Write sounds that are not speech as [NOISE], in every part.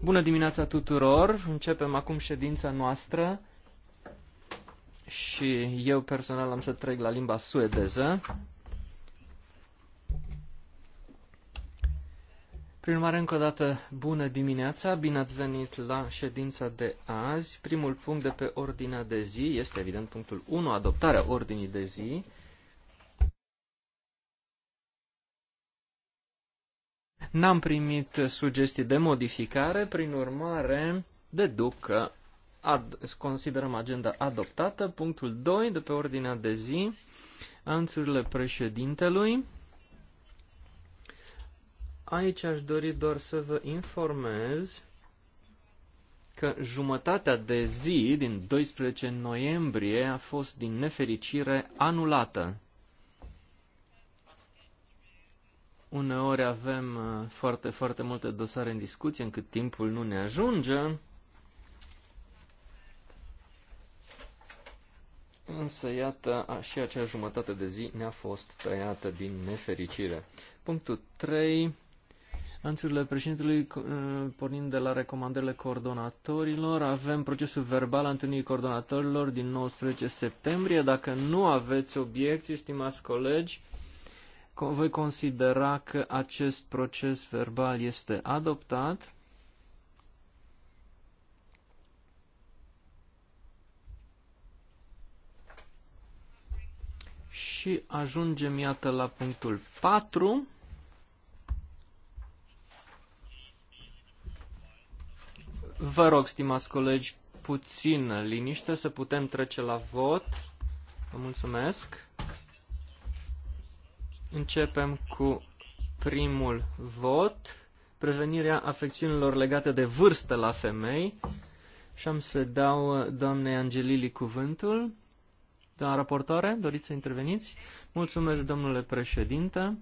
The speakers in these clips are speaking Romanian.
Bună dimineața tuturor. Începem acum ședința noastră. Și eu personal am să trec la limba suedeză. Prin urmare, încă o dată, bună dimineața, bine ați venit la ședința de azi. Primul punct de pe ordinea de zi este, evident, punctul 1, adoptarea ordinii de zi. N-am primit sugestii de modificare, prin urmare deduc că ad- considerăm agenda adoptată. Punctul 2 de pe ordinea de zi, anțurile președintelui. Aici aș dori doar să vă informez că jumătatea de zi din 12 noiembrie a fost din nefericire anulată. Uneori avem uh, foarte, foarte multe dosare în discuție, încât timpul nu ne ajunge. Însă, iată, și acea jumătate de zi ne-a fost tăiată din nefericire. Punctul 3. Anțurile președintelui, uh, pornind de la recomandările coordonatorilor, avem procesul verbal a întâlnirii coordonatorilor din 19 septembrie. Dacă nu aveți obiecții, stimați colegi, voi considera că acest proces verbal este adoptat. Și ajungem, iată, la punctul 4. Vă rog, stimați colegi, puțin liniște să putem trece la vot. Vă mulțumesc. Începem cu primul vot, prevenirea afecțiunilor legate de vârstă la femei. Și am să dau doamnei Angelili cuvântul. Doamna raportoare, doriți să interveniți? Mulțumesc, domnule președinte.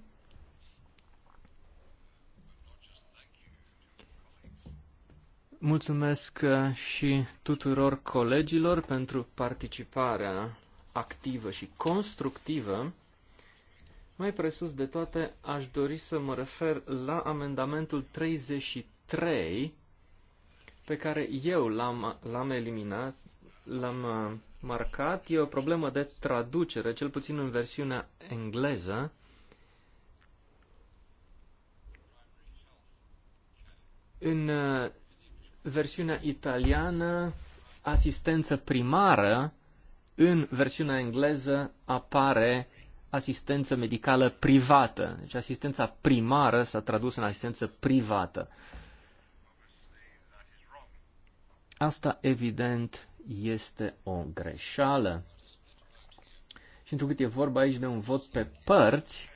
Mulțumesc uh, și tuturor colegilor pentru participarea activă și constructivă mai presus de toate, aș dori să mă refer la amendamentul 33 pe care eu l-am, l-am eliminat, l-am uh, marcat. E o problemă de traducere, cel puțin în versiunea engleză. În uh, versiunea italiană, asistență primară, în versiunea engleză apare asistență medicală privată. Deci asistența primară s-a tradus în asistență privată. Asta, evident, este o greșeală. Și întrucât e vorba aici de un vot pe părți,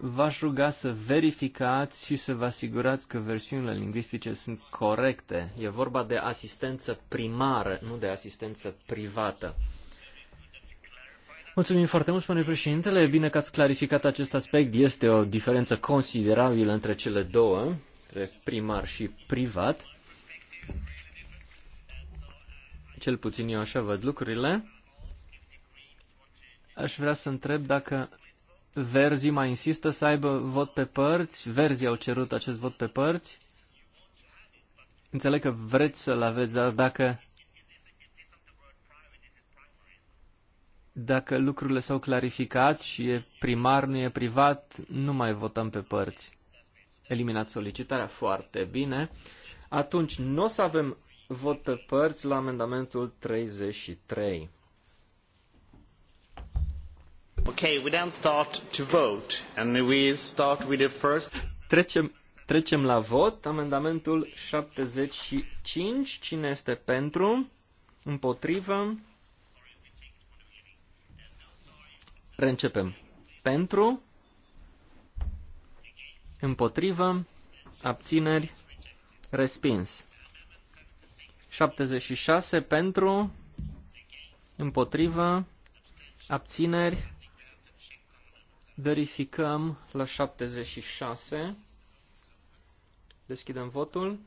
v-aș ruga să verificați și să vă asigurați că versiunile lingvistice sunt corecte. E vorba de asistență primară, nu de asistență privată. Mulțumim foarte mult, spune președintele. E bine că ați clarificat acest aspect. Este o diferență considerabilă între cele două, între primar și privat. Cel puțin eu așa văd lucrurile. Aș vrea să întreb dacă Verzii mai insistă să aibă vot pe părți. Verzii au cerut acest vot pe părți. Înțeleg că vreți să-l aveți, dar dacă Dacă lucrurile s-au clarificat și e primar, nu e privat, nu mai votăm pe părți. Eliminat solicitarea, foarte bine. Atunci nu o să avem vot pe părți la amendamentul 33. Okay, we then start to vote and we start with the first Trecem trecem la vot amendamentul 75 cine este pentru împotrivă Reîncepem. Pentru, împotrivă, abțineri, respins. 76 pentru, împotrivă, abțineri, verificăm la 76. Deschidem votul.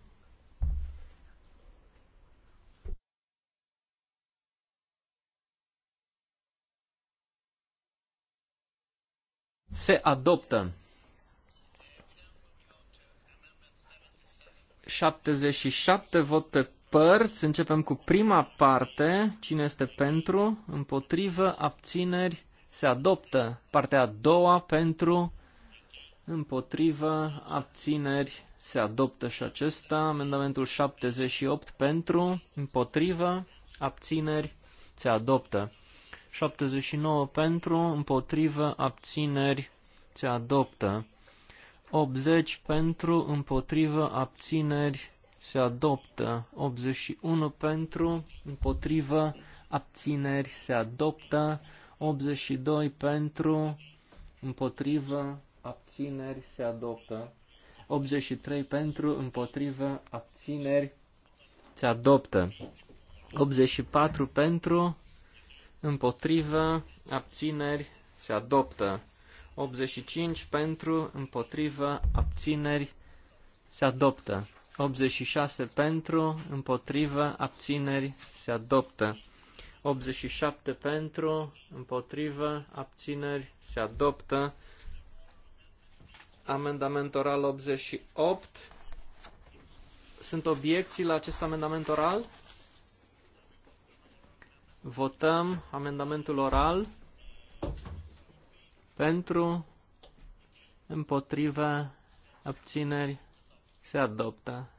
se adoptă. 77 vot pe părți. Începem cu prima parte. Cine este pentru? Împotrivă? Abțineri? Se adoptă. Partea a doua pentru? Împotrivă? Abțineri? Se adoptă și acesta. Amendamentul 78 pentru? Împotrivă? Abțineri? Se adoptă. 79 pentru, împotrivă, abțineri, se adoptă. 80 pentru, împotrivă, abțineri, se adoptă. 81 pentru, împotrivă, abțineri, se adoptă. 82 pentru, împotrivă, abțineri, se adoptă. 83 pentru, împotrivă, abțineri, se adoptă. 84 pentru, împotrivă, abțineri, se adoptă. 85 pentru, împotrivă, abțineri, se adoptă. 86 pentru, împotrivă, abțineri, se adoptă. 87 pentru, împotrivă, abțineri, se adoptă. Amendament oral 88. Sunt obiecții la acest amendament oral? Votăm amendamentul oral pentru, împotriva, abțineri, se adoptă.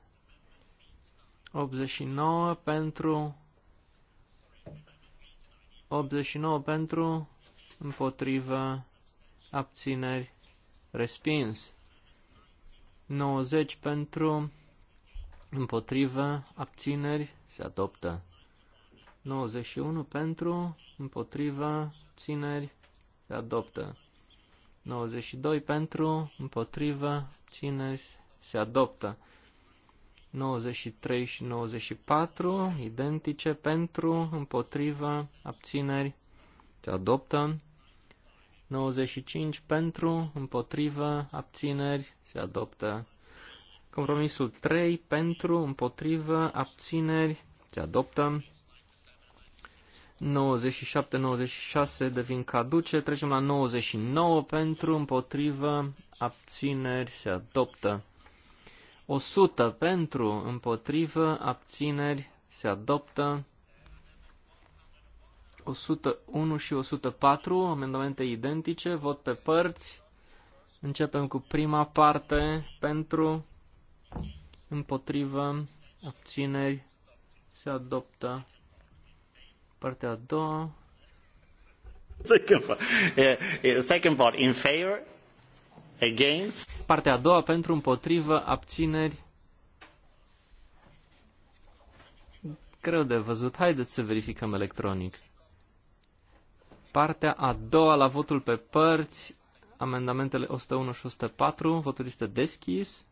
89 pentru, 89 pentru, împotriva, abțineri, respins. 90 pentru, împotriva, abțineri, se adoptă. 91 pentru, împotriva, țineri, se adoptă. 92 pentru, împotriva, țineri, se adoptă. 93 și 94, identice, pentru, împotriva, abțineri, se adoptă. 95 pentru, împotriva, abțineri, se adoptă. Compromisul 3 pentru, împotriva, abțineri, se adoptă. 97-96 devin caduce. Trecem la 99 pentru, împotrivă, abțineri, se adoptă. 100 pentru, împotrivă, abțineri, se adoptă. 101 și 104, amendamente identice, vot pe părți. Începem cu prima parte, pentru, împotrivă, abțineri, se adoptă. Partea a doua. Second part. Eh, eh, second part. In favor. Against. Partea a doua pentru împotrivă abțineri. Greu de văzut. Haideți să verificăm electronic. Partea a doua la votul pe părți, amendamentele 101 și 104, votul este deschis.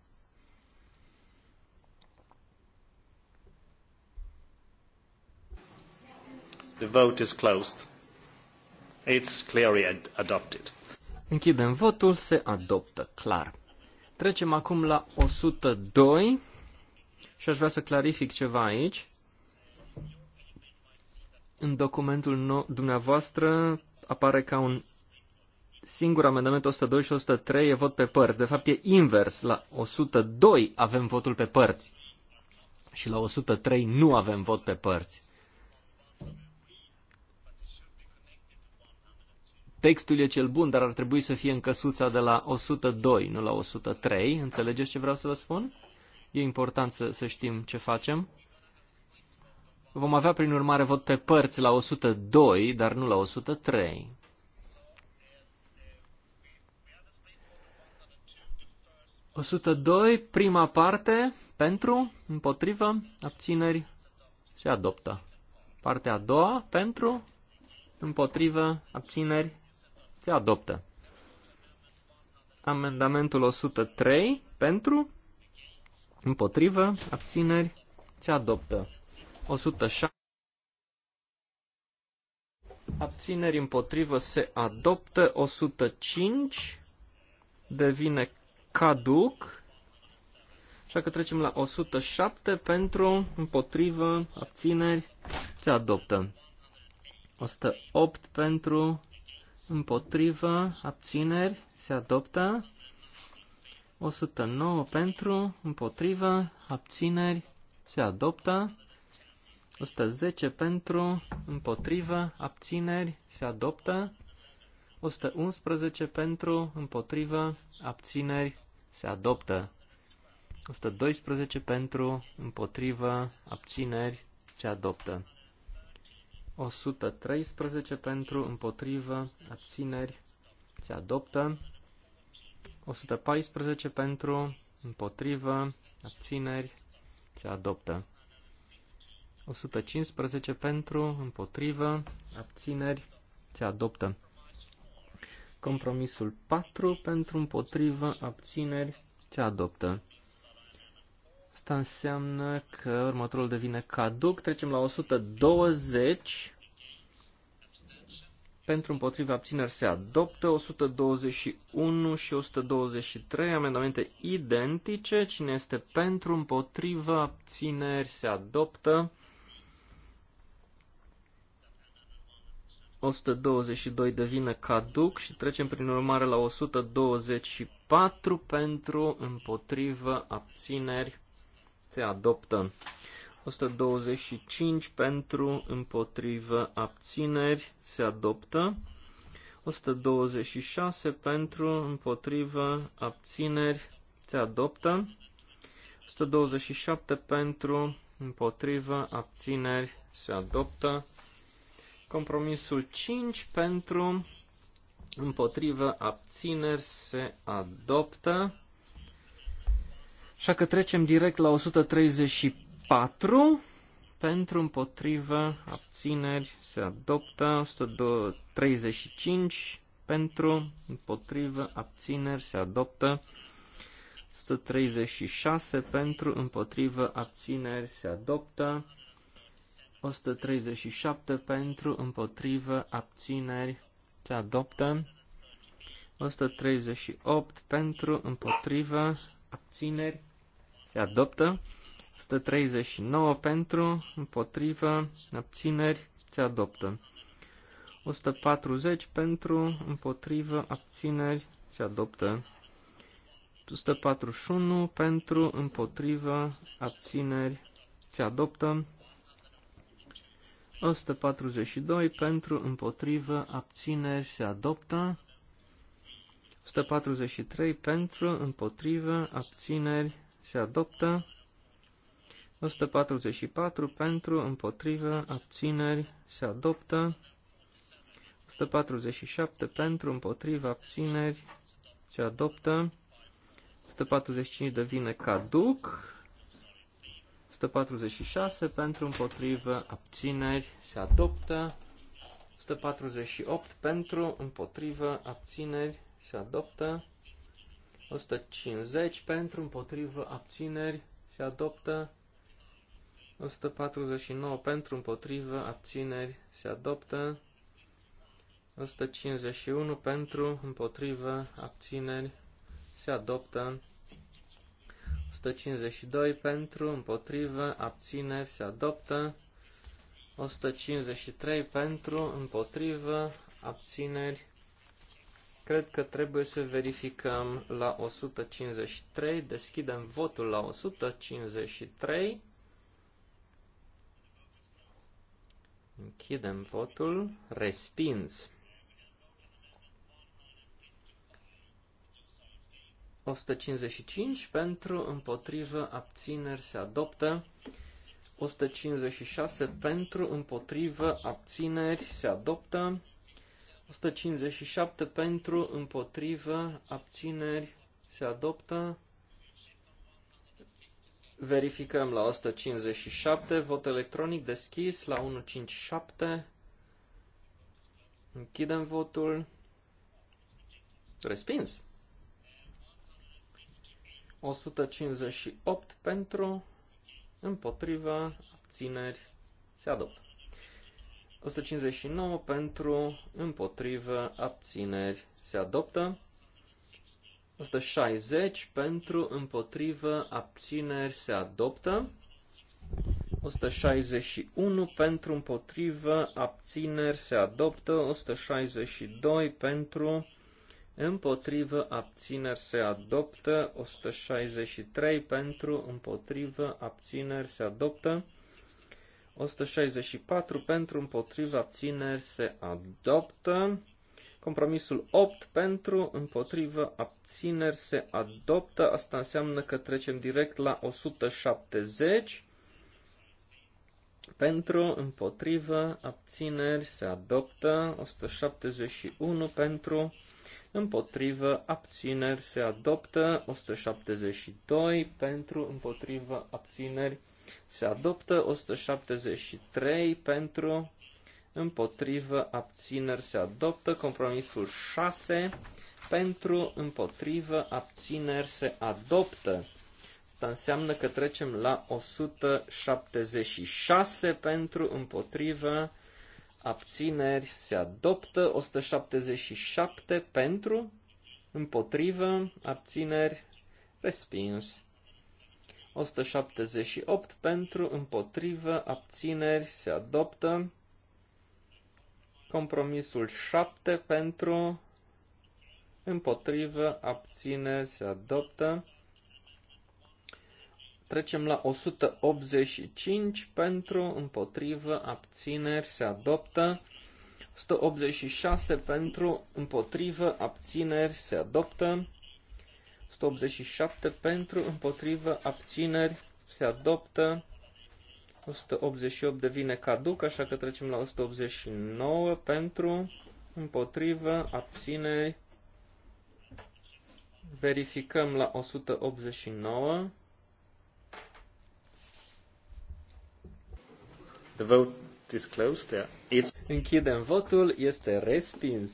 Închidem votul, se adoptă clar. Trecem acum la 102 și aș vrea să clarific ceva aici. În documentul no dumneavoastră apare ca un singur amendament 102 și 103 e vot pe părți. De fapt, e invers. La 102 avem votul pe părți și la 103 nu avem vot pe părți. textul e cel bun, dar ar trebui să fie în căsuța de la 102, nu la 103. Înțelegeți ce vreau să vă spun? E important să, să știm ce facem. Vom avea, prin urmare, vot pe părți la 102, dar nu la 103. ...102, prima parte, pentru, împotrivă, abțineri, se adoptă. Partea a doua, pentru, împotrivă, abțineri, se adoptă. Amendamentul 103 pentru, împotrivă, abțineri, se adoptă. 106 Abțineri împotrivă se adoptă. 105 devine caduc. Așa că trecem la 107 pentru, împotrivă, abțineri, se adoptă. 108 pentru, împotrivă, abțineri, se adoptă. 109 pentru, împotrivă, abțineri, se adoptă. 110 pentru, împotrivă, abțineri, se adoptă. 111 pentru, împotrivă, abțineri, se adoptă. 112 pentru, împotrivă, abțineri, se adoptă. 113 pentru, împotrivă, abțineri, se adoptă. 114 pentru, împotrivă, abțineri, se adoptă. 115 pentru, împotrivă, abțineri, se adoptă. Compromisul 4 pentru, împotrivă, abțineri, se adoptă. Asta înseamnă că următorul devine caduc. Trecem la 120. Pentru împotriva abțineri se adoptă 121 și 123 amendamente identice. Cine este pentru împotriva abțineri se adoptă 122 devine caduc și trecem prin urmare la 124 pentru împotriva abțineri se adoptă. 125 pentru, împotrivă, abțineri. Se adoptă. 126 pentru, împotrivă, abțineri. Se adoptă. 127 pentru, împotrivă, abțineri. Se adoptă. Compromisul 5 pentru, împotrivă, abțineri. Se adoptă. Așa că trecem direct la 134. Pentru, împotrivă, abțineri, se adoptă. 135. Pentru, împotrivă, abțineri, se adoptă. 136. Pentru, împotrivă, abțineri, se adoptă. 137. Pentru, împotrivă, abțineri, se adoptă. 138. Pentru, împotrivă, abțineri, se adoptă. 139 pentru, împotrivă, abțineri, se adoptă. 140 pentru, împotrivă, abțineri, se adoptă. 141 pentru, împotrivă, abțineri, se adoptă. 142 pentru, împotrivă, abțineri, se adoptă. 143 pentru, împotrivă, abțineri, se adoptă. 144 pentru, împotrivă, abțineri, se adoptă. 147 pentru, împotrivă, abțineri, se adoptă. 145 devine caduc. 146 pentru, împotrivă, abțineri, se adoptă. 148 pentru, împotrivă, abțineri, se adoptă. 150 pentru, împotrivă, abțineri, se adoptă. 149 pentru, împotrivă, abțineri, se adoptă. 151 pentru, împotrivă, abțineri, se adoptă. 152 pentru, împotrivă, abțineri, se adoptă. 153 pentru, împotrivă, abțineri, cred că trebuie să verificăm la 153. Deschidem votul la 153. Închidem votul. Respins. 155 pentru, împotrivă, abțineri se adoptă. 156 pentru, împotrivă, abțineri se adoptă. 157 pentru, împotrivă, abțineri, se adoptă. Verificăm la 157, vot electronic deschis la 157. Închidem votul. Respins. 158 pentru, împotriva, abțineri, se adoptă. 159 pentru, împotrivă, abțineri se adoptă. 160 pentru, împotrivă, abțineri se adoptă. 161 pentru, împotrivă, abțineri se adoptă. 162 pentru, împotrivă, abțineri se adoptă. 163 pentru, împotrivă, abțineri se adoptă. 164 pentru, împotriva, abțineri se adoptă. Compromisul 8 pentru, împotriva abțineri se adoptă. Asta înseamnă că trecem direct la 170. Pentru, împotriva abțineri se adoptă. 171 pentru, împotriva abțineri se adoptă. 172 pentru, împotriva abțineri se adoptă 173 pentru, împotrivă, abțineri. Se adoptă compromisul 6 pentru, împotrivă, abțineri. Se adoptă. Asta înseamnă că trecem la 176 pentru, împotrivă, abțineri. Se adoptă 177 pentru, împotrivă, abțineri, respins. 178 pentru, împotrivă, abțineri, se adoptă. Compromisul 7 pentru, împotrivă, abțineri, se adoptă. Trecem la 185 pentru, împotrivă, abțineri, se adoptă. 186 pentru, împotrivă, abțineri, se adoptă. 187 pentru, împotrivă, abțineri, se adoptă. 188 devine caduc, așa că trecem la 189 pentru, împotrivă, abțineri. Verificăm la 189. The vote is closed. Yeah. It's... Închidem votul, este respins.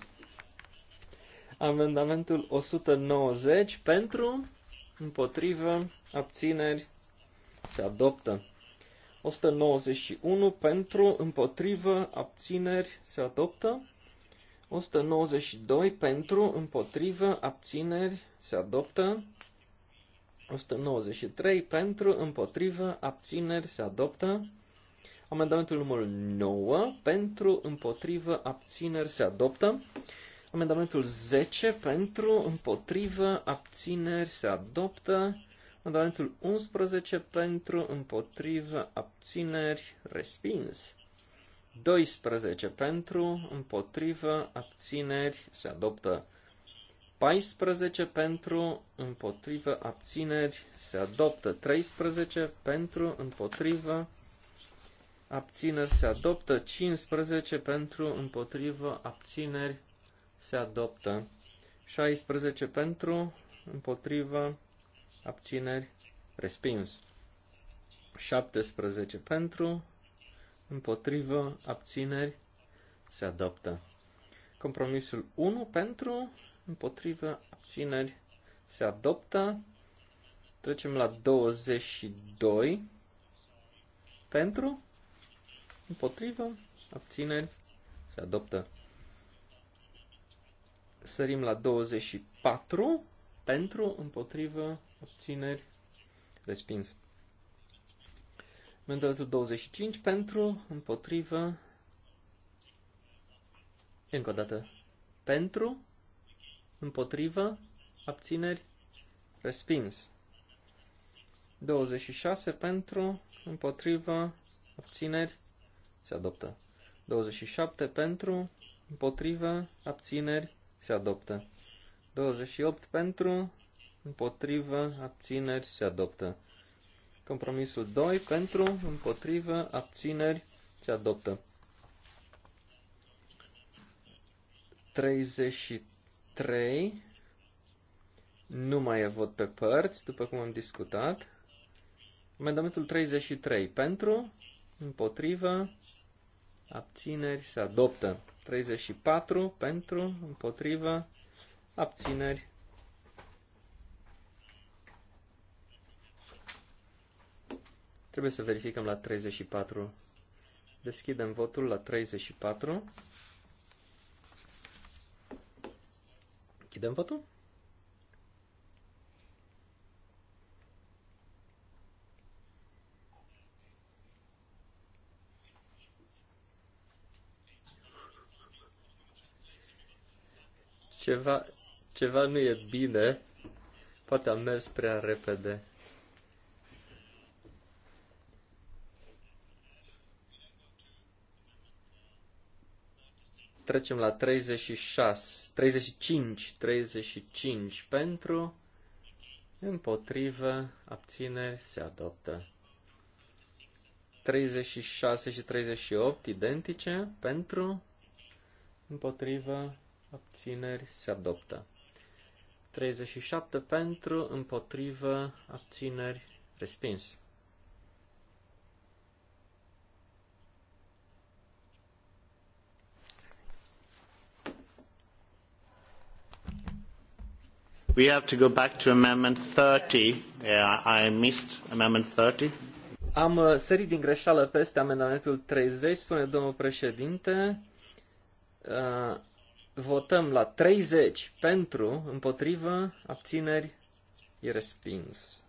Amendamentul 190 pentru, împotrivă, abțineri, se adoptă. 191 pentru, împotrivă, abțineri, se adoptă. 192 pentru, împotrivă, abțineri, se adoptă. 193 pentru, împotrivă, abțineri, se adoptă. Amendamentul numărul 9 pentru, împotrivă, abțineri, se adoptă. Amendamentul 10 pentru, împotrivă, abțineri se adoptă. Amendamentul 11 pentru, împotrivă, abțineri, respins. 12 pentru, împotrivă, abțineri, se adoptă. 14 pentru, împotrivă, abțineri, se adoptă. 13 pentru, împotrivă, abțineri, se adoptă. 15 pentru, împotrivă, abțineri, se adoptă. 16 pentru, împotrivă, abțineri, respins. 17 pentru, împotrivă, abțineri, se adoptă. Compromisul 1 pentru, împotrivă, abțineri, se adoptă. Trecem la 22 pentru, împotrivă, abțineri, se adoptă sărim la 24 pentru, împotrivă, obțineri, respins. Amendamentul 25 pentru, împotrivă, încă o dată, pentru, împotrivă, abțineri, respins. 26 pentru, împotrivă, abțineri, se adoptă. 27 pentru, împotrivă, abțineri, se adoptă. 28 pentru, împotrivă, abțineri, se adoptă. Compromisul 2 pentru, împotrivă, abțineri, se adoptă. 33 nu mai e vot pe părți, după cum am discutat. Amendamentul 33 pentru, împotrivă, abțineri, se adoptă. 34 pentru, împotrivă, abțineri. Trebuie să verificăm la 34. Deschidem votul la 34. Închidem votul. Ceva, ceva nu e bine, poate am mers prea repede. Trecem la 36, 35, 35 pentru, împotrivă, abțineri, se adoptă. 36 și 38 identice pentru, împotrivă, abțineri, se adoptă. 37 pentru, împotrivă, abțineri, respins. We have to go back to amendment 30. Yeah, I missed amendment 30. Am uh, sărit din greșeală peste amendamentul 30, spune domnul președinte. Uh, Votăm la 30 pentru, împotrivă, abțineri, e respins.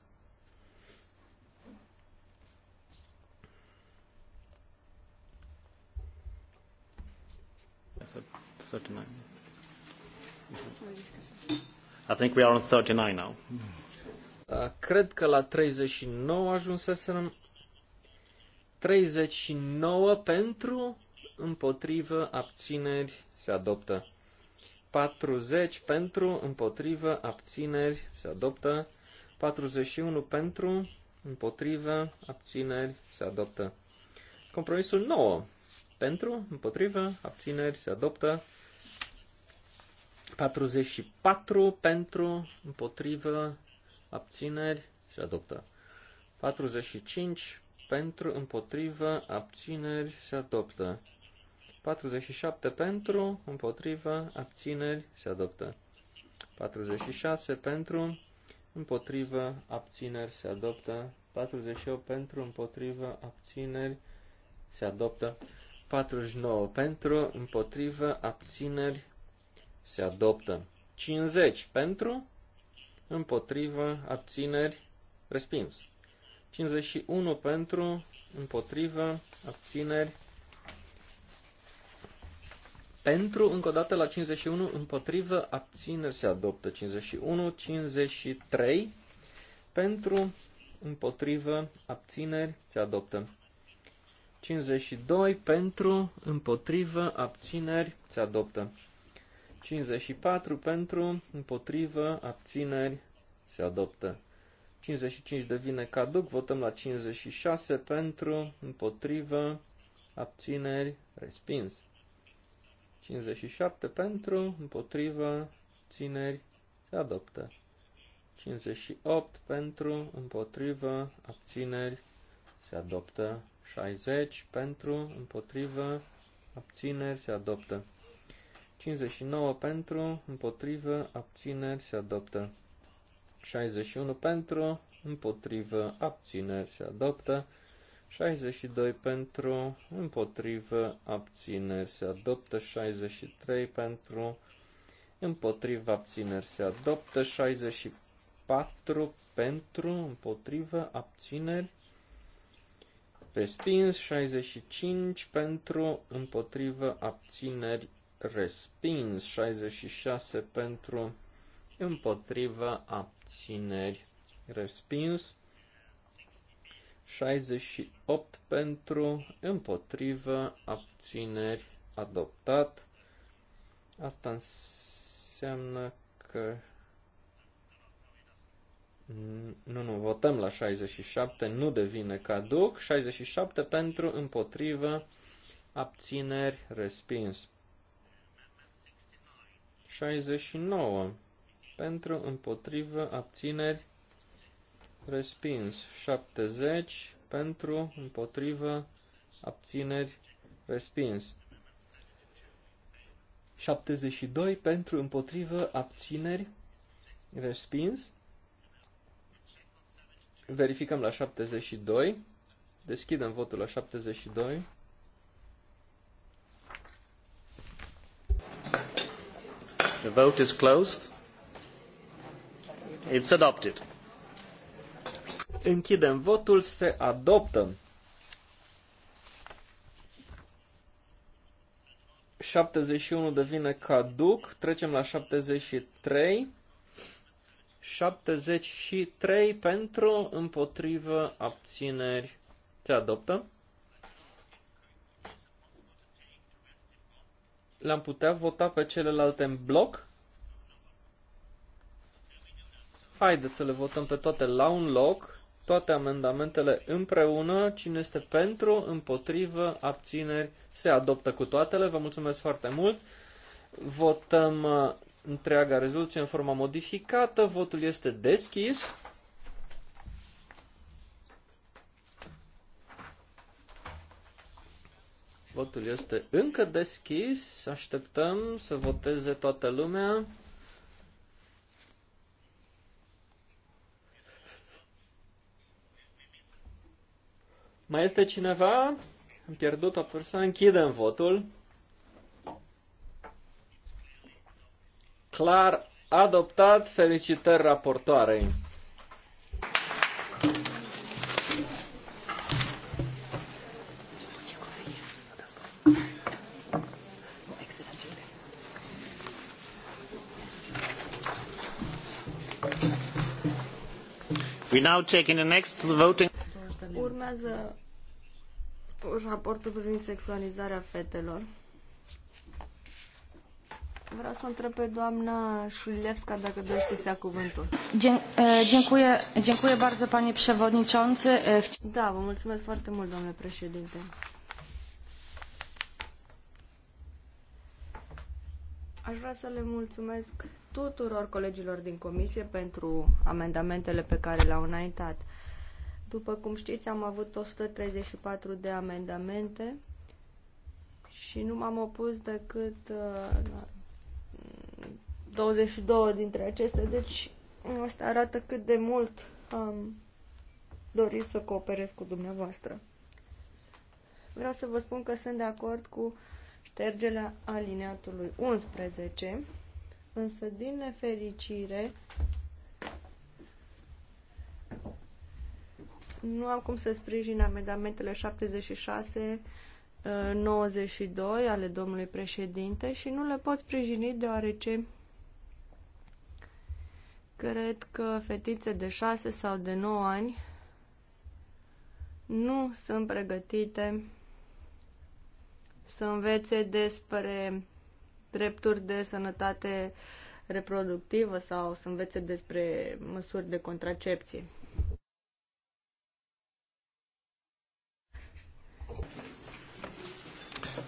I think we are on 39 now. Da, cred că la 39 ajunseserăm 39 pentru, împotrivă, abțineri, se adoptă. 40 pentru, împotrivă, abțineri, se adoptă. 41 pentru, împotrivă, abțineri, se adoptă. Compromisul 9 pentru, împotrivă, abțineri, se adoptă. 44 pentru, împotrivă, abțineri, se adoptă. 45 pentru, împotrivă, abțineri, se adoptă. 47 pentru, împotrivă, abțineri, se adoptă. 46 pentru, împotrivă, abțineri, se adoptă. 48 pentru, împotrivă, abțineri, se adoptă. 49 pentru, împotrivă, abțineri, se adoptă. 50 pentru, împotrivă, abțineri, respins. 51 pentru, împotrivă, abțineri, pentru, încă o dată, la 51, împotrivă, abțineri, se adoptă 51, 53, pentru, împotrivă, abțineri, se adoptă 52, pentru, împotrivă, abțineri, se adoptă 54, pentru, împotrivă, abțineri, se adoptă 55 devine caduc, votăm la 56, pentru, împotrivă, abțineri, respins. 57 pentru, împotrivă, țineri, se adoptă. 58 pentru, împotrivă, abțineri, se adoptă. 60 pentru, împotrivă, abțineri, se adoptă. 59 pentru, împotrivă, abțineri, se adoptă. 61 pentru, împotrivă, abțineri, se adoptă. 62 pentru, împotrivă, abțineri se adoptă, 63 pentru, împotrivă, abțineri se adoptă, 64 pentru, împotrivă, abțineri, respins, 65 pentru, împotrivă, abțineri, respins, 66 pentru, împotrivă, abțineri, respins, 68 pentru, împotrivă, abțineri, adoptat. Asta înseamnă că... Nu, nu, votăm la 67, nu devine caduc. 67 pentru, împotrivă, abțineri, respins. 69 pentru, împotrivă, abțineri, respins. 70 pentru, împotrivă, abțineri, respins. 72 pentru, împotrivă, abțineri, respins. Verificăm la 72. Deschidem votul la 72. The vote is closed. It's adopted. Închidem votul, se adoptă. 71 devine caduc, trecem la 73. 73 pentru, împotrivă, abțineri, se adoptă. L-am putea vota pe celelalte în bloc? Haideți să le votăm pe toate la un loc toate amendamentele împreună. Cine este pentru, împotrivă, abțineri, se adoptă cu toatele. Vă mulțumesc foarte mult. Votăm uh, întreaga rezoluție în forma modificată. Votul este deschis. Votul este încă deschis. Așteptăm să voteze toată lumea. Mai este cineva? Am pierdut o persoană. Închidem votul. Clar adoptat. Felicitări raportoarei. We now take in the next voting. Urmează raportul privind sexualizarea fetelor. Vreau să întreb pe doamna Șulevska dacă dorește să ia cuvântul. dziękuję bardzo, panie przewodniczący. Da, vă mulțumesc foarte mult, domnule președinte. Aș vrea să le mulțumesc tuturor colegilor din comisie pentru amendamentele pe care le-au înaintat. După cum știți, am avut 134 de amendamente și nu m-am opus decât uh, 22 mm, dintre acestea, deci asta arată cât de mult am dorit să cooperez cu dumneavoastră. Vreau să vă spun că sunt de acord cu ștergerea alineatului 11, însă din nefericire Nu am cum să sprijin amendamentele 76, 92 uh, ale domnului președinte și nu le pot sprijini deoarece cred că fetițe de 6 sau de 9 ani nu sunt pregătite să învețe despre drepturi de sănătate reproductivă sau să învețe despre măsuri de contracepție.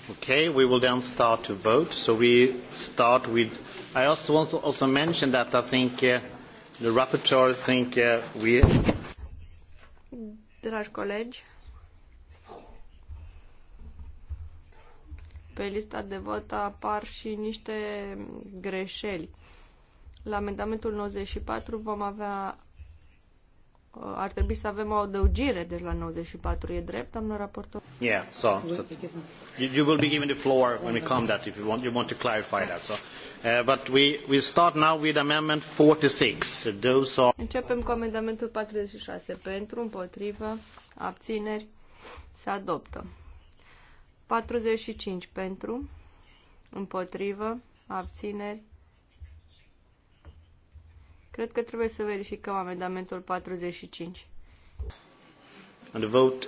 Okay, we will then start to vote. So we start with. I also want to also mention that I think uh, the rapporteur think uh, we. Dragi colegi, pe lista de vot apar și niște greșeli. La amendamentul 94 vom avea Uh, ar trebui să avem o adăugire de la 94, e drept, doamnă raportor? Yeah, so, so you, you will be given the floor when we come that if you want you want to clarify that. So, uh, but we we start now with amendment 46. Those are Începem cu amendamentul 46 pentru, împotrivă, abțineri, se adoptă. 45 pentru, împotrivă, abțineri, Cred că trebuie să verificăm amendamentul 45. And the vote.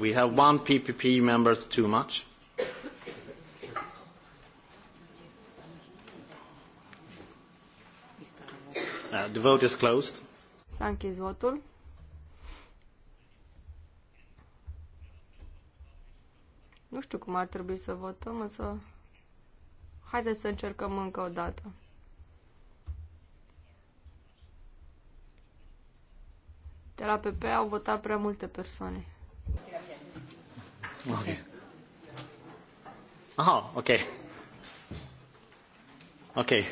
We have one PPP member too much. Uh, the vote is closed. S-a închis votul. Nu știu cum ar trebui să votăm, însă Haideți să încercăm încă o dată. De la PP au votat prea multe persoane. Ok. Aha, ok. Ok. I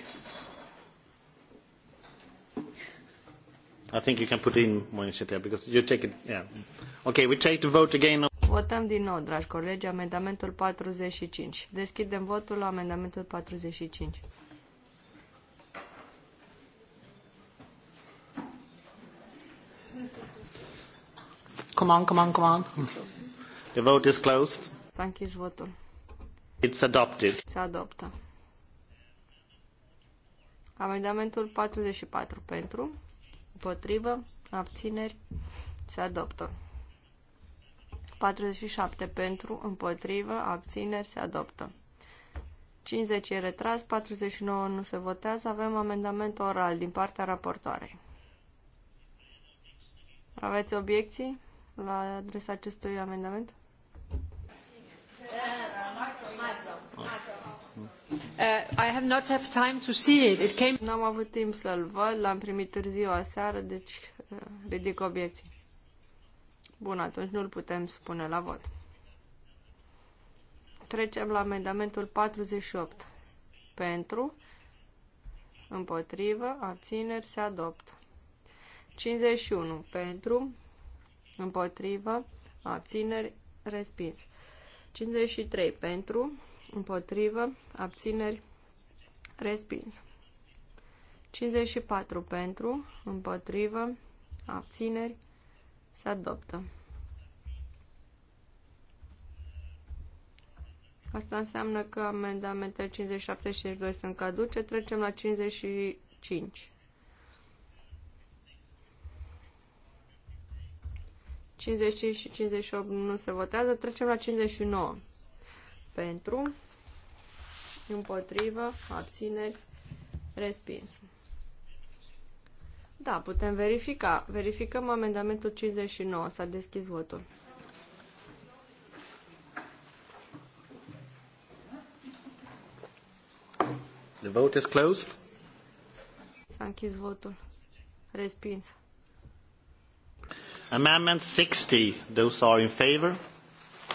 think you can put in more initiative because you take it. Yeah. Okay, we take the vote again. Votăm din nou, dragi colegi, amendamentul 45. Deschidem votul la amendamentul 45. Come on, come on, come on. The vote is closed. S-a închis votul. It's adopted. Se adoptă. Amendamentul 44 pentru, împotrivă, abțineri, se adoptă. 47 pentru, împotrivă, abțineri, se adoptă. 50 e retras, 49 nu se votează, avem amendament oral din partea raportoarei. Aveți obiecții la adresa acestui amendament? Uh, I have not have time to see it. It came... N-am avut timp să-l văd, l-am primit târziu aseară, deci uh, ridic obiecții. Bun, atunci nu-l putem spune la vot. Trecem la amendamentul 48. Pentru, împotrivă, abțineri, se adoptă. 51. Pentru, împotrivă, abțineri, respins. 53. Pentru, împotrivă, abțineri, respins. 54. Pentru, împotrivă, abțineri, respins. Se adoptă. Asta înseamnă că amendamentele 57 și 52 sunt caduce. Trecem la 55. 55 și 58 nu se votează. Trecem la 59. Pentru, împotrivă, abțineri, respins. Da, putem verifica. Verificăm amendamentul 59. S-a deschis votul. The vote is closed. S-a închis votul. Respins. Amendment 60. Those are in favor.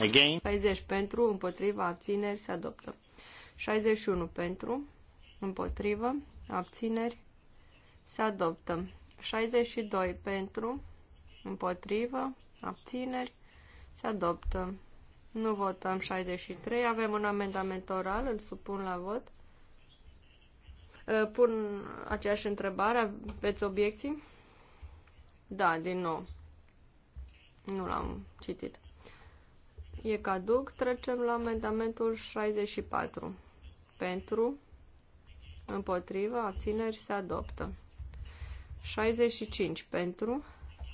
Again. 60 pentru, împotriva, abțineri, se adoptă. 61 pentru, împotriva, abțineri, se adoptă. 62 pentru, împotrivă, abțineri. Se adoptă. Nu votăm 63. Avem un amendament oral, îl supun la vot. Pun aceeași întrebare. Aveți obiecții? Da, din nou. Nu l-am citit. E caduc. Trecem la amendamentul 64. Pentru, împotrivă, abțineri, se adoptă. 65 pentru,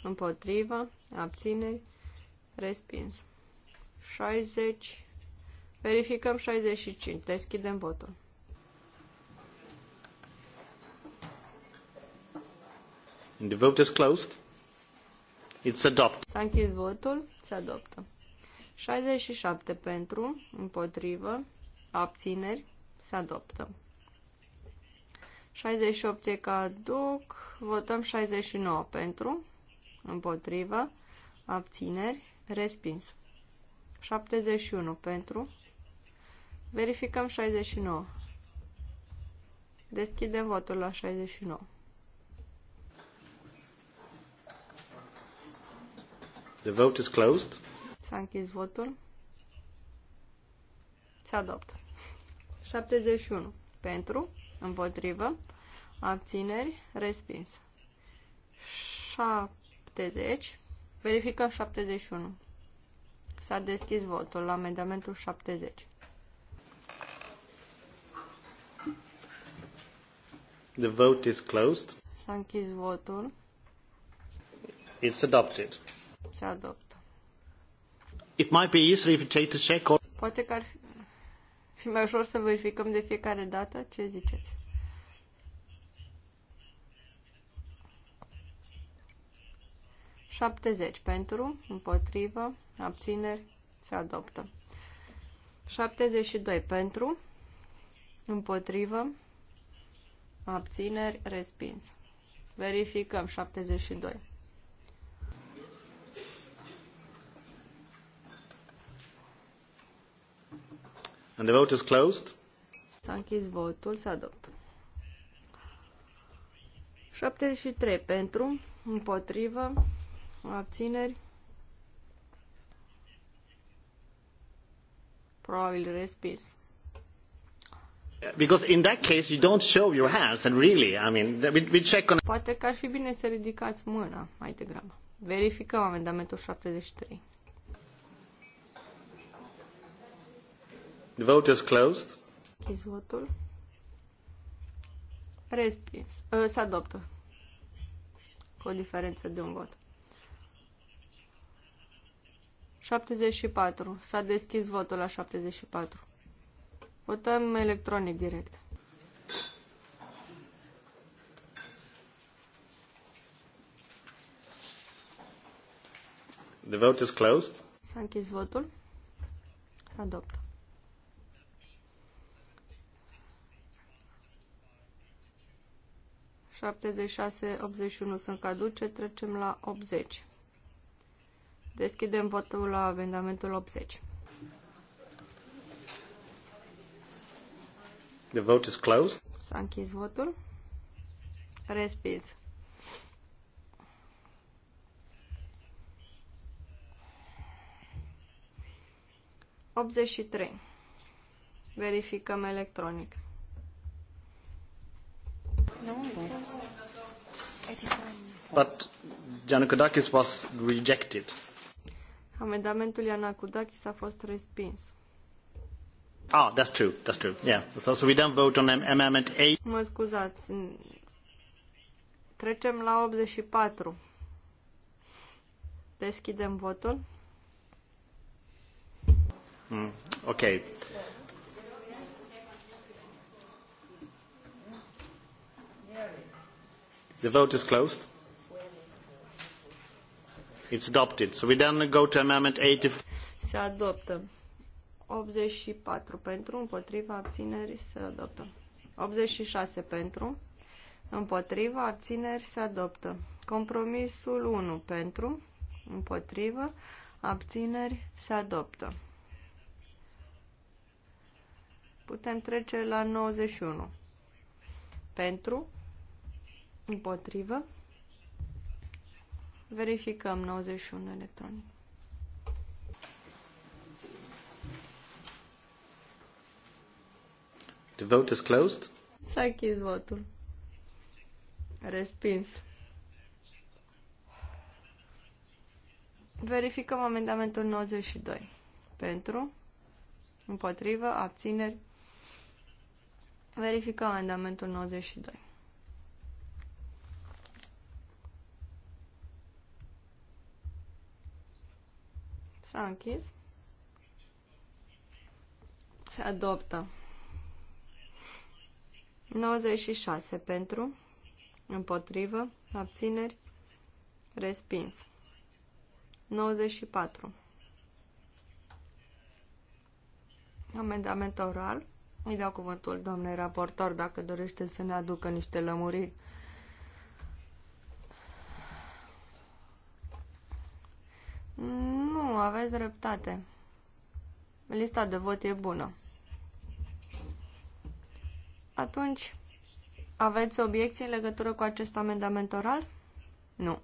împotrivă, abțineri, respins. 60, verificăm 65, deschidem votul. The vote is closed. It's adopted. S-a închis votul, se adoptă. 67 pentru, împotrivă, abțineri, se adoptă. 68 e caduc. Votăm 69 pentru. Împotrivă. Abțineri. Respins. 71 pentru. Verificăm 69. Deschidem votul la 69. The vote is closed. S-a închis votul. Se adoptă. 71 pentru. Împotrivă. Abțineri. Respins. 70. Verificăm 71. S-a deschis votul la amendamentul 70. The vote is closed. S-a închis votul. It's adopted. Se adoptă. It might be easier if you take the check or... Poate că ar fi fi mai ușor să verificăm de fiecare dată? Ce ziceți? Șaptezeci pentru, împotrivă, abțineri, se adoptă. 72 pentru, împotrivă, abțineri, respins. Verificăm 72. And the vote is closed. S-a închis votul, se adoptă. 73 pentru, împotrivă, abțineri. Probabil respins. Because in that case you don't show your hands and really, I mean, we, we check on... Poate că ar fi bine să ridicați mâna mai degrabă. Verificăm amendamentul 73. Votul vote is closed. Închis votul. Respins. Ă, se adoptă. Cu o diferență de un vot. 74. S-a deschis votul la 74. Votăm electronic direct. The vote is closed. S-a închis votul. Adoptă. 76, 81 sunt caduce, trecem la 80. Deschidem votul la amendamentul 80. The vote is closed. S-a închis votul. Respins. Optzeci și trei. Verificăm electronic. But Giannakudakis was rejected. Amendamentul Ianacudakis a fost respins. Ah, that's true, that's true, yeah. So, so we don't vote on amendment 8. Mă scuzați. Trecem la 84. Deschidem votul. Mm, ok. The vote is closed. It's adopted. So we then go to amendment 84. Se adoptă. 84 pentru, împotriva abțineri se adoptă. 86 pentru, împotriva abțineri se adoptă. Compromisul 1 pentru, împotriva abțineri se adoptă. Putem trece la 91. Pentru, Împotrivă. Verificăm 91 electroni. The vote is closed. S-a închis votul. Respins. Verificăm amendamentul 92. Pentru, împotrivă, abțineri. Verificăm amendamentul 92. S-a închis. Se adoptă. 96 pentru, împotrivă, abțineri, respins. 94. Amendament oral. Îi dau cuvântul, doamnei raportor, dacă dorește să ne aducă niște lămuriri Nu, aveți dreptate. Lista de vot e bună. Atunci, aveți obiecții în legătură cu acest amendament oral? Nu.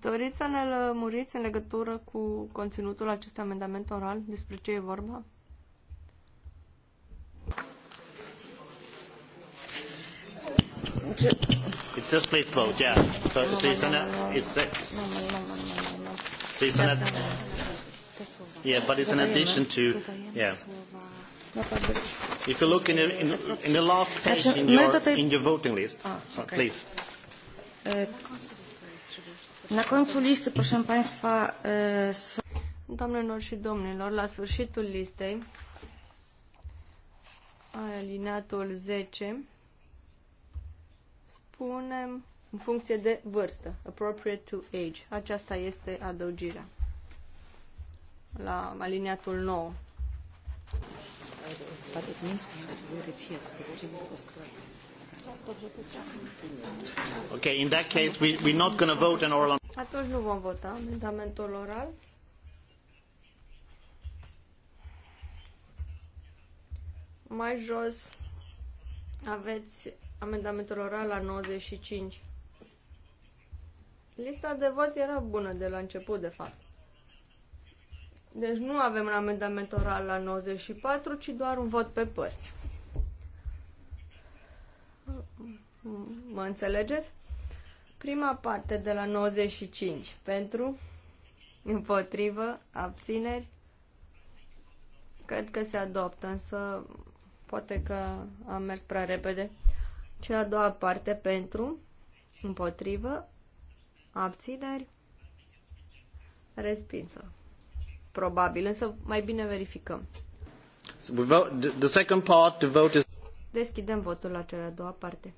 Doriți să ne lămuriți în legătură cu conținutul acestui amendament oral? Despre ce e vorba? It's just please vote, yeah. So, so it's an, it's a, so it's an, yeah, but it's an addition to, yeah. If you look in the, in, in the last page in your, in your voting list, ah, so please. Uh, na końcu listy, proszę Państwa, są... Doamnelor și domnilor, la sfârșitul listei, alineatul 10, punem în funcție de vârstă, appropriate to age. Aceasta este adăugirea la aliniatul nou. Ok, Okay, in that case, we, we're not going to vote an oral Atunci nu vom vota amendamentul oral. Mai jos aveți amendamentul oral la 95. Lista de vot era bună de la început, de fapt. Deci nu avem un amendament oral la 94, ci doar un vot pe părți. Mă înțelegeți? Prima parte de la 95. Pentru, împotrivă, abțineri. Cred că se adoptă, însă poate că am mers prea repede. Cea a doua parte pentru, împotrivă, abțineri, respinsă. Probabil, însă mai bine verificăm. The second part, the vote is... Deschidem votul la cea a doua parte.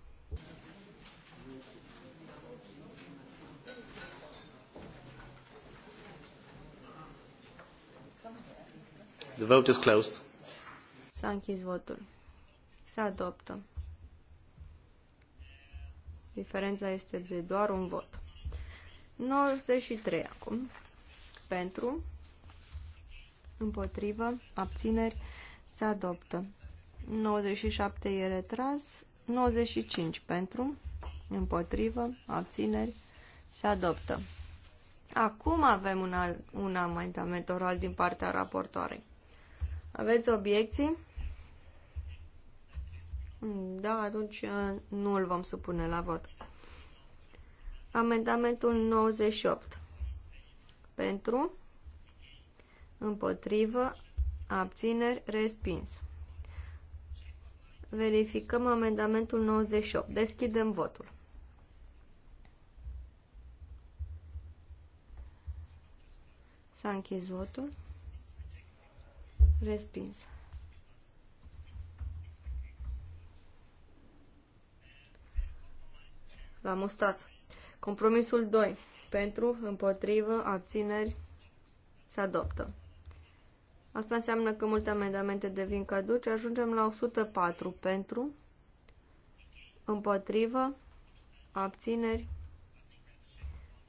The vote is closed. S-a închis votul. Se adoptă. Diferența este de doar un vot. 93 acum. Pentru, împotrivă, abțineri, se adoptă. 97 e retras, 95 pentru, împotrivă, abțineri, se adoptă. Acum avem un, al, un amendament oral din partea raportoarei. Aveți obiecții? Da, atunci uh, nu îl vom supune la vot. Amendamentul 98. Pentru, împotrivă, abțineri, respins. Verificăm amendamentul 98. Deschidem votul. S-a închis votul. Respins. la mustață. Compromisul 2. Pentru, împotrivă, abțineri, se adoptă. Asta înseamnă că multe amendamente devin caduce. Ajungem la 104 pentru, împotrivă, abțineri.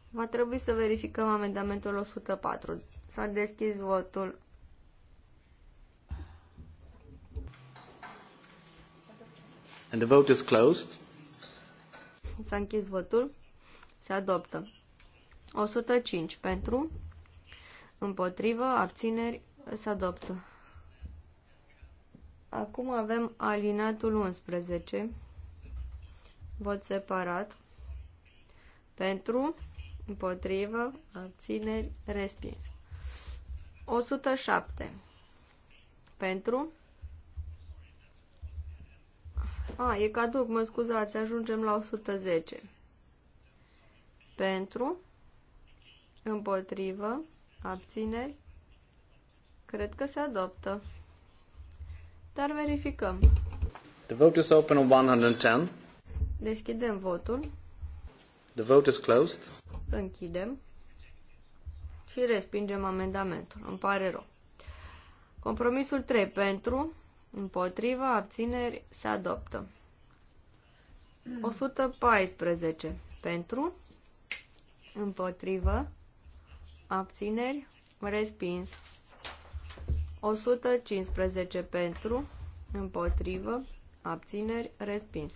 Va trebui să verificăm amendamentul 104. S-a deschis votul. And the vote is closed. S-a închis votul. Se adoptă. 105 pentru. Împotrivă. Abțineri. Se adoptă. Acum avem alinatul 11. Vot separat. Pentru. Împotrivă. Abțineri. Respins. 107. Pentru. A, e caduc, mă scuzați, ajungem la 110. Pentru, împotrivă, abțineri, cred că se adoptă. Dar verificăm. The vote is open on 110. Deschidem votul. The vote is closed. Închidem. Și respingem amendamentul. Îmi pare rău. Compromisul 3 pentru, Împotriva abțineri se adoptă. 114 pentru. Împotrivă. Abțineri. Respins. 115 pentru. Împotrivă. Abțineri. Respins.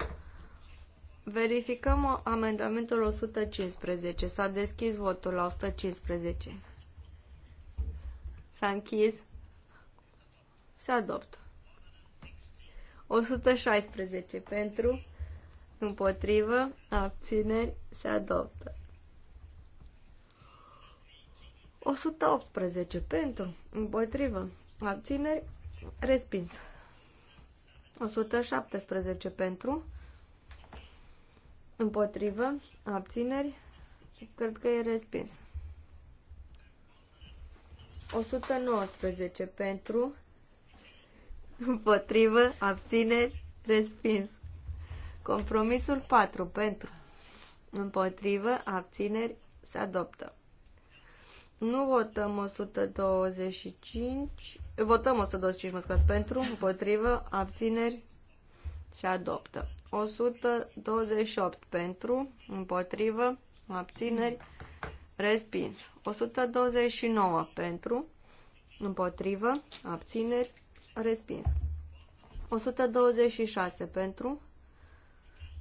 Verificăm amendamentul 115. S-a deschis votul la 115. S-a închis. Se adoptă. 116 pentru, împotrivă, abțineri, se adoptă. 118 pentru, împotrivă, abțineri, respins. 117 pentru, împotrivă, abțineri, cred că e respins. 119 pentru, împotrivă, abțineri, respins. Compromisul 4 pentru, împotrivă, abțineri, se adoptă. Nu votăm 125, votăm 125, mă scuzați, pentru, împotrivă, abțineri, se adoptă. 128 pentru, împotrivă, abțineri, respins. 129 pentru, împotrivă, abțineri, Respins. 126 pentru,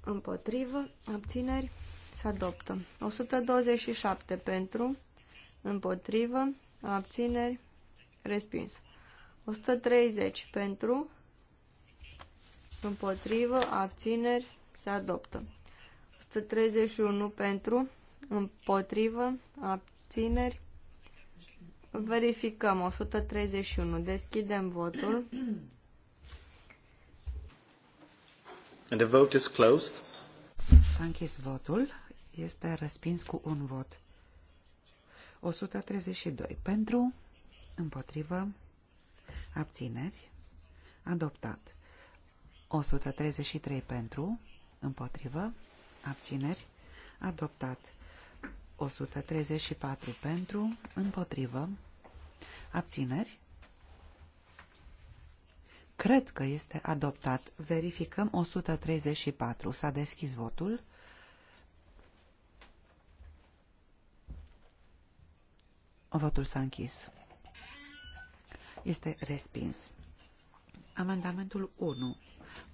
împotrivă, abțineri, se adoptă. 127 pentru, împotrivă, abțineri, respins. 130 pentru, împotrivă, abțineri, se adoptă. 131 pentru, împotrivă, abțineri, Verificăm 131. Deschidem votul. And the vote is closed. S-a închis votul. Este respins cu un vot. 132. Pentru, împotrivă, abțineri, adoptat. 133 pentru, împotrivă, abțineri, adoptat. 134 pentru, împotrivă, abțineri. Cred că este adoptat. Verificăm 134. S-a deschis votul. Votul s-a închis. Este respins. Amendamentul 1.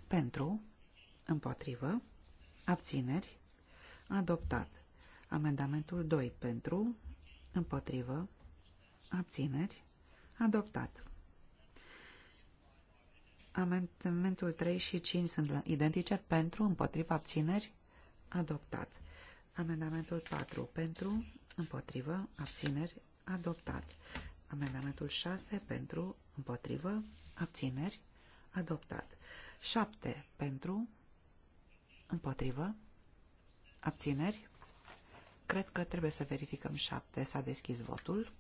Pentru, împotrivă, abțineri, adoptat. Amendamentul 2 pentru, împotrivă, abțineri, adoptat. Amendamentul 3 și 5 sunt identice pentru, împotrivă, abțineri, adoptat. Amendamentul 4 pentru, împotrivă, abțineri, adoptat. Amendamentul 6 pentru, împotrivă, abțineri, adoptat. 7 pentru, împotrivă, abțineri, Cred că trebuie să verificăm șapte. S-a deschis votul.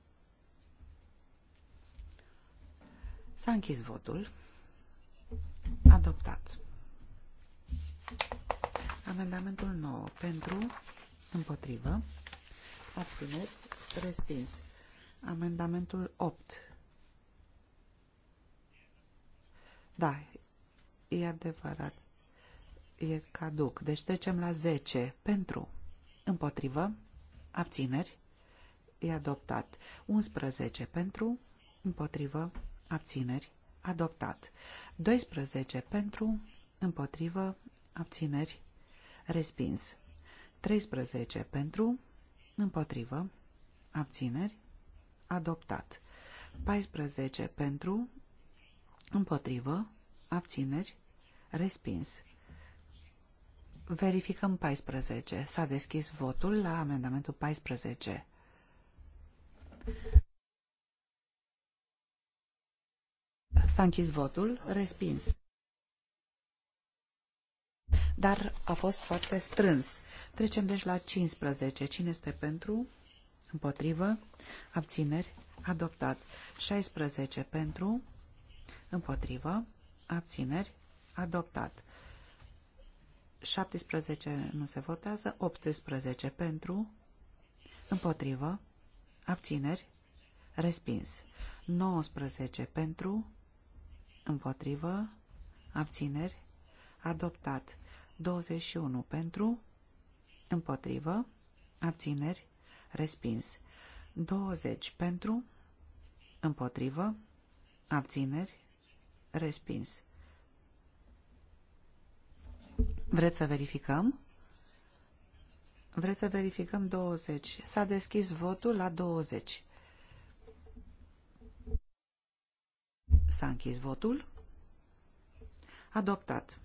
S-a închis votul. Adoptat. Amendamentul 9. Pentru, împotrivă, Abținut. respins. Amendamentul 8. Da, e adevărat. E caduc. Deci trecem la 10. Pentru. Împotrivă. Abțineri. E adoptat. 11 pentru. Împotrivă. Abțineri. Adoptat. 12 pentru. Împotrivă. Abțineri. Respins. 13 pentru. Împotrivă. Abțineri. Adoptat. 14 pentru. Împotrivă. Abțineri. Respins. Verificăm 14. S-a deschis votul la amendamentul 14. S-a închis votul, respins. Dar a fost foarte strâns. Trecem deci la 15. Cine este pentru? Împotrivă? Abțineri? Adoptat. 16 pentru? Împotrivă? Abțineri? Adoptat. 17 nu se votează, 18 pentru, împotrivă, abțineri, respins. 19 pentru, împotrivă, abțineri, adoptat. 21 pentru, împotrivă, abțineri, respins. 20 pentru, împotrivă, abțineri, respins. Vreți să verificăm? Vreți să verificăm 20. S-a deschis votul la 20. S-a închis votul. Adoptat.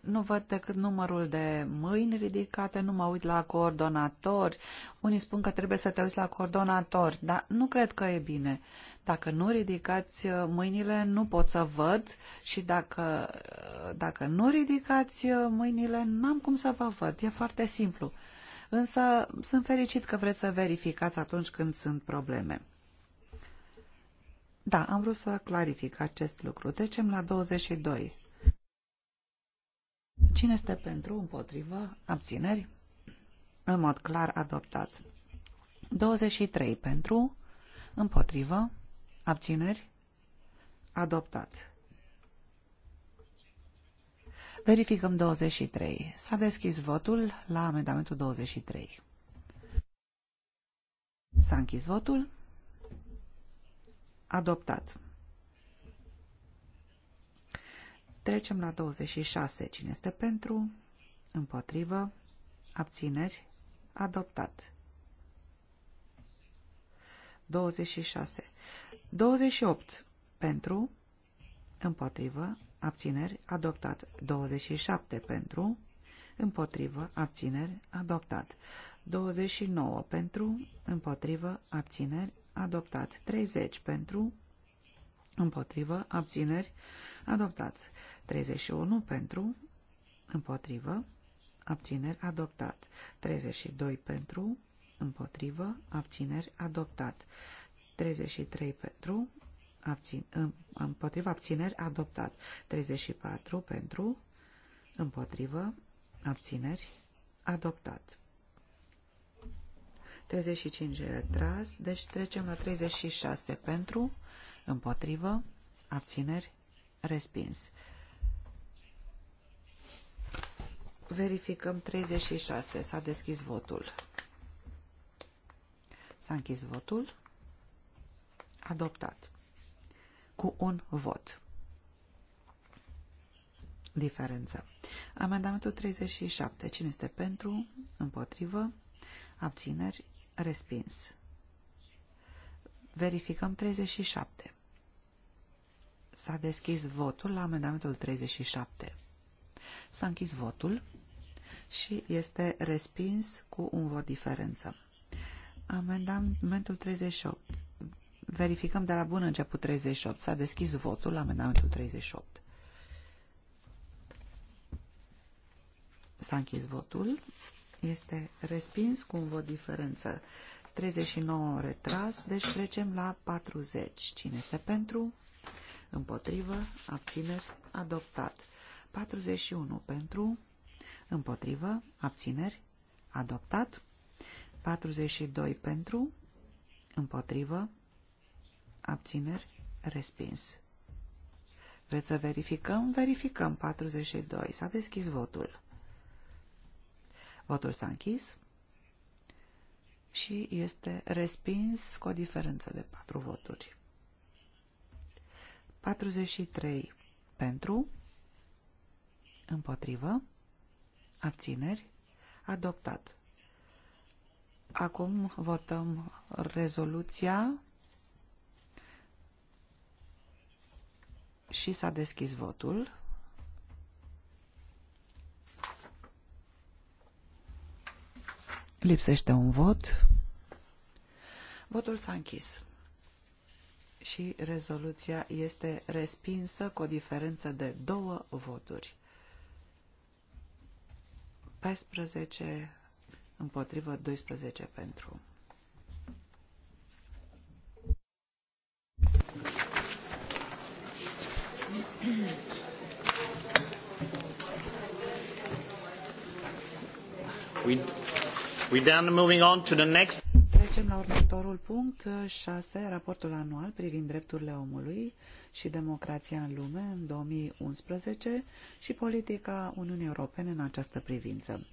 nu văd decât numărul de mâini ridicate, nu mă uit la coordonatori. Unii spun că trebuie să te uiți la coordonatori, dar nu cred că e bine. Dacă nu ridicați uh, mâinile, nu pot să văd și dacă, uh, dacă nu ridicați uh, mâinile, n-am cum să vă văd. E foarte simplu. Însă sunt fericit că vreți să verificați atunci când sunt probleme. Da, am vrut să clarific acest lucru. Trecem la 22. Cine este pentru, împotrivă, abțineri? În mod clar adoptat. 23 pentru, împotrivă, Abțineri? Adoptat. Verificăm 23. S-a deschis votul la amendamentul 23. S-a închis votul. Adoptat. Trecem la 26. Cine este pentru? Împotrivă? Abțineri? Adoptat. 26. 28 pentru, împotrivă, abțineri, adoptat. 27 pentru, împotrivă, abțineri, adoptat. 29 pentru, împotrivă, abțineri, adoptat. 30 pentru, împotrivă, abțineri, adoptat. 31 pentru, împotrivă, abțineri, adoptat. 32 pentru, împotrivă, abțineri, adoptat. 33 pentru, abțin, împotriva abțineri adoptat. 34 pentru, împotrivă, abțineri adoptat. 35 retras, deci trecem la 36 pentru, împotrivă, abțineri respins. Verificăm 36. S-a deschis votul. S-a închis votul adoptat cu un vot. Diferență. Amendamentul 37. Cine este pentru? Împotrivă? Abțineri? Respins. Verificăm 37. S-a deschis votul la amendamentul 37. S-a închis votul și este respins cu un vot diferență. Amendamentul 38. Verificăm de la bun început 38. S-a deschis votul la amendamentul 38. S-a închis votul. Este respins cu un vot diferență. 39 retras, deci trecem la 40. Cine este pentru? Împotrivă, abțineri, adoptat. 41 pentru, împotrivă, abțineri, adoptat. 42 pentru, împotrivă, abțineri, respins. Vreți să verificăm? Verificăm 42. S-a deschis votul. Votul s-a închis și este respins cu o diferență de 4 voturi. 43 pentru, împotrivă, abțineri, adoptat. Acum votăm rezoluția și s-a deschis votul. Lipsește un vot. Votul s-a închis. Și rezoluția este respinsă cu o diferență de două voturi. 14 împotrivă, 12 pentru. We, we then moving on to the next. Trecem la următorul punct 6, raportul anual privind drepturile omului și democrația în lume în 2011 și politica Uniunii Europene în această privință.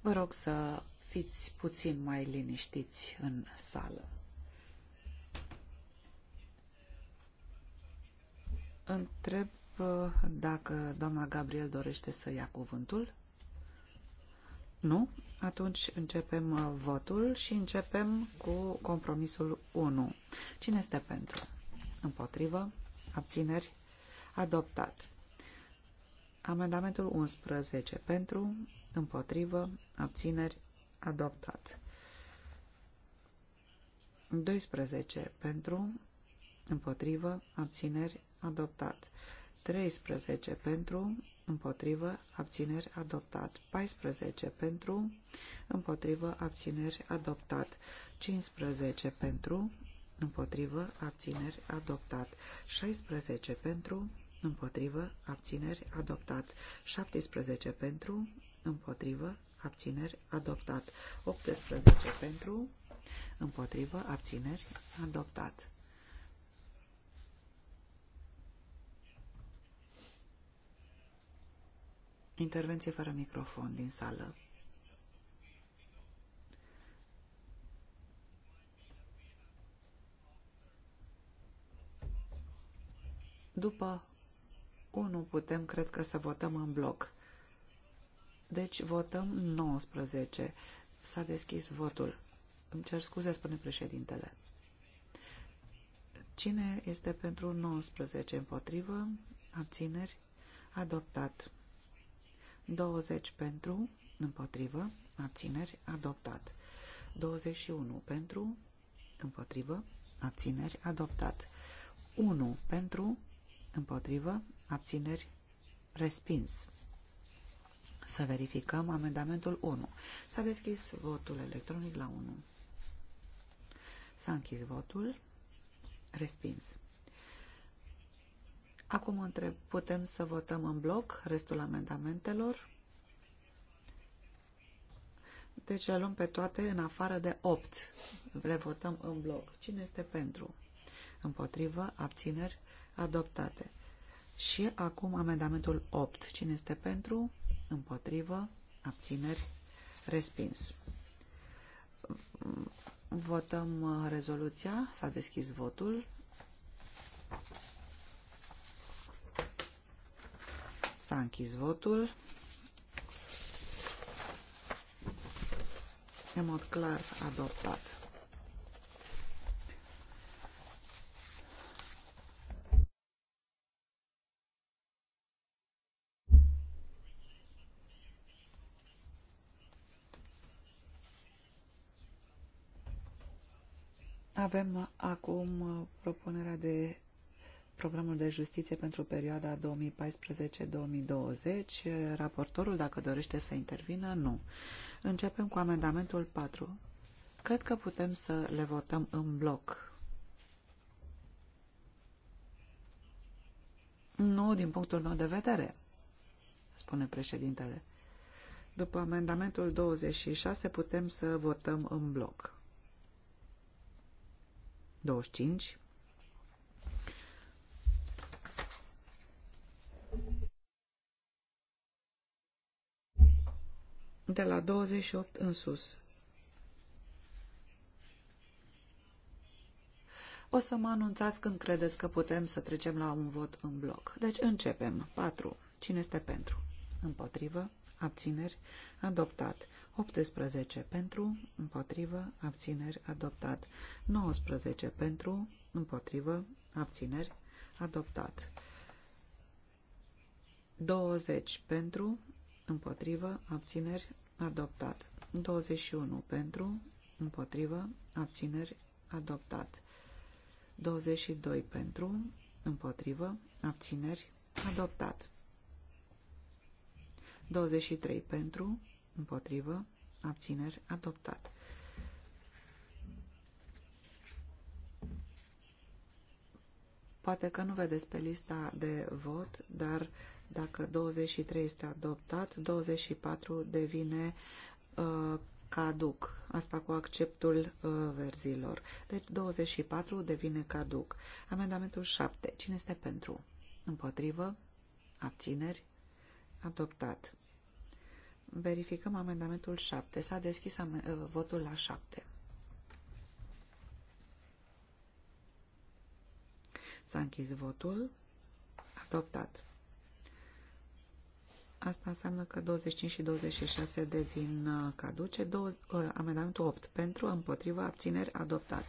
Vă rog să fiți puțin mai liniștiți în sală. Întreb uh, dacă doamna Gabriel dorește să ia cuvântul. Nu? Atunci începem uh, votul și începem cu compromisul 1. Cine este pentru? Împotrivă? Abțineri? Adoptat. Amendamentul 11. Pentru? Împotrivă? Abțineri? Adoptat. 12. Pentru? Împotrivă? Abțineri? adoptat. 13 pentru, împotrivă, abțineri, adoptat. 14 pentru, împotrivă, abțineri, adoptat. 15 pentru, împotrivă, abțineri, adoptat. 16 pentru, împotrivă, abțineri, adoptat. 17 pentru, împotrivă, abțineri, adoptat. 18 pentru, împotrivă, abțineri, adoptat. Intervenție fără microfon din sală. După 1 putem, cred că, să votăm în bloc. Deci votăm 19. S-a deschis votul. Îmi cer scuze, spune președintele. Cine este pentru 19 împotrivă? Abțineri? Adoptat. 20 pentru, împotrivă, abțineri, adoptat. 21 pentru, împotrivă, abțineri, adoptat. 1 pentru, împotrivă, abțineri, respins. Să verificăm amendamentul 1. S-a deschis votul electronic la 1. S-a închis votul, respins. Acum întreb, putem să votăm în bloc restul amendamentelor? Deci le luăm pe toate în afară de 8. Le votăm în bloc. Cine este pentru? Împotrivă, abțineri, adoptate. Și acum amendamentul 8. Cine este pentru? Împotrivă, abțineri, respins. Votăm uh, rezoluția. S-a deschis votul. S-a închis votul. În mod clar adoptat. Avem acum propunerea de programul de justiție pentru perioada 2014-2020. Raportorul, dacă dorește să intervină, nu. Începem cu amendamentul 4. Cred că putem să le votăm în bloc. Nu, din punctul meu de vedere, spune președintele. După amendamentul 26 putem să votăm în bloc. 25, de la 28 în sus. O să mă anunțați când credeți că putem să trecem la un vot în bloc. Deci începem. 4. Cine este pentru? Împotrivă. Abțineri. Adoptat. 18 pentru, împotrivă, abțineri, adoptat. 19 pentru, împotrivă, abțineri, adoptat. 20 pentru, împotrivă, abțineri, adoptat. 21 pentru, împotrivă, abțineri, adoptat. 22 pentru, împotrivă, abțineri, adoptat. 23 pentru, împotrivă, abțineri, adoptat. Poate că nu vedeți pe lista de vot, dar dacă 23 este adoptat, 24 devine uh, caduc. Asta cu acceptul uh, verzilor. Deci 24 devine caduc. Amendamentul 7. Cine este pentru? Împotrivă? Abțineri? Adoptat. Verificăm amendamentul 7. S-a deschis uh, votul la 7. S-a închis votul. Adoptat. Asta înseamnă că 25 și 26 devin uh, caduce. 20, uh, amendamentul 8 pentru, împotriva, abțineri, adoptat.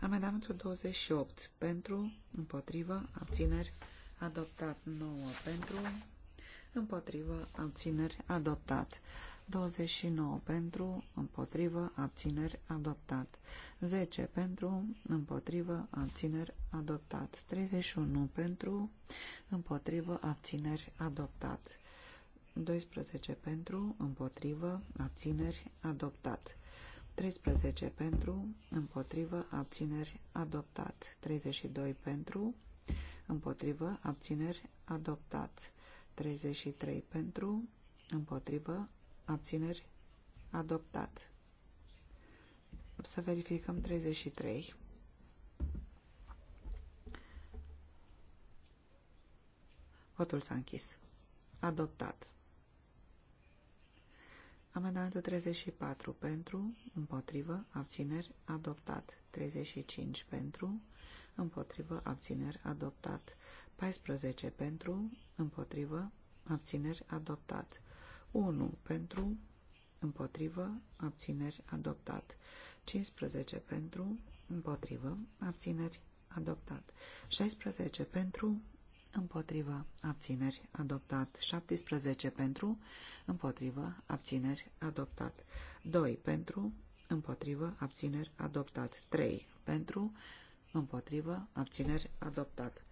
Amendamentul 28 pentru, împotriva abțineri, adoptat 9 pentru, împotriva abțineri, adoptat. 29 pentru, împotrivă, abțineri, adoptat. 10 pentru, împotrivă, abțineri, adoptat. 31 pentru, împotrivă, abțineri, adoptat. 12 pentru, împotrivă, abțineri, adoptat. 13 pentru, împotrivă, abțineri, adoptat. 32 pentru, împotrivă, abțineri, adoptat. 33 pentru, împotrivă, abțineri, adoptat. Să verificăm 33. Votul s-a închis. Adoptat. Amendamentul 34 pentru, împotrivă, abțineri, adoptat. 35 pentru, împotrivă, abțineri, adoptat. 14 pentru, împotrivă, abțineri, adoptat. 1 pentru, împotrivă, abțineri, adoptat. 15 pentru, împotrivă, abțineri, adoptat. 16 pentru, împotrivă, abțineri, adoptat. 17 pentru, împotrivă, abțineri, adoptat. 2 pentru, împotrivă, abțineri, adoptat. 3 pentru, împotrivă, abțineri, adoptat.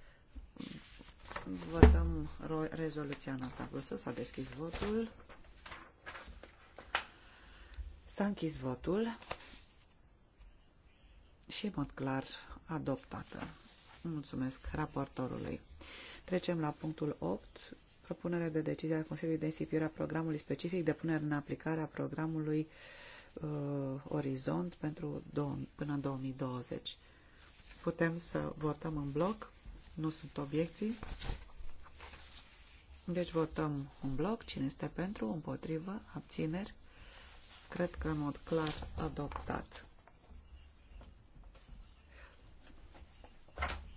Votăm rezoluția noastră ansamblu. S-a deschis votul. S-a închis votul și, în mod clar, adoptată. Mulțumesc raportorului. Trecem la punctul 8, propunere de decizie a Consiliului de instituire a programului specific de punere în aplicare a programului uh, Orizont pentru până în 2020. Putem să votăm în bloc, nu sunt obiecții. Deci votăm în bloc, cine este pentru, împotrivă, abțineri, cred că în mod clar adoptat.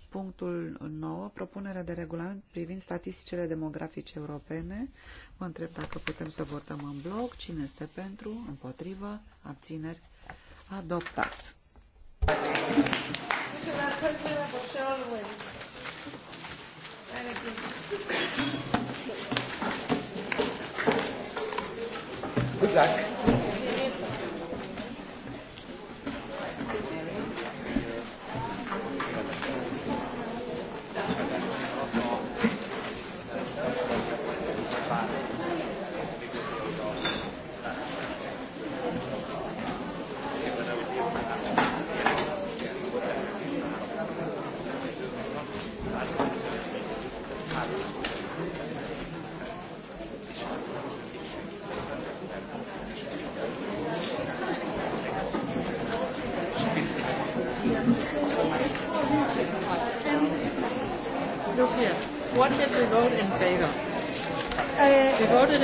Punctul 9, propunere de regulament privind statisticile demografice europene. Mă întreb dacă putem să votăm în bloc. Cine este pentru? Împotrivă? Abțineri? Adoptat. Good luck.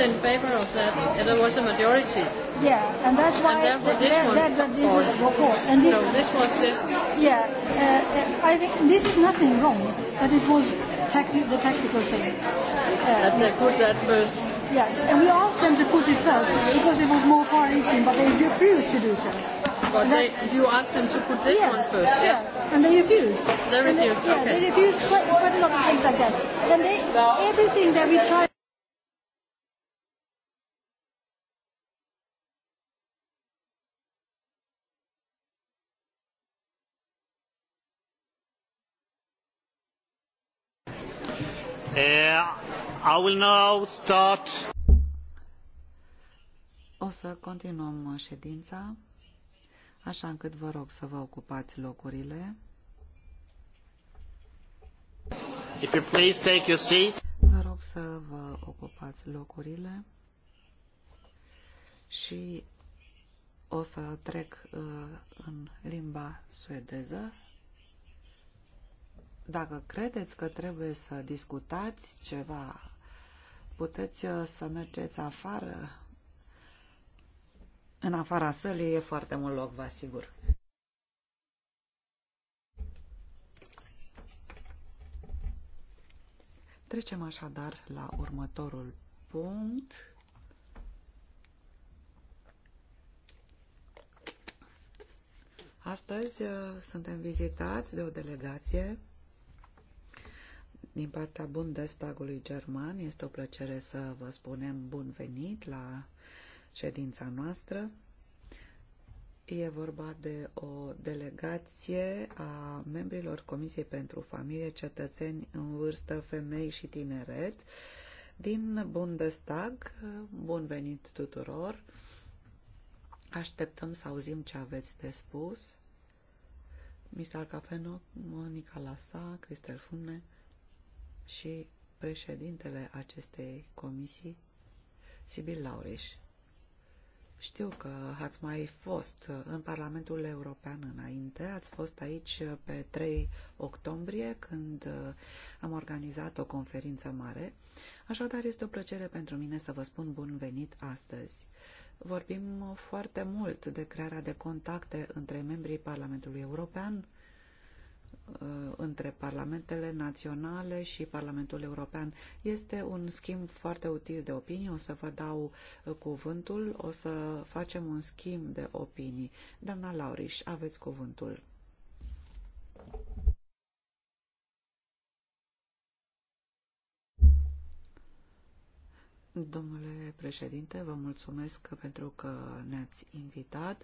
voted in favor of that, and there was a majority. Yeah, and that's why and that, this that, one that, that this was before. And this, so this was this. Yeah, uh, uh, I think this is nothing wrong, but it was tacti- the tactical thing. Uh, that they put that first. Yeah, and we asked them to put it first because it was more far-reaching, but they refused to do so. But that, they, you asked them to put this yeah, one first, yeah? yeah? And they refused. They refused, they, okay. Yeah, they refused quite, quite a lot of things like that. And they, everything that we tried... I will now start. O să continuăm ședința, așa încât vă rog să vă ocupați locurile. If you please take your seat. Vă rog să vă ocupați locurile și o să trec uh, în limba suedeză. Dacă credeți că trebuie să discutați ceva puteți uh, să mergeți afară. În afara sălii e foarte mult loc, vă asigur. Trecem așadar la următorul punct. Astăzi uh, suntem vizitați de o delegație din partea Bundestagului German. Este o plăcere să vă spunem bun venit la ședința noastră. E vorba de o delegație a membrilor Comisiei pentru Familie, Cetățeni în vârstă, femei și tineret din Bundestag. Bun venit tuturor! Așteptăm să auzim ce aveți de spus. Mr. Cafeno, Monica Lasa, Cristel Funne și președintele acestei comisii, Sibyl Lauriș. Știu că ați mai fost în Parlamentul European înainte, ați fost aici pe 3 octombrie când am organizat o conferință mare, așadar este o plăcere pentru mine să vă spun bun venit astăzi. Vorbim foarte mult de crearea de contacte între membrii Parlamentului European, Uh, între parlamentele naționale și Parlamentul European. Este un schimb foarte util de opinii, o să vă dau uh, cuvântul, o să facem un schimb de opinii. Doamna Lauriș, aveți cuvântul. Domnule președinte, vă mulțumesc pentru că ne-ați invitat.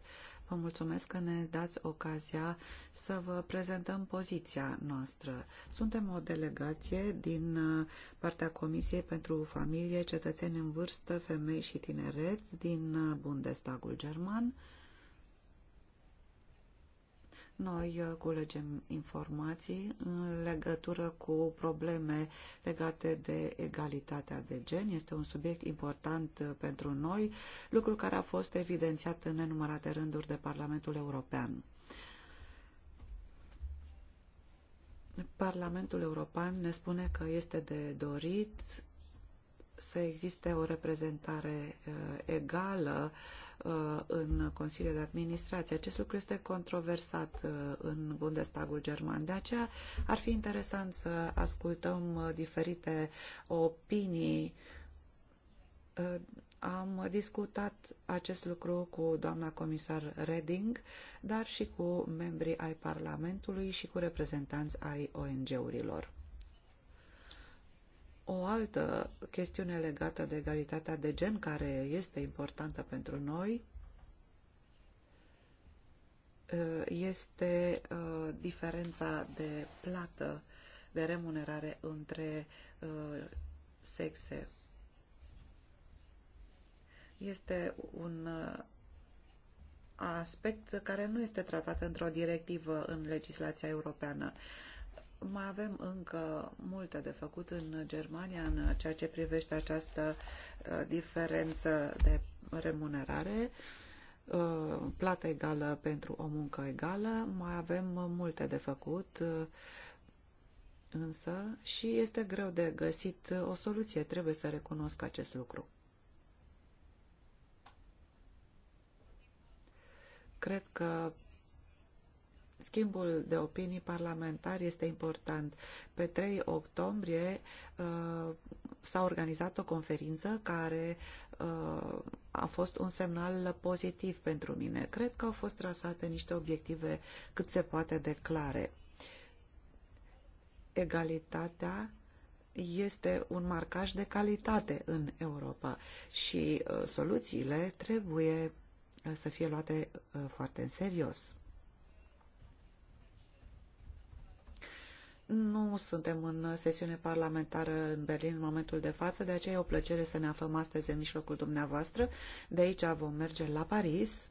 Vă mulțumesc că ne dați ocazia să vă prezentăm poziția noastră. Suntem o delegație din uh, partea Comisiei pentru Familie, Cetățeni în Vârstă, Femei și Tineret din uh, Bundestagul German. Noi uh, culegem informații în legătură cu probleme legate de egalitatea de gen. Este un subiect important uh, pentru noi, lucru care a fost evidențiat în nenumărate rânduri de Parlamentul European. Parlamentul European ne spune că este de dorit să existe o reprezentare uh, egală uh, în Consiliul de Administrație. Acest lucru este controversat uh, în Bundestagul German. De aceea ar fi interesant să ascultăm diferite opinii. Am discutat acest lucru cu doamna comisar Reding, dar și cu membrii ai Parlamentului și cu reprezentanți ai ONG-urilor. O altă chestiune legată de egalitatea de gen, care este importantă pentru noi, uh, este uh, diferența de plată, de remunerare între uh, sexe. Este un aspect care nu este tratat într-o directivă în legislația europeană mai avem încă multe de făcut în Germania în ceea ce privește această uh, diferență de remunerare, uh, plată egală pentru o muncă egală. Mai avem multe de făcut, uh, însă, și este greu de găsit o soluție. Trebuie să recunosc acest lucru. Cred că Schimbul de opinii parlamentar este important. Pe 3 octombrie uh, s-a organizat o conferință care uh, a fost un semnal pozitiv pentru mine. Cred că au fost trasate niște obiective cât se poate de clare. Egalitatea este un marcaj de calitate în Europa și uh, soluțiile trebuie uh, să fie luate uh, foarte în serios Nu suntem în sesiune parlamentară în Berlin în momentul de față, de aceea e o plăcere să ne aflăm astăzi în mijlocul dumneavoastră. De aici vom merge la Paris.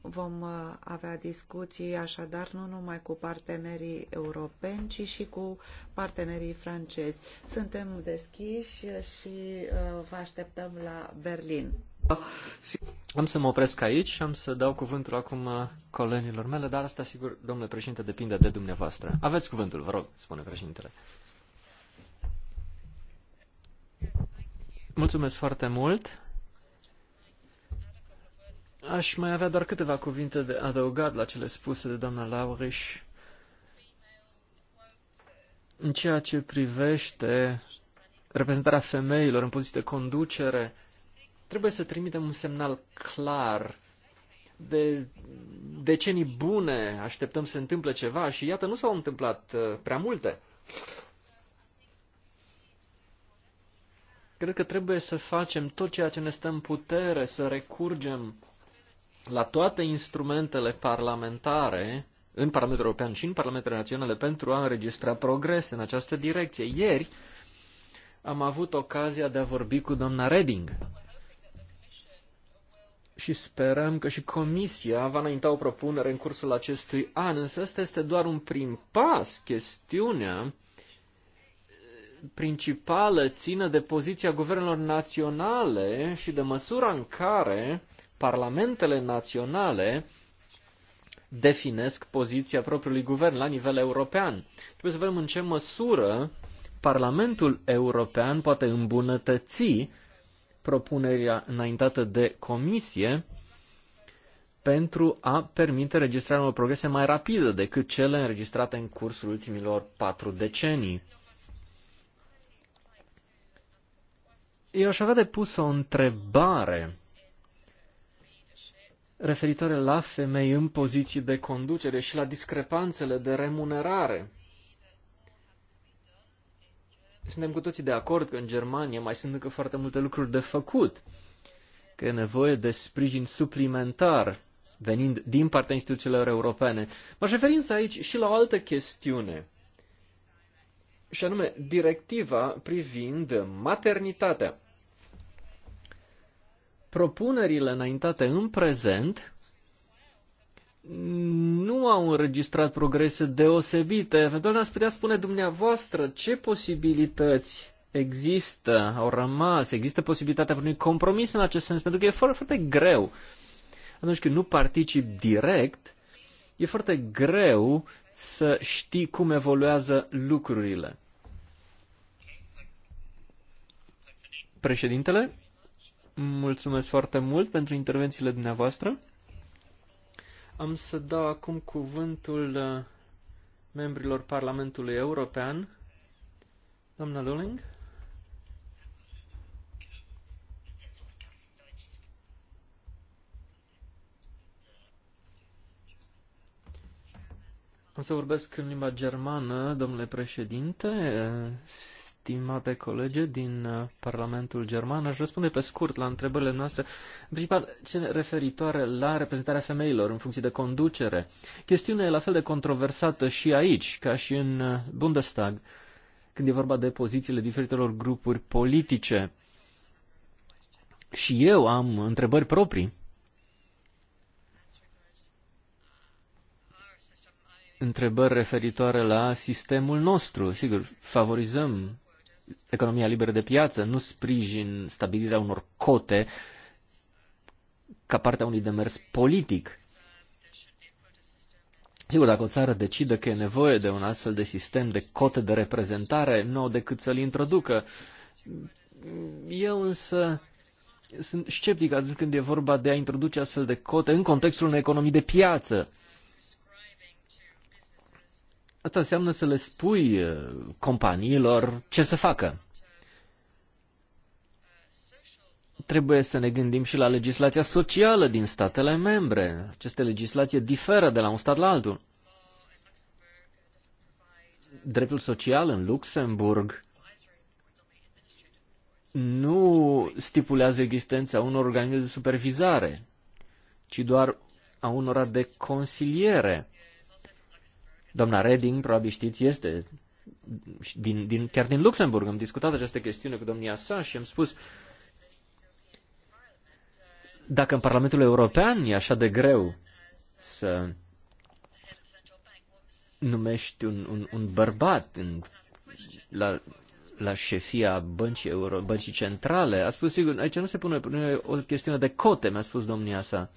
Vom uh, avea discuții așadar nu numai cu partenerii europeni, ci și cu partenerii francezi. Suntem deschiși și uh, vă așteptăm la Berlin. Am să mă opresc aici și am să dau cuvântul acum uh, colegilor mele, dar asta, sigur, domnule președinte, depinde de dumneavoastră. Aveți cuvântul, vă rog, spune președintele. Mulțumesc foarte mult. Aș mai avea doar câteva cuvinte de adăugat la cele spuse de doamna Lauriș în ceea ce privește reprezentarea femeilor în poziții de conducere Trebuie să trimitem un semnal clar de decenii bune, așteptăm să se întâmple ceva și iată, nu s-au întâmplat uh, prea multe. Cred că trebuie să facem tot ceea ce ne stă în putere, să recurgem la toate instrumentele parlamentare, în Parlamentul European și în Parlamentele Naționale, pentru a înregistra progrese în această direcție. Ieri am avut ocazia de a vorbi cu doamna Reding, și sperăm că și Comisia va înainta o propunere în cursul acestui an, însă ăsta este doar un prim pas. Chestiunea eh, principală ține de poziția guvernelor naționale și de măsura în care parlamentele naționale definesc poziția propriului guvern la nivel european. Trebuie să vedem în ce măsură Parlamentul European poate îmbunătăți propunerea înaintată de comisie pentru a permite registrarea unor progrese mai rapidă decât cele înregistrate în cursul ultimilor patru decenii. Eu aș avea de pus o întrebare referitoare la femei în poziții de conducere și la discrepanțele de remunerare suntem cu toții de acord că în Germania mai sunt încă foarte multe lucruri de făcut, că e nevoie de sprijin suplimentar venind din partea instituțiilor europene. M-aș referi însă aici și la o altă chestiune, și anume directiva privind maternitatea. Propunerile înaintate în prezent nu au înregistrat progrese deosebite. Eventual ne-ați putea spune dumneavoastră ce posibilități există, au rămas, există posibilitatea unui compromis în acest sens, pentru că e foarte, foarte greu. Atunci când nu particip direct, e foarte greu să știi cum evoluează lucrurile. Președintele, mulțumesc foarte mult pentru intervențiile dumneavoastră. Am să dau acum cuvântul uh, membrilor Parlamentului European. Doamna Luling. Am să vorbesc în limba germană, domnule președinte stimate colege din uh, Parlamentul German, aș răspunde pe scurt la întrebările noastre, în principal cele referitoare la reprezentarea femeilor în funcție de conducere. Chestiunea e la fel de controversată și aici, ca și în uh, Bundestag, când e vorba de pozițiile diferitelor grupuri politice. Și eu am întrebări proprii. întrebări referitoare la sistemul nostru. Sigur, favorizăm economia liberă de piață, nu sprijin stabilirea unor cote ca partea unui demers politic. Sigur, dacă o țară decide că e nevoie de un astfel de sistem de cote de reprezentare, nu decât să-l introducă. Eu însă sunt sceptic atunci când e vorba de a introduce astfel de cote în contextul unei economii de piață. Asta înseamnă să le spui uh, companiilor ce să facă. Trebuie să ne gândim și la legislația socială din statele membre. Aceste legislații diferă de la un stat la altul. Dreptul social în Luxemburg nu stipulează existența unor organisme de supervizare, ci doar a unora de consiliere. Doamna Reding, probabil știți, este din, din, chiar din Luxemburg. Am discutat această chestiune cu domnia sa și am spus dacă în Parlamentul European e așa de greu să numești un, un, un bărbat în, la, la șefia băncii, Euro, băncii centrale, a spus, sigur, aici nu se pune, o chestiune de cote, mi-a spus domnia sa.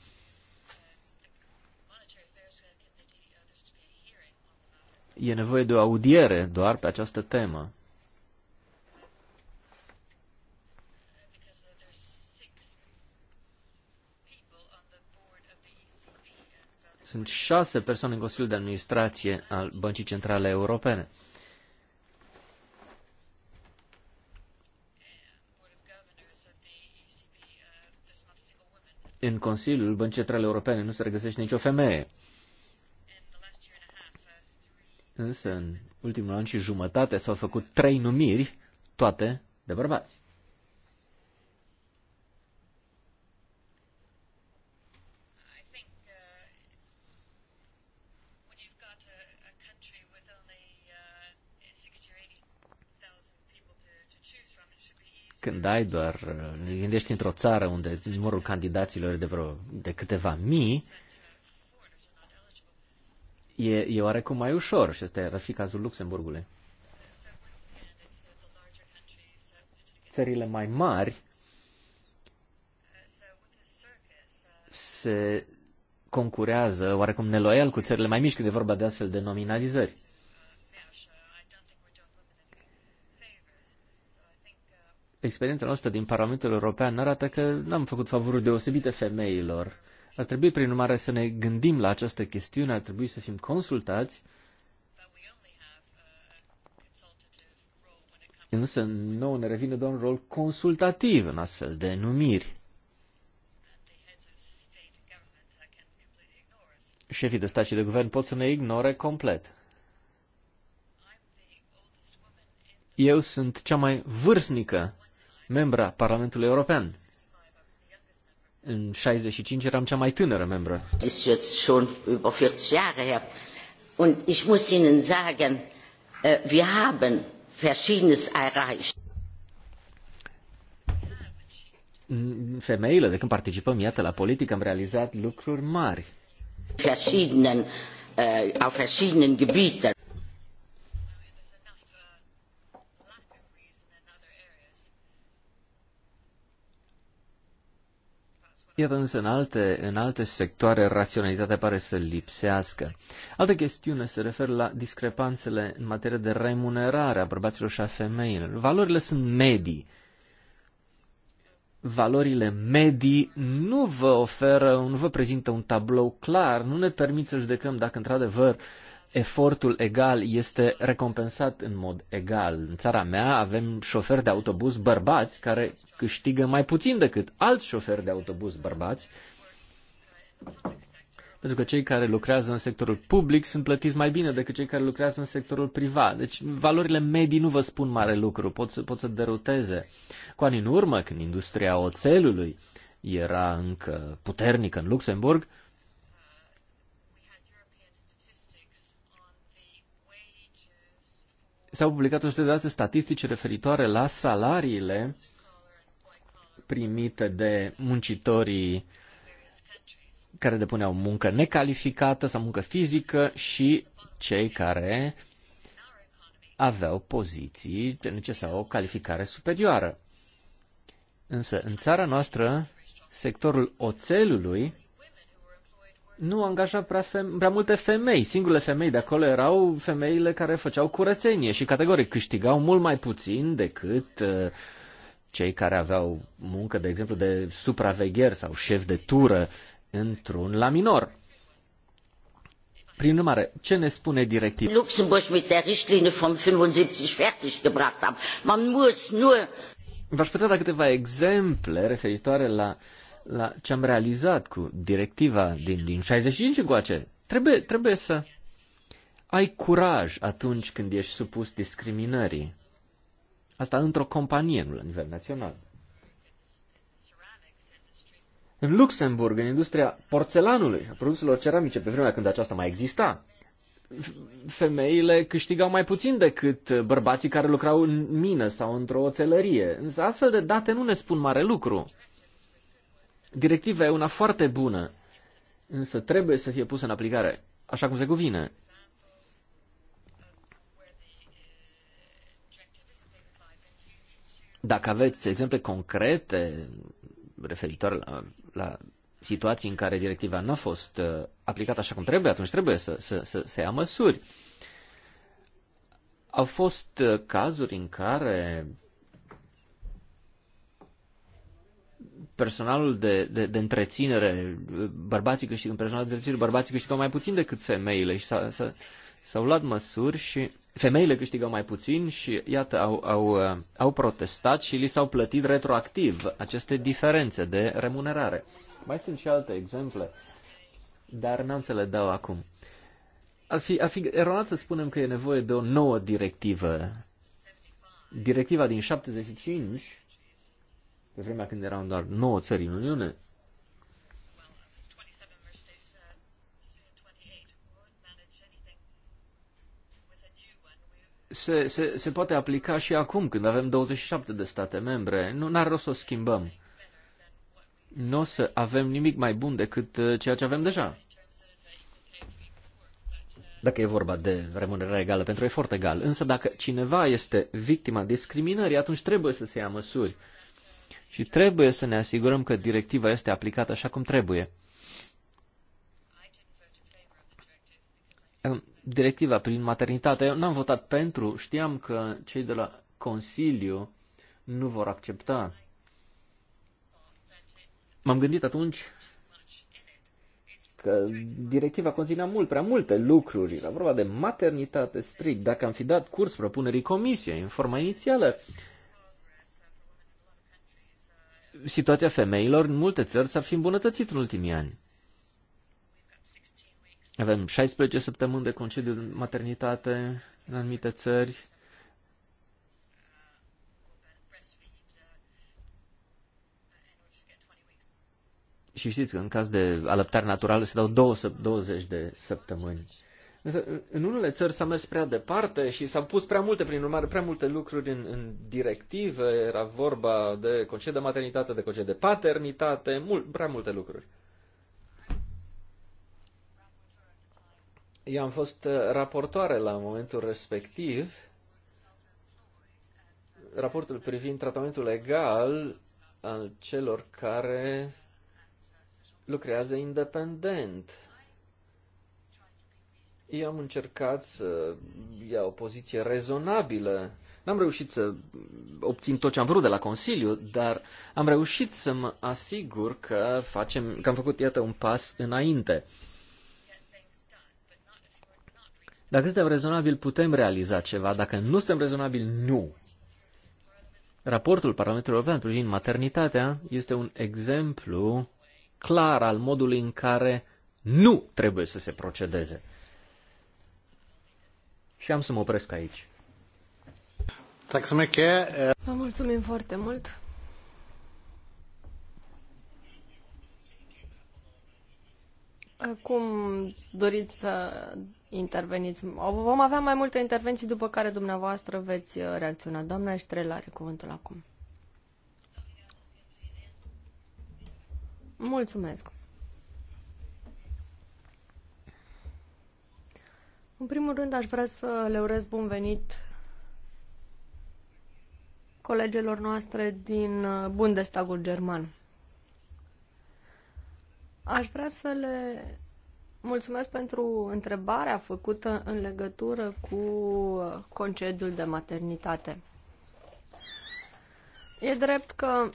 e nevoie de o audiere doar pe această temă. Sunt șase persoane în Consiliul de Administrație al Băncii Centrale Europene. În Consiliul Băncii Centrale Europene nu se regăsește nicio femeie. Însă, în ultimul an și jumătate s-au făcut trei numiri, toate de bărbați. când ai doar, gândești într-o țară unde numărul candidaților e de vreo de câteva mii, e, e oarecum mai ușor și este ar fi cazul Luxemburgului. Țările mai mari se concurează oarecum neloial cu țările mai mici când e vorba de astfel de nominalizări. Experiența noastră din Parlamentul European arată că n-am făcut favoruri deosebite femeilor ar trebui, prin urmare, să ne gândim la această chestiune, ar trebui să fim consultați, însă nouă ne revine doar un rol consultativ în astfel de numiri. Șefii de stat și de guvern pot să ne ignore complet. Eu sunt cea mai vârstnică membra Parlamentului European. În 65 eram cea mai tânără membră. Ist jetzt schon über 40 Jahre her. Und ich muss Ihnen sagen, äh, wir haben verschiedenes erreicht. Femeile, de când participăm, iată, la politică, am realizat lucruri mari. Verschiedenen, äh, auf verschiedenen Gebieten Iată însă în alte, în alte sectoare raționalitatea pare să lipsească. Altă chestiune se referă la discrepanțele în materie de remunerare a bărbaților și a femeilor. Valorile sunt medii. Valorile medii nu vă oferă, nu vă prezintă un tablou clar, nu ne permit să judecăm dacă într-adevăr efortul egal este recompensat în mod egal. În țara mea avem șoferi de autobuz bărbați care câștigă mai puțin decât alți șoferi de autobuz bărbați, pentru că cei care lucrează în sectorul public sunt plătiți mai bine decât cei care lucrează în sectorul privat. Deci valorile medii nu vă spun mare lucru, pot să, pot să deruteze. Cu ani în urmă, când industria oțelului era încă puternică în Luxemburg, uh, S-au publicat o de date statistici referitoare la salariile primite de muncitorii care depuneau muncă necalificată sau muncă fizică și cei care aveau poziții ce necesau o calificare superioară. Însă, în țara noastră, sectorul oțelului nu angaja prea, feme- prea multe femei. Singurele femei de acolo erau femeile care făceau curățenie și categoric câștigau mult mai puțin decât uh, cei care aveau muncă, de exemplu, de supravegher sau șef de tură într-un la minor. Prin urmare, ce ne spune directiv? Luxemburg mit der Richtlinie von 75 fertiggebracht haben. Man muss nur... V-aș putea da câteva exemple referitoare la uh, la ce am realizat cu directiva din, din 65 încoace. Trebuie, trebuie să ai curaj atunci când ești supus discriminării. Asta într-o companie, nu la nivel național. În Luxemburg, în industria porțelanului, a produselor ceramice, pe vremea când aceasta mai exista, femeile câștigau mai puțin decât bărbații care lucrau în mină sau într-o oțelărie. Însă astfel de date nu ne spun mare lucru. Directiva e una foarte bună, însă trebuie să fie pusă în aplicare așa cum se cuvine. Dacă aveți exemple concrete referitoare la, la situații în care directiva nu a fost uh, aplicată așa cum trebuie, atunci trebuie să, să, să, să ia măsuri. Au fost uh, cazuri în care personalul de, de, de întreținere, bărbații câștigă, personalul de întreținere, bărbații câștigă mai puțin decât femeile și s-a, s-a, s-au luat măsuri și femeile câștigă mai puțin și, iată, au, au, uh, au protestat și li s-au plătit retroactiv aceste diferențe de remunerare. Mai sunt și alte exemple, dar n-am să le dau acum. Ar fi, ar fi eronat să spunem că e nevoie de o nouă directivă. Directiva din 75 pe vremea când erau doar 9 țări în Uniune, se, se, se poate aplica și acum, când avem 27 de state membre. Nu n-ar rost să o schimbăm. Nu o să avem nimic mai bun decât uh, ceea ce avem deja. Dacă e vorba de remunerare egală pentru efort egal. Însă dacă cineva este victima discriminării, atunci trebuie să se ia măsuri și trebuie să ne asigurăm că directiva este aplicată așa cum trebuie. Directiva prin maternitate, eu n-am votat pentru, știam că cei de la Consiliu nu vor accepta. M-am gândit atunci că directiva conținea mult prea multe lucruri. Era vorba de maternitate strict. Dacă am fi dat curs propunerii comisiei în forma inițială, situația femeilor în multe țări s-ar fi îmbunătățit în ultimii ani. Avem 16 săptămâni de concediu de maternitate în anumite țări. Și știți că în caz de alăptare naturală se dau 20 de săptămâni. În unele țări s-a mers prea departe și s-au pus prea multe, prin urmare, prea multe lucruri în, în directive, era vorba de concediu de maternitate, de concediu de paternitate, mult, prea multe lucruri. Eu am fost uh, raportoare la momentul respectiv. Raportul privind tratamentul legal al celor care lucrează independent eu am încercat să iau o poziție rezonabilă. N-am reușit să obțin tot ce am vrut de la Consiliu, dar am reușit să mă asigur că, facem, că am făcut, iată, un pas înainte. Dacă suntem rezonabili, putem realiza ceva. Dacă nu suntem rezonabili, nu. Raportul Parlamentului European privind maternitatea este un exemplu clar al modului în care nu trebuie să se procedeze și am să mă opresc aici. Eh, Vă mulțumim foarte mult. Acum doriți să interveniți. Vom avea mai multe intervenții după care dumneavoastră veți eh, reacționa. Doamna Eștrel are cuvântul acum. Mulțumesc. În primul rând aș vrea să le urez bun venit colegelor noastre din uh, Bundestagul German. Aș vrea să le mulțumesc pentru întrebarea făcută în legătură cu uh, concediul de maternitate. E drept că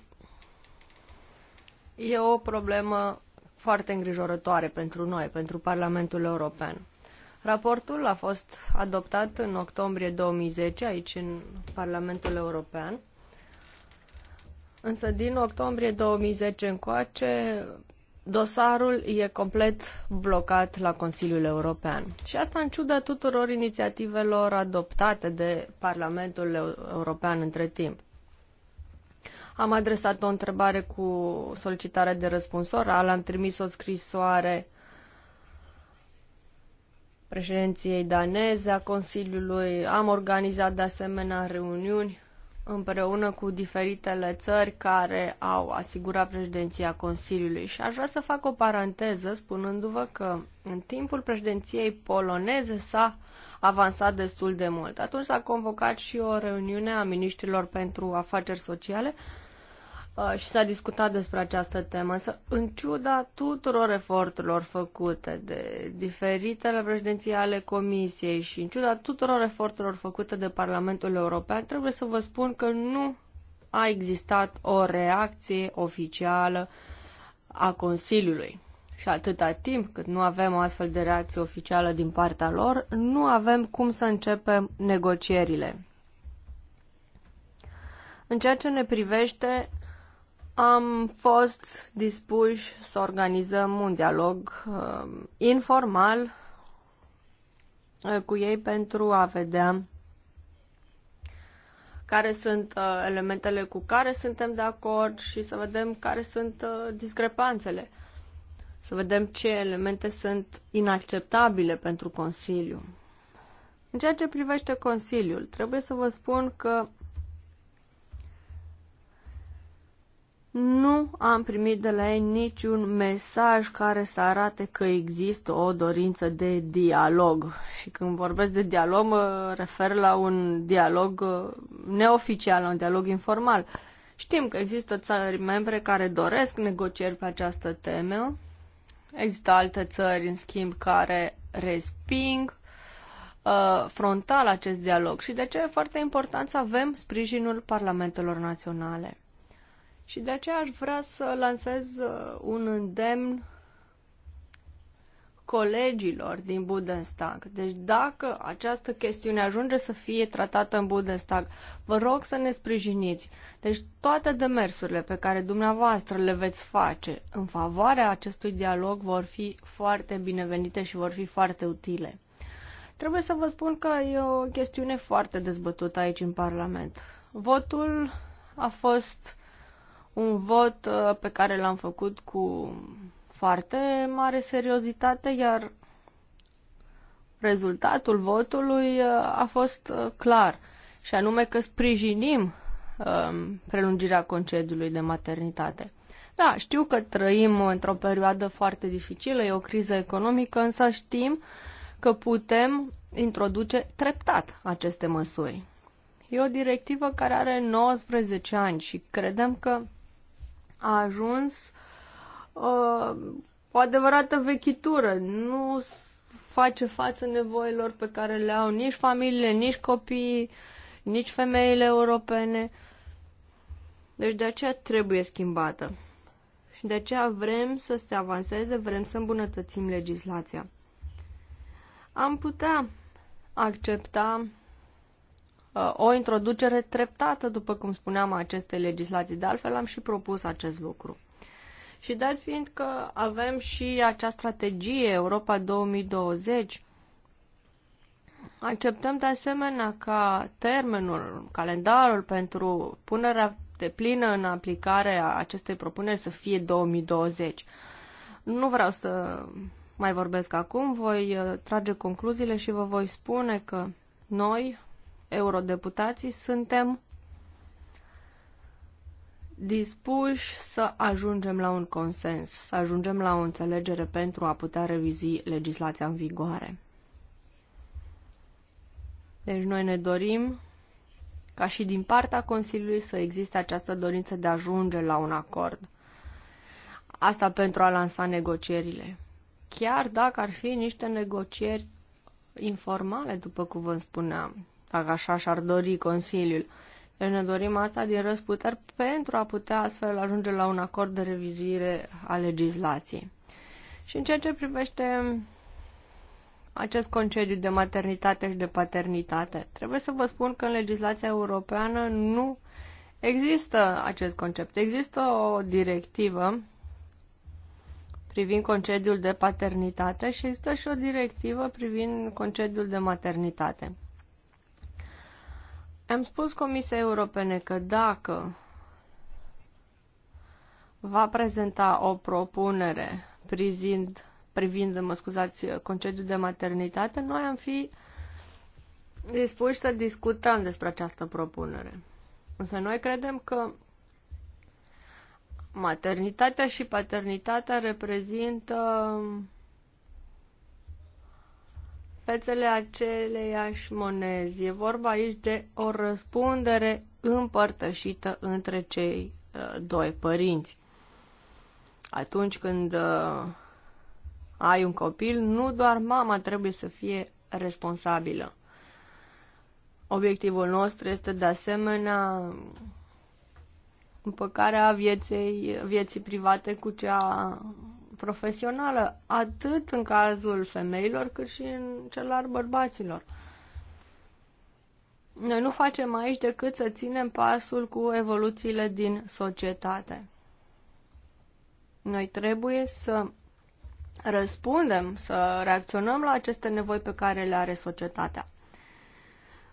e o problemă foarte îngrijorătoare pentru noi, pentru Parlamentul European. Raportul a fost adoptat în octombrie 2010 aici în Parlamentul European. Însă din octombrie 2010 încoace dosarul e complet blocat la Consiliul European. Și asta în ciuda tuturor inițiativelor adoptate de Parlamentul European între timp. Am adresat o întrebare cu solicitare de răspuns oral, am trimis o scrisoare președinției daneze a Consiliului. Am organizat de asemenea reuniuni împreună cu diferitele țări care au asigurat președinția Consiliului. Și aș vrea să fac o paranteză spunându-vă că în timpul președinției poloneze s-a avansat destul de mult. Atunci s-a convocat și o reuniune a ministrilor pentru afaceri sociale Uh, și s-a discutat despre această temă, însă în ciuda tuturor eforturilor făcute de diferitele președinții ale Comisiei și în ciuda tuturor eforturilor făcute de Parlamentul European, trebuie să vă spun că nu a existat o reacție oficială a Consiliului. Și atâta timp cât nu avem o astfel de reacție oficială din partea lor, nu avem cum să începem negocierile. În ceea ce ne privește, am fost dispuși să organizăm un dialog um, uh, informal cu ei pentru a vedea care sunt uh, elementele cu care suntem de acord și să vedem care sunt uh, discrepanțele. Să vedem ce elemente sunt inacceptabile pentru Consiliu. În ceea ce privește Consiliul, trebuie să vă spun că nu am primit de la ei niciun mesaj care să arate că există o dorință de dialog. Și când vorbesc de dialog, mă refer la un dialog uh, neoficial, un dialog informal. Știm că există țări membre care doresc negocieri pe această temă. Există alte țări, în schimb, care resping uh, frontal acest dialog și de ce e foarte important să avem sprijinul parlamentelor naționale. Și de aceea aș vrea să lansez uh, un îndemn colegilor din Bundestag. Deci dacă această chestiune ajunge să fie tratată în Bundestag, vă rog să ne sprijiniți. Deci toate demersurile pe care dumneavoastră le veți face în favoarea acestui dialog vor fi foarte binevenite și vor fi foarte utile. Trebuie să vă spun că e o chestiune foarte dezbătută aici în Parlament. Votul a fost un vot uh, pe care l-am făcut cu foarte mare seriozitate, iar rezultatul votului uh, a fost uh, clar, și anume că sprijinim um, prelungirea concediului de maternitate. Da, știu că trăim într-o perioadă foarte dificilă, e o criză economică, însă știm că putem introduce treptat aceste măsuri. E o directivă care are 19 ani și credem că a ajuns uh, o adevărată vechitură. Nu face față nevoilor pe care le au nici familiile, nici copiii, nici femeile europene. Deci de aceea trebuie schimbată. Și de aceea vrem să se avanseze, vrem să îmbunătățim legislația. Am putea accepta o introducere treptată, după cum spuneam, a acestei legislații. De altfel, am și propus acest lucru. Și dați fiind că avem și acea strategie Europa 2020, acceptăm de asemenea ca termenul, calendarul pentru punerea de plină în aplicare a acestei propuneri să fie 2020. Nu vreau să mai vorbesc acum, voi uh, trage concluziile și vă voi spune că noi eurodeputații suntem dispuși să ajungem la un consens, să ajungem la o înțelegere pentru a putea revizi legislația în vigoare. Deci noi ne dorim ca și din partea Consiliului să existe această dorință de a ajunge la un acord. Asta pentru a lansa negocierile. Chiar dacă ar fi niște negocieri informale, după cum vă spuneam, dacă așa și-ar dori Consiliul. Deci ne dorim asta din răsputeri pentru a putea astfel ajunge la un acord de revizuire a legislației. Și în ceea ce privește acest concediu de maternitate și de paternitate, trebuie să vă spun că în legislația europeană nu există acest concept. Există o directivă privind concediul de paternitate și există și o directivă privind concediul de maternitate. Am spus Comisiei Europene că dacă va prezenta o propunere privind, privind mă scuzați, concediul de maternitate, noi am fi dispuși să discutăm despre această propunere. Însă noi credem că maternitatea și paternitatea reprezintă fețele aceleiași monezi. E vorba aici de o răspundere împărtășită între cei uh, doi părinți. Atunci când uh, ai un copil, nu doar mama trebuie să fie responsabilă. Obiectivul nostru este de asemenea împăcarea vieței, vieții private cu cea profesională, atât în cazul femeilor, cât și în cel al bărbaților. Noi nu facem aici decât să ținem pasul cu evoluțiile din societate. Noi trebuie să răspundem, să reacționăm la aceste nevoi pe care le are societatea.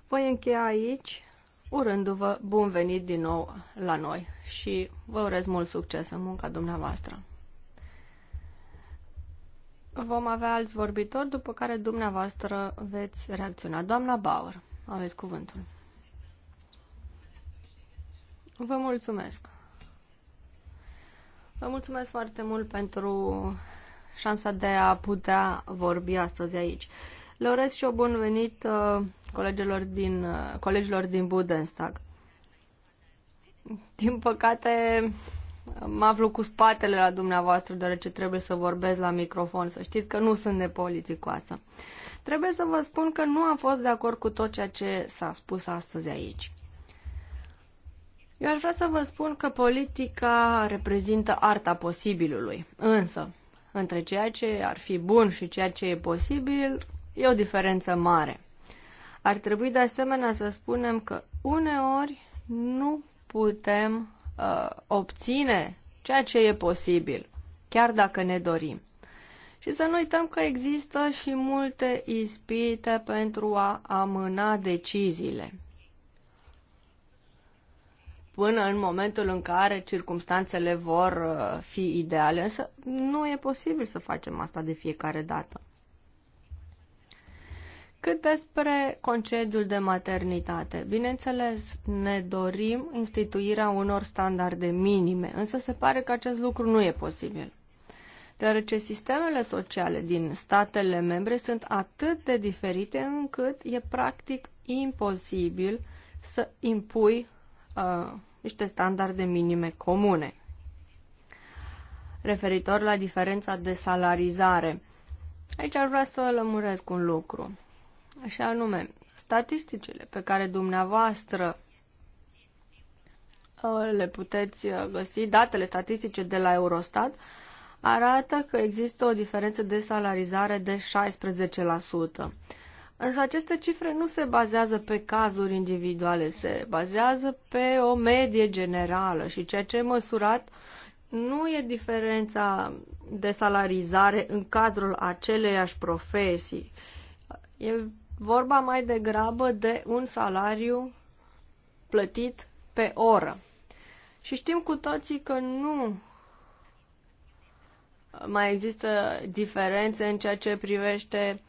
Voi încheia aici, urându-vă bun venit din nou la noi și vă urez mult succes în munca dumneavoastră. Vom avea alți vorbitori, după care dumneavoastră veți reacționa. Doamna Bauer, aveți cuvântul. Vă mulțumesc. Vă mulțumesc foarte mult pentru șansa de a putea vorbi astăzi aici. Le urez și o bun venit uh, colegilor din, uh, colegilor din Budenstag. Din păcate, mă aflu cu spatele la dumneavoastră, deoarece trebuie să vorbesc la microfon, să știți că nu sunt nepoliticoasă. Trebuie să vă spun că nu am fost de acord cu tot ceea ce s-a spus astăzi aici. Eu aș vrea să vă spun că politica reprezintă arta posibilului, însă între ceea ce ar fi bun și ceea ce e posibil e o diferență mare. Ar trebui de asemenea să spunem că uneori nu putem uh, obține ceea ce e posibil, chiar dacă ne dorim. Și să nu uităm că există și multe ispite pentru a amâna deciziile. Până în momentul în care circumstanțele vor uh, fi ideale, însă nu e posibil să facem asta de fiecare dată. Cât despre concediul de maternitate, bineînțeles, ne dorim instituirea unor standarde minime, însă se pare că acest lucru nu e posibil. Deoarece sistemele sociale din statele membre sunt atât de diferite încât e practic imposibil să impui uh, niște standarde minime comune. Referitor la diferența de salarizare, aici ar vrea să lămuresc un lucru. Așa anume, statisticile pe care dumneavoastră uh, le puteți uh, găsi, datele statistice de la Eurostat, arată că există o diferență de salarizare de 16%. Însă aceste cifre nu se bazează pe cazuri individuale, se bazează pe o medie generală și ceea ce e măsurat nu e diferența de salarizare în cadrul aceleiași profesii. E vorba mai degrabă de un salariu plătit pe oră. Și știm cu toții că nu mai există diferențe în ceea ce privește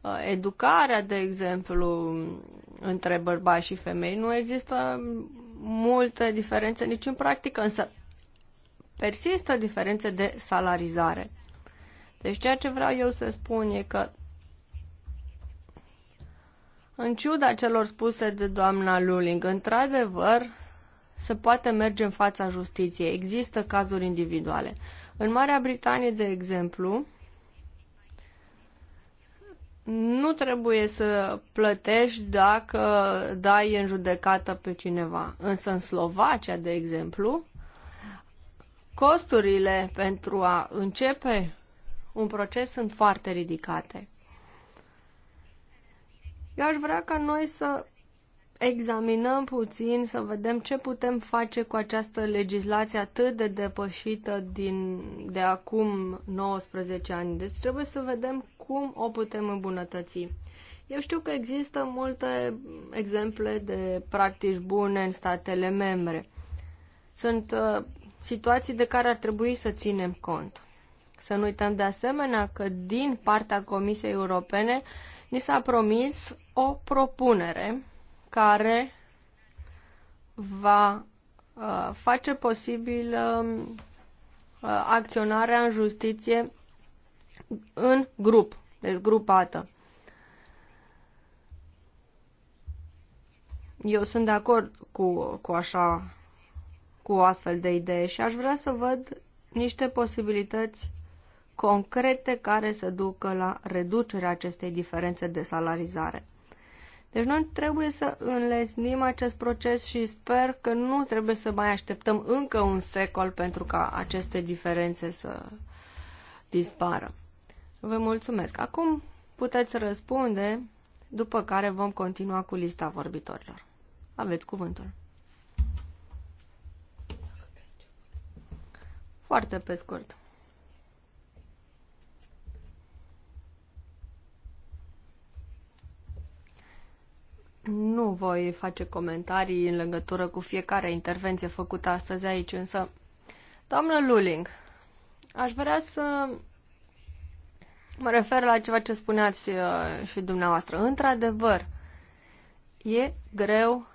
uh, educarea, de exemplu, între bărbați și femei. Nu există multe diferențe nici în practică, însă persistă diferențe de salarizare. Deci ceea ce vreau eu să spun e că în ciuda celor spuse de doamna Luling, într-adevăr, se poate merge în fața justiției. Există cazuri individuale. În Marea Britanie, de exemplu, nu trebuie să plătești dacă dai în judecată pe cineva. Însă în Slovacia, de exemplu, costurile pentru a începe un proces sunt foarte ridicate. Eu aș vrea ca noi să examinăm puțin, să vedem ce putem face cu această legislație atât de depășită din, de acum 19 ani. Deci trebuie să vedem cum o putem îmbunătăți. Eu știu că există multe exemple de practici bune în statele membre. Sunt uh, situații de care ar trebui să ținem cont. Să nu uităm de asemenea că din partea Comisiei Europene uh, ni s-a promis o propunere care va uh, face posibil uh, acționarea în justiție în grup, deci grupată. Eu sunt de acord cu, cu așa, cu o astfel de idee și aș vrea să văd niște posibilități concrete care să ducă la reducerea acestei diferențe de salarizare. Deci noi trebuie să înlesnim acest proces și sper că nu trebuie să mai așteptăm încă un secol pentru ca aceste diferențe să dispară. Vă mulțumesc. Acum puteți răspunde, după care vom continua cu lista vorbitorilor. Aveți cuvântul. Foarte pe scurt. Nu voi face comentarii în legătură cu fiecare intervenție făcută astăzi aici, însă, doamnă Luling, aș vrea să mă refer la ceva ce spuneați uh, și dumneavoastră. Într-adevăr, e greu,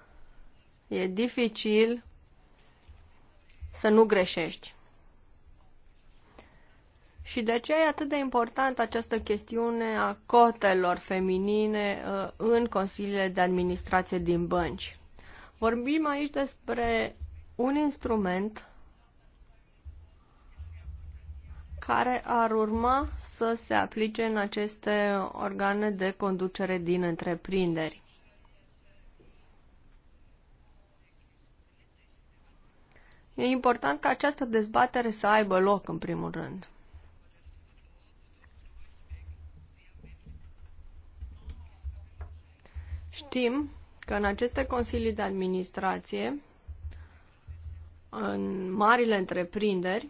e dificil să nu greșești. Și de ce e atât de importantă această chestiune a cotelor feminine uh, în consiliile de administrație din bănci. Vorbim aici despre un instrument care ar urma să se aplice în aceste organe de conducere din întreprinderi. E important ca această dezbatere să aibă loc, în primul rând. Știm că în aceste consilii de administrație, în marile întreprinderi,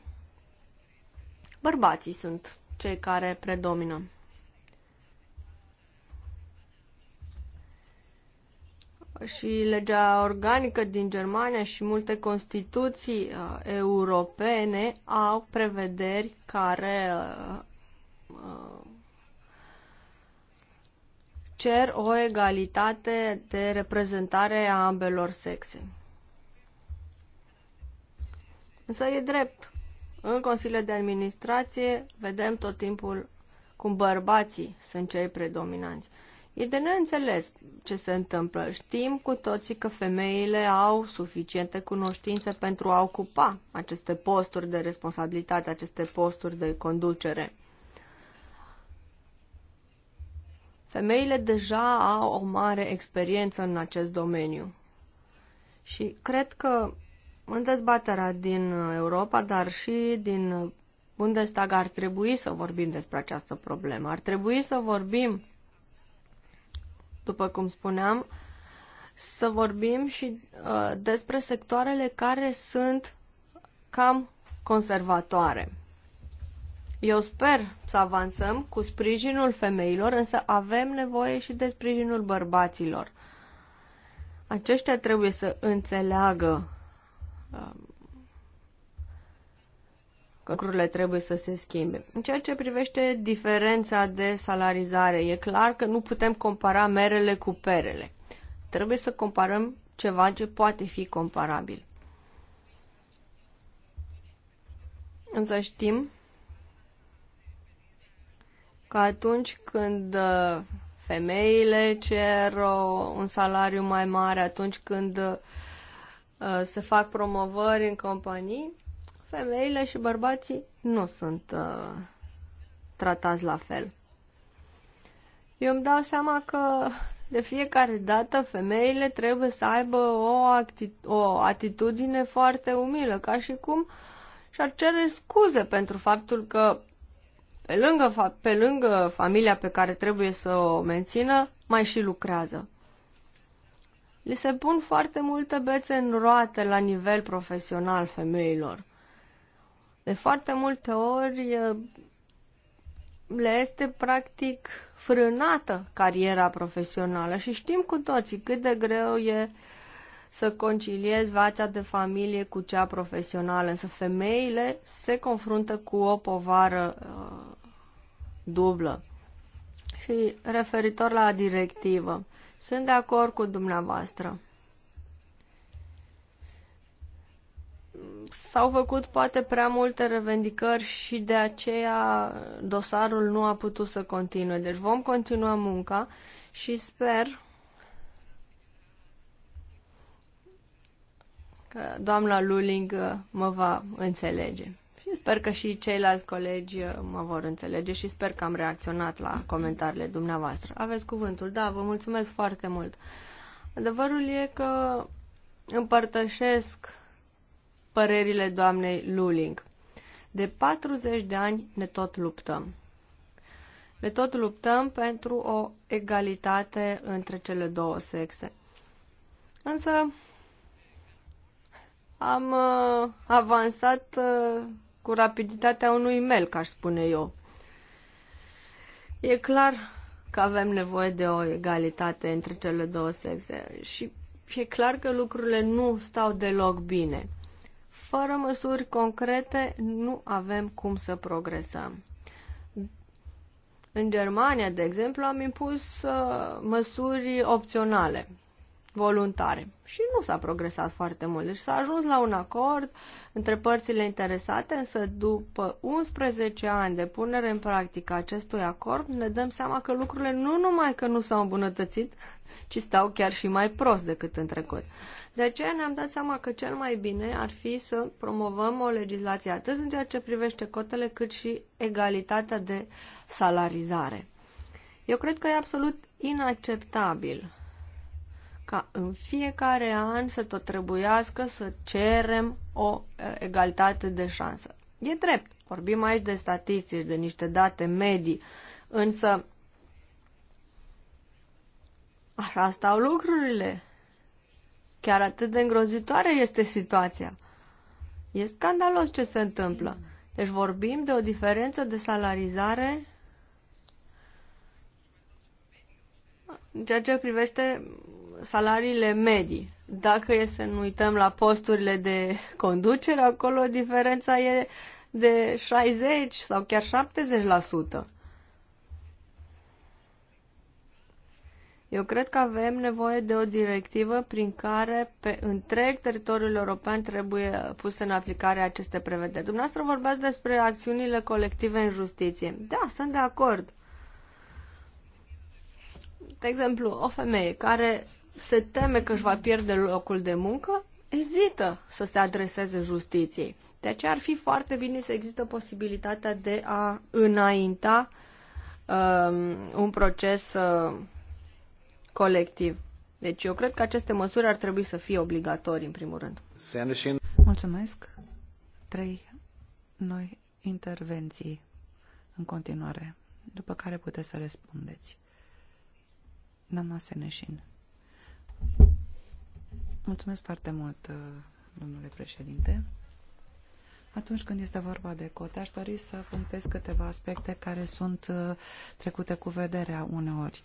bărbații sunt cei care predomină. Și legea organică din Germania și multe constituții uh, europene au prevederi care uh, uh, cer o egalitate de reprezentare a ambelor sexe. Însă e drept. În consiliile de administrație vedem tot timpul cum bărbații sunt cei predominanți. E de neînțeles ce se întâmplă. Știm cu toții că femeile au suficiente cunoștințe pentru a ocupa aceste posturi de responsabilitate, aceste posturi de conducere. Femeile deja au o mare experiență în acest domeniu. Și cred că în dezbaterea din Europa, dar și din Bundestag ar trebui să vorbim despre această problemă. Ar trebui să vorbim, după cum spuneam, să vorbim și uh, despre sectoarele care sunt cam conservatoare. Eu sper să avansăm cu sprijinul femeilor, însă avem nevoie și de sprijinul bărbaților. Aceștia trebuie să înțeleagă că um, lucrurile trebuie să se schimbe. În ceea ce privește diferența de salarizare, e clar că nu putem compara merele cu perele. Trebuie să comparăm ceva ce poate fi comparabil. Însă știm că atunci când uh, femeile cer uh, un salariu mai mare, atunci când uh, se fac promovări în companii, femeile și bărbații nu sunt tratați la fel. Eu îmi dau seama că de fiecare dată femeile trebuie să aibă o, acti- o atitudine foarte umilă, ca și cum și-ar cere scuze pentru faptul că pe lângă, pe lângă familia pe care trebuie să o mențină, mai și lucrează. Li se pun foarte multe bețe în roate la nivel profesional femeilor. De foarte multe ori le este practic frânată cariera profesională și știm cu toții cât de greu e să conciliezi viața de familie cu cea profesională, însă femeile se confruntă cu o povară uh, dublă. Și referitor la directivă, sunt de acord cu dumneavoastră. S-au făcut poate prea multe revendicări și de aceea dosarul nu a putut să continue. Deci vom continua munca și sper că doamna Luling mă va înțelege sper că și ceilalți colegi uh, mă vor înțelege și sper că am reacționat la comentariile dumneavoastră. Aveți cuvântul. Da, vă mulțumesc foarte mult. Adevărul e că împărtășesc părerile doamnei Luling. De 40 de ani ne tot luptăm. Ne tot luptăm pentru o egalitate între cele două sexe. Însă am uh, avansat uh, cu rapiditatea unui mel, ca aș spune eu. E clar că avem nevoie de o egalitate între cele două sexe și e clar că lucrurile nu stau deloc bine. Fără măsuri concrete nu avem cum să progresăm. În Germania, de exemplu, am impus uh, măsuri opționale voluntare. Și nu s-a progresat foarte mult. Deci s-a ajuns la un acord între părțile interesate, însă după 11 ani de punere în practică acestui acord, ne dăm seama că lucrurile nu numai că nu s-au îmbunătățit, ci stau chiar și mai prost decât în trecut. De aceea ne-am dat seama că cel mai bine ar fi să promovăm o legislație atât în ceea ce privește cotele, cât și egalitatea de salarizare. Eu cred că e absolut inacceptabil ca în fiecare an să tot trebuiască să cerem o egalitate de șansă. E drept, vorbim aici de statistici, de niște date medii, însă așa stau lucrurile. Chiar atât de îngrozitoare este situația. E scandalos ce se întâmplă. Deci vorbim de o diferență de salarizare în ceea ce privește salariile medii. Dacă e să nu uităm la posturile de conducere, acolo diferența e de 60 sau chiar 70%. Eu cred că avem nevoie de o directivă prin care pe întreg teritoriul european trebuie puse în aplicare aceste prevederi. Dumneavoastră vorbeați despre acțiunile colective în justiție. Da, sunt de acord. De exemplu, o femeie care se teme că își va pierde locul de muncă, ezită să se adreseze justiției. De aceea ar fi foarte bine să există posibilitatea de a înainta um, un proces uh, colectiv. Deci eu cred că aceste măsuri ar trebui să fie obligatorii, în primul rând. Mulțumesc. Trei noi intervenții în continuare, după care puteți să răspundeți. Namaste Seneșin. Mulțumesc foarte mult, uh, domnule președinte. Atunci când este vorba de cote, aș dori să punctez câteva aspecte care sunt uh, trecute cu vederea uneori.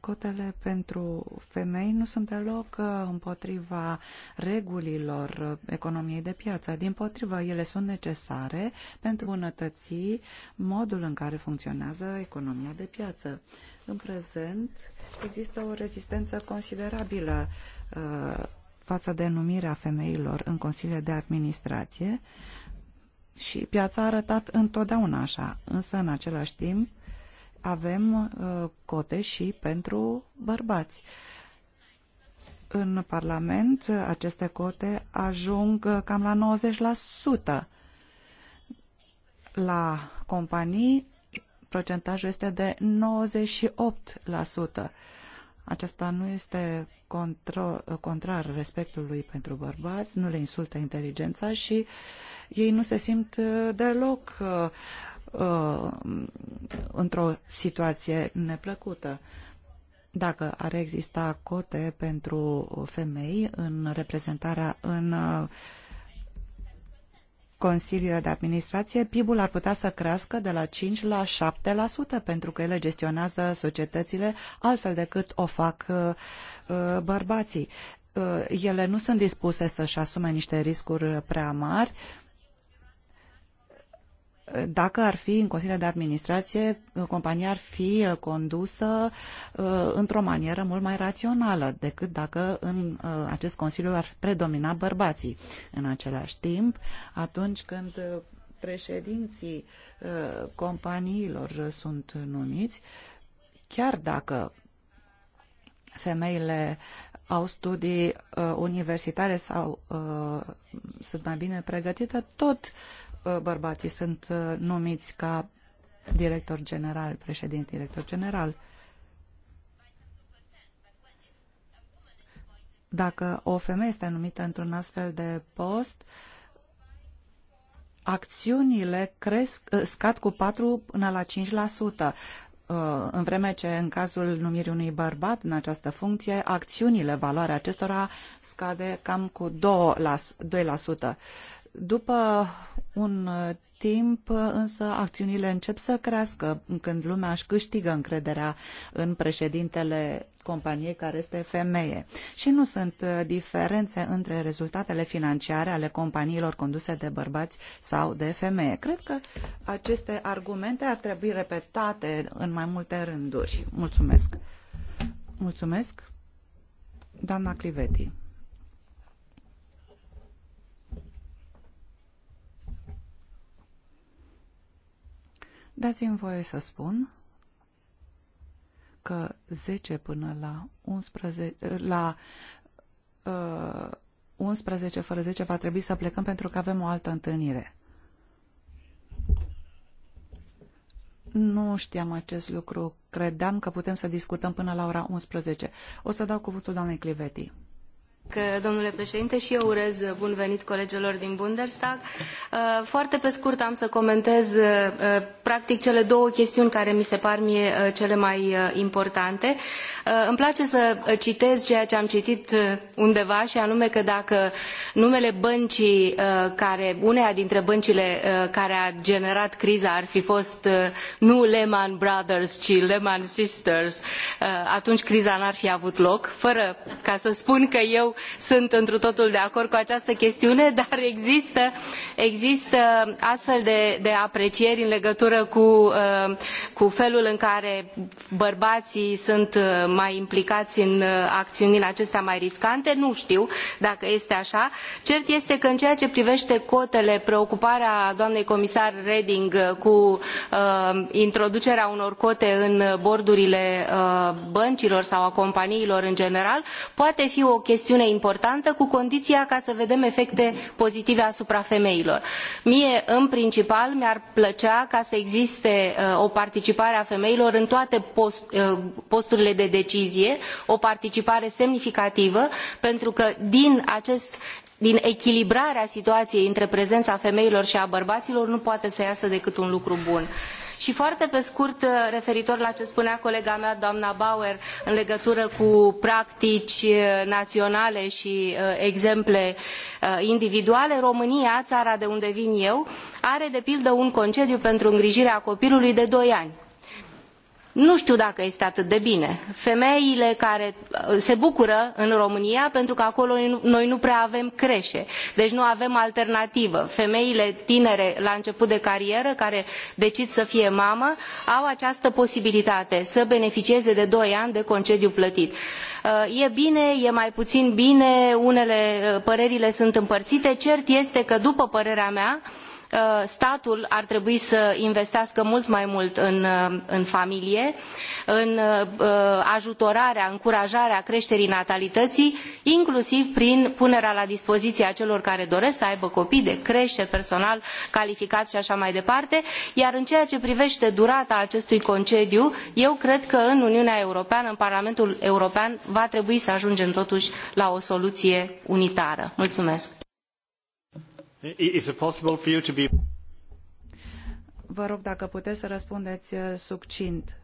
Cotele pentru femei nu sunt deloc uh, împotriva regulilor economiei de piață. Din potriva, ele sunt necesare pentru bunătății modul în care funcționează economia de piață. În prezent există o rezistență considerabilă uh, față de numirea femeilor în consiliile de administrație și piața a arătat întotdeauna așa, însă în același timp avem uh, cote și pentru bărbați. În Parlament aceste cote ajung uh, cam la 90%. La companii procentajul este de 98%. acesta nu este contra, contrar respectului pentru bărbați, nu le insultă inteligența și ei nu se simt uh, deloc uh, uh, într-o situație neplăcută. Dacă ar exista cote pentru femei în reprezentarea în uh, consiliile de administrație, PIB-ul ar putea să crească de la 5 la 7% pentru că ele gestionează societățile altfel decât o fac uh, uh, bărbații. Uh, ele nu sunt dispuse să-și asume niște riscuri prea mari dacă ar fi în Consiliul de Administrație, compania ar fi uh, condusă uh, într-o manieră mult mai rațională decât dacă în uh, acest Consiliu ar predomina bărbații. În același timp, atunci când președinții companiilor sunt numiți, chiar dacă femeile au studii uh, universitare sau uh, sunt mai bine pregătite, tot Uh, bărbații sunt uh, numiți ca director general, președinte director general. Dacă o femeie este numită într-un astfel de post, acțiunile cresc, uh, scad cu 4 până la 5%, în vreme ce în cazul numirii unui bărbat în această funcție, acțiunile, valoarea acestora scade cam cu 2%. 2%. După un timp, însă, acțiunile încep să crească când lumea își câștigă încrederea în președintele companiei care este femeie. Și nu sunt uh, diferențe între rezultatele financiare ale companiilor conduse de bărbați sau de femeie. Cred că aceste argumente ar trebui repetate în mai multe rânduri. Mulțumesc. Mulțumesc. Doamna Cliveti. Dați-mi voie să spun că 10 până la 11, la uh, 11 fără 10 va trebui să plecăm pentru că avem o altă întâlnire. Nu știam acest lucru. Credeam că putem să discutăm până la ora 11. O să dau cuvântul doamnei Cliveti domnule președinte, și eu urez bun venit colegilor din Bundestag. Uh, foarte pe scurt am să comentez uh, practic cele două chestiuni care mi se par mie uh, cele mai importante. Îmi place să citez ceea ce am citit undeva și anume că dacă numele băncii care, uneia dintre băncile care a generat criza ar fi fost nu Lehman Brothers, ci Lehman Sisters, atunci criza n-ar fi avut loc, fără ca să spun că eu sunt întru totul de acord cu această chestiune, [LAUGHS] dar există, există astfel de, de aprecieri în legătură cu, uh, cu felul în care bărbații sunt uh, mai implicați în uh, acțiunile acestea mai riscante. Nu știu dacă este așa. Cert este că în ceea ce privește cotele, preocuparea doamnei comisar Reding cu introducerea unor cote în bordurile băncilor sau a companiilor în general, poate fi o chestiune chestiune importantă cu condiția ca să vedem efecte pozitive asupra femeilor. Mie, în principal, mi-ar plăcea ca să existe uh, o participare a femeilor în toate uh, posturile de decizie, o participare semnificativă, pentru că din acest din echilibrarea situației între prezența femeilor și a bărbaților nu poate să iasă decât un lucru bun. Uh, și foarte pe scurt, uh, referitor la ce spunea colega mea, doamna Bauer, în legătură cu practici uh, naționale și uh, exemple individuale, România, țara de unde vin eu, are de pildă un concediu pentru îngrijirea copilului de doi ani nu știu dacă este atât de bine. Femeile care uh, se bucură în România pentru că acolo noi nu prea avem creșe, deci nu avem alternativă. Femeile tinere la început de carieră care decid să fie mamă au această posibilitate să beneficieze de doi ani de concediu plătit. Uh, e bine, e mai puțin bine, unele uh, părerile sunt împărțite, cert este că după părerea mea Uh, statul ar trebui să investească mult mai mult în, uh, în familie, în uh, ajutorarea, încurajarea creșterii natalității, inclusiv prin punerea la dispoziție a celor care doresc să aibă copii de crește personal calificat și așa mai departe, iar în ceea ce privește durata acestui concediu, eu cred că în Uniunea Europeană, în Parlamentul European, va trebui să ajungem totuși la o soluție unitară. Mulțumesc! Vă rog dacă puteți să răspundeți uh, succint,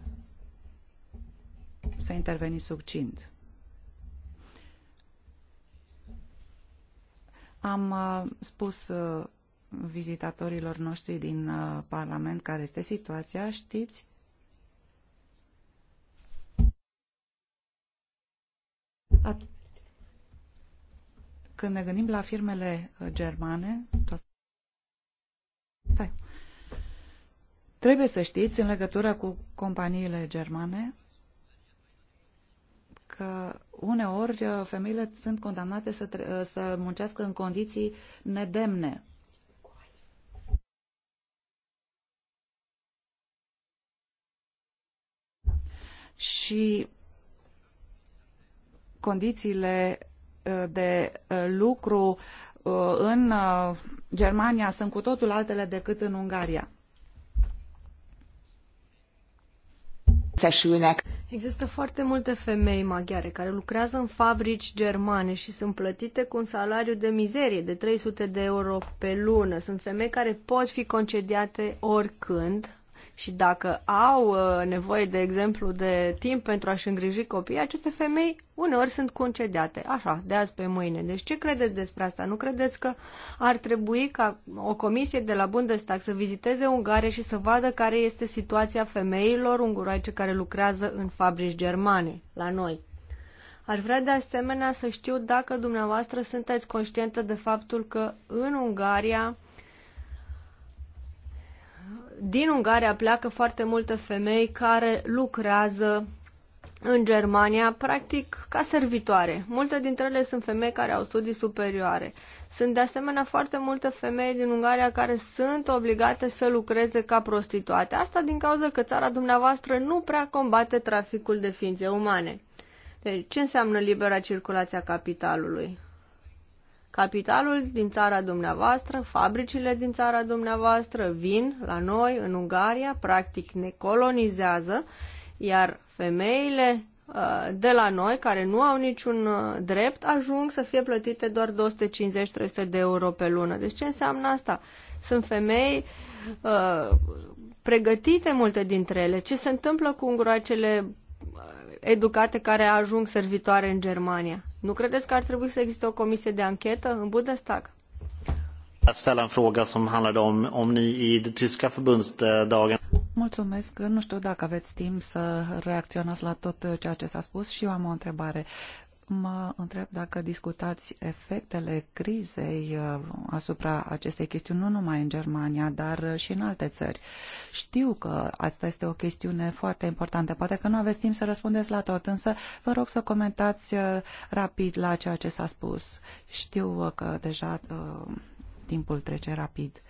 să interveniți succint. Am uh, spus uh, vizitatorilor noștri din Parlament care este situația, știți? At când ne gândim la firmele uh, germane, tot... Stai. trebuie să știți în legătură cu companiile germane că uneori uh, femeile sunt condamnate să, uh, să muncească în condiții nedemne. Și condițiile de uh, lucru uh, în uh, Germania sunt cu totul altele decât în Ungaria. Există foarte multe femei maghiare care lucrează în fabrici germane și sunt plătite cu un salariu de mizerie de 300 de euro pe lună. Sunt femei care pot fi concediate oricând și dacă au uh, nevoie, de exemplu, de timp pentru a-și îngriji copiii, aceste femei uneori sunt concediate, așa, de azi pe mâine. Deci ce credeți despre asta? Nu credeți că ar trebui ca o comisie de la Bundestag să viziteze Ungaria și să vadă care este situația femeilor unguroaice care lucrează în fabrici germane, la noi? Aș vrea de asemenea să știu dacă dumneavoastră sunteți conștientă de faptul că în Ungaria din Ungaria pleacă foarte multe femei care lucrează în Germania, practic ca servitoare. Multe dintre ele sunt femei care au studii superioare. Sunt de asemenea foarte multe femei din Ungaria care sunt obligate să lucreze ca prostituate. Asta din cauza că țara dumneavoastră nu prea combate traficul de ființe umane. Deci, ce înseamnă libera circulație a capitalului? Capitalul din țara dumneavoastră, fabricile din țara dumneavoastră vin la noi, în Ungaria, practic ne colonizează, iar femeile uh, de la noi, care nu au niciun uh, drept, ajung să fie plătite doar 250-300 de euro pe lună. Deci ce înseamnă asta? Sunt femei uh, pregătite multe dintre ele. Ce se întâmplă cu îngroacele uh, educate care ajung servitoare în Germania. Nu credeți că ar trebui să existe o comisie de anchetă în Bundestag? ställa en fråga som handlade om om ni i det tyska förbundsdagen Mulțumesc. Nu știu dacă aveți timp să reacționați la tot eh, ceea ce s-a spus și eu am o întrebare. Mă întreb dacă discutați efectele crizei uh, asupra acestei chestiuni, nu numai în Germania, dar uh, și în alte țări. Știu că asta este o chestiune foarte importantă. Poate că nu aveți timp să răspundeți la tot, însă vă rog să comentați uh, rapid la ceea ce s-a spus. Știu că deja timpul trece rapid.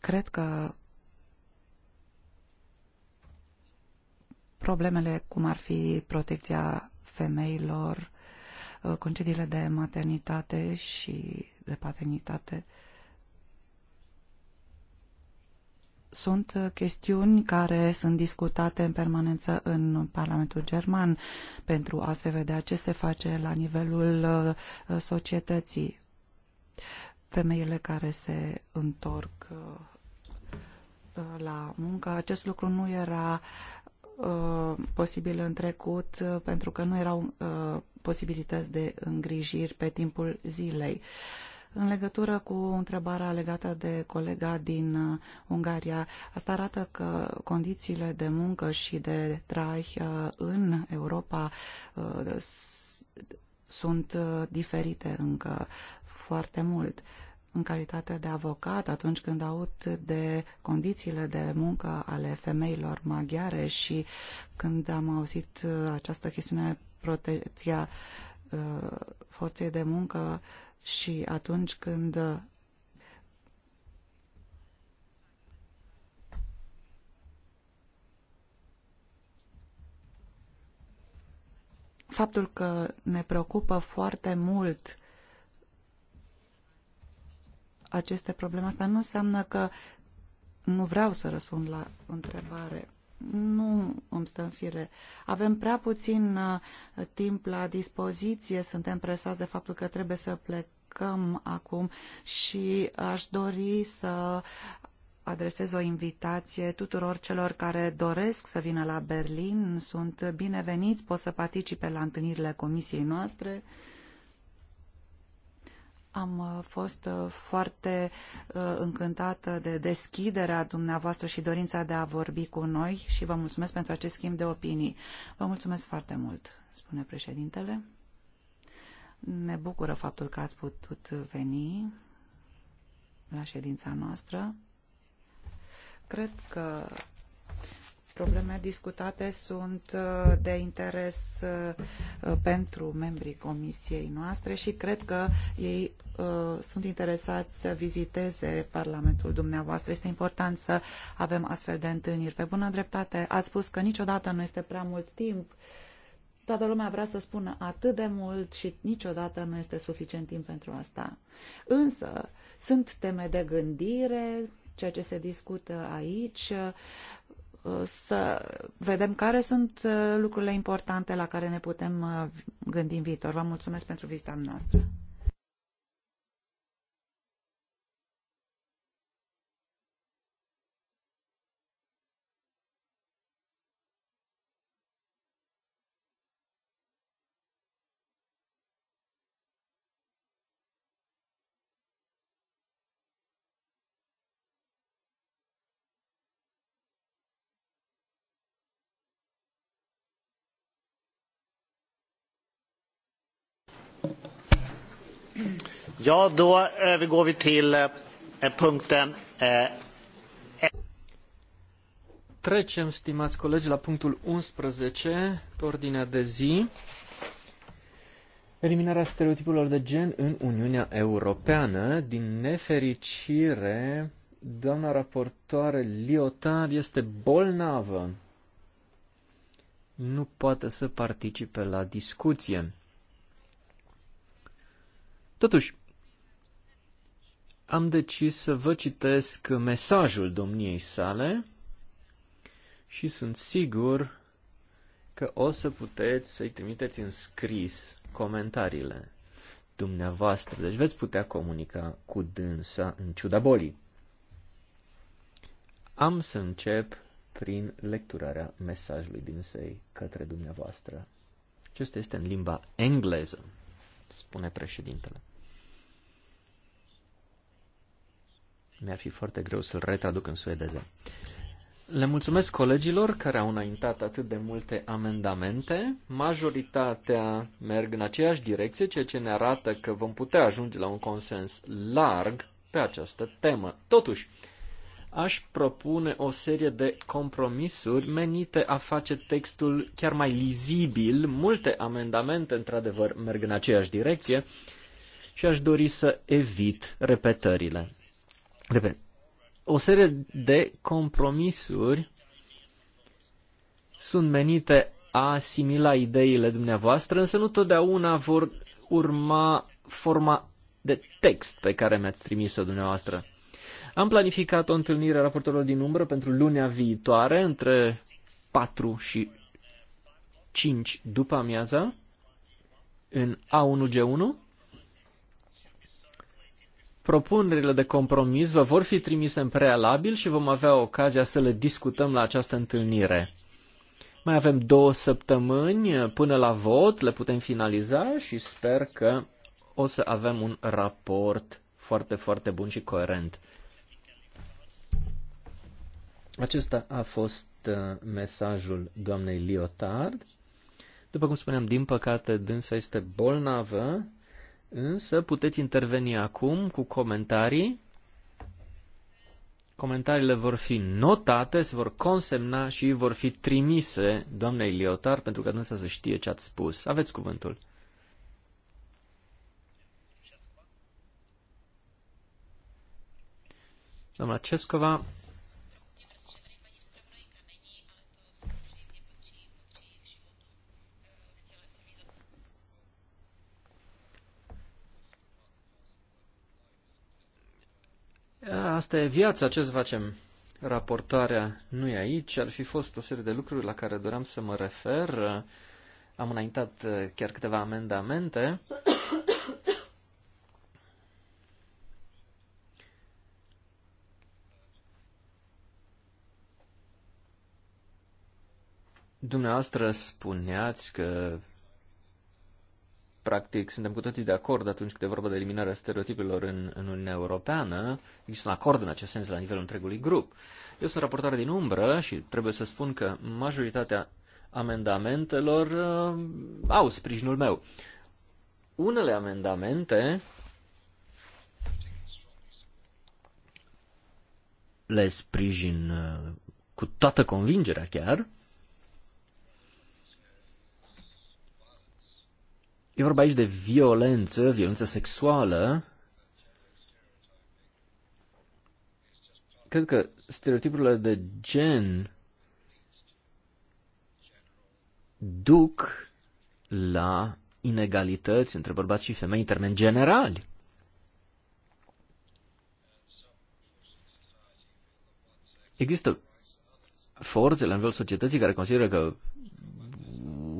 Cred că problemele cum ar fi protecția femeilor, uh, concediile de maternitate și de paternitate sunt uh, chestiuni care sunt discutate în permanență în Parlamentul German pentru a se vedea ce se face la nivelul uh, societății. Femeile care se întorc la muncă, acest lucru nu era uh, posibil în trecut uh, pentru că nu erau uh, posibilități de îngrijiri pe timpul zilei. În legătură cu întrebarea legată de colega din uh, Ungaria, asta arată că condițiile de muncă și de trai uh, în Europa uh, sunt diferite încă foarte mult în calitate de avocat, atunci când aud de condițiile de muncă ale femeilor maghiare și când am auzit uh, această chestiune protecția uh, forței de muncă și atunci când uh, faptul că ne preocupă foarte mult aceste probleme. Asta nu înseamnă că nu vreau să răspund la întrebare. Nu îmi stă în fire. Avem prea puțin uh, timp la dispoziție, suntem presați de faptul că trebuie să plecăm acum și aș dori să adresez o invitație tuturor celor care doresc să vină la Berlin. Sunt bineveniți, pot să participe la întâlnirile comisiei noastre. Uh, am uh, fost uh, foarte uh, încântată de deschiderea dumneavoastră și dorința de a vorbi cu noi și vă mulțumesc pentru acest schimb de opinii. Vă mulțumesc foarte mult, spune președintele. Ne bucură faptul că ați putut veni la ședința noastră. Cred că Probleme discutate sunt uh, de interes uh, uh, pentru membrii comisiei noastre și cred că ei sunt interesați să viziteze Parlamentul dumneavoastră. Este important să avem astfel de întâlniri. Pe bună dreptate, ați spus că niciodată nu este prea mult timp. Toată lumea vrea să spună atât de mult și niciodată nu este suficient timp pentru asta. Însă, sunt teme de gândire, ceea ce se discută aici, să vedem care sunt uh, lucrurile importante la care ne putem uh, gândi în viitor. Vă mulțumesc pentru vizita noastră. Ja, eh, eh, Trecem, stimați colegi, la punctul 11 pe ordinea de zi. Eliminarea stereotipurilor de gen în Uniunea Europeană. Din nefericire, doamna raportoare Liotar este bolnavă. Nu poate să participe la discuție. Totuși, am decis să vă citesc mesajul domniei sale și sunt sigur că o să puteți să-i trimiteți în scris comentariile dumneavoastră. Deci veți putea comunica cu dânsa în ciuda bolii. Am să încep prin lecturarea mesajului săi către dumneavoastră. Acesta este în limba engleză, spune președintele. Mi-ar fi foarte greu să-l retraduc în suedeză. Le mulțumesc colegilor care au înaintat atât de multe amendamente. Majoritatea merg în aceeași direcție, ceea ce ne arată că vom putea ajunge la un consens larg pe această temă. Totuși, aș propune o serie de compromisuri menite a face textul chiar mai lizibil. Multe amendamente, într-adevăr, merg în aceeași direcție și aș dori să evit repetările repet, o serie de compromisuri sunt menite a asimila ideile dumneavoastră, însă nu totdeauna vor urma forma de text pe care mi-ați trimis-o dumneavoastră. Am planificat o întâlnire a raportorilor din umbră pentru lunea viitoare, între 4 și 5 după amiaza, în A1G1. Propunerile de compromis vă vor fi trimise în prealabil și vom avea ocazia să le discutăm la această întâlnire. Mai avem două săptămâni până la vot, le putem finaliza și sper că o să avem un raport foarte, foarte bun și coerent. Acesta a fost uh, mesajul doamnei Liotard. După cum spuneam, din păcate, dânsa este bolnavă Însă puteți interveni acum cu comentarii. Comentariile vor fi notate, se vor consemna și vor fi trimise doamnei Liotar pentru că dânsa să știe ce ați spus. Aveți cuvântul. Doamna Cescova, Asta e viața, ce să facem? Raportarea nu e aici, ar fi fost o serie de lucruri la care doream să mă refer. Am înaintat uh, chiar câteva amendamente. Dumneavoastră spuneați că practic suntem cu toții de acord atunci când e vorba de eliminarea stereotipelor în, în Uniunea Europeană. Există un acord în acest sens la nivelul întregului grup. Eu sunt raportare din umbră și trebuie să spun că majoritatea amendamentelor uh, au sprijinul meu. Unele amendamente le sprijin uh, cu toată convingerea chiar, E vorba aici de violență, violență sexuală. Cred că stereotipurile de gen duc la inegalități între bărbați și femei în termeni generali. Există forțe la nivelul societății care consideră că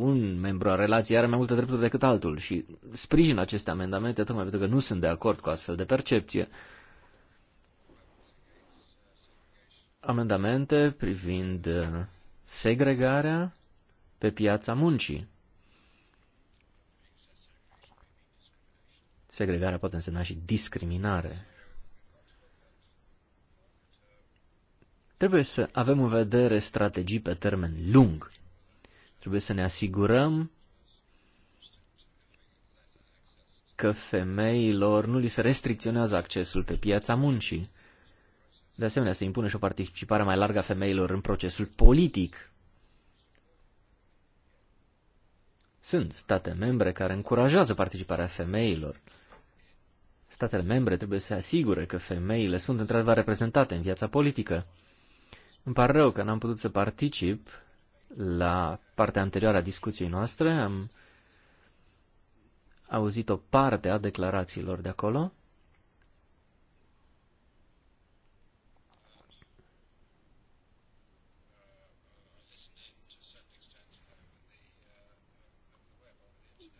un membru a relației are mai multe drepturi decât altul și sprijin aceste amendamente tocmai pentru că nu sunt de acord cu astfel de percepție. Amendamente privind uh, segregarea pe piața muncii. Segregarea poate însemna și discriminare. Trebuie să avem în vedere strategii pe termen lung Trebuie să ne asigurăm că femeilor nu li se restricționează accesul pe piața muncii. De asemenea, se impune și o participare mai largă a femeilor în procesul politic. Sunt state membre care încurajează participarea femeilor. Statele membre trebuie să se asigure că femeile sunt într-adevăr reprezentate în viața politică. Îmi par rău că n-am putut să particip la partea anterioară a discuției noastre, am auzit o parte a declarațiilor de acolo.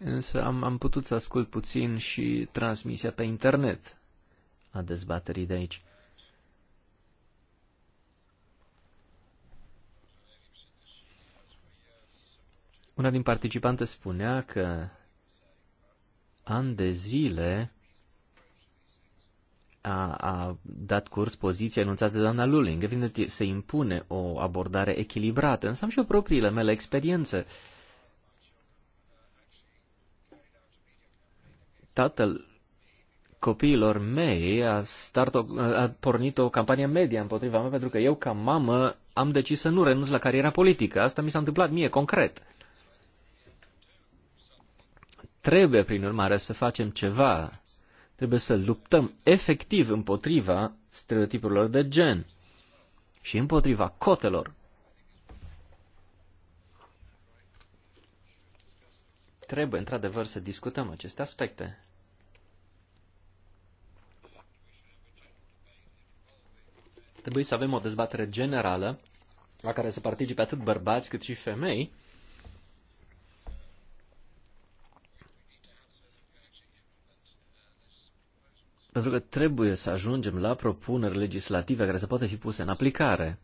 Însă am, am putut să ascult puțin și transmisia pe internet a dezbaterii de aici. Una din participante spunea că ani de zile a, a dat curs poziția enunțată de doamna Luling. Evident, se impune o abordare echilibrată, însă am și eu propriile mele experiențe. Tatăl copiilor mei a, start o, a pornit o campanie media împotriva mea pentru că eu, ca mamă, am decis să nu renunț la cariera politică. Asta mi s-a întâmplat mie, concret. Trebuie, prin urmare, să facem ceva. Trebuie să luptăm efectiv împotriva stereotipurilor de gen și împotriva cotelor. Trebuie, într-adevăr, să discutăm aceste aspecte. Trebuie să avem o dezbatere generală la care să participe atât bărbați cât și femei Pentru că trebuie să ajungem la propuneri legislative care să poată fi puse în aplicare.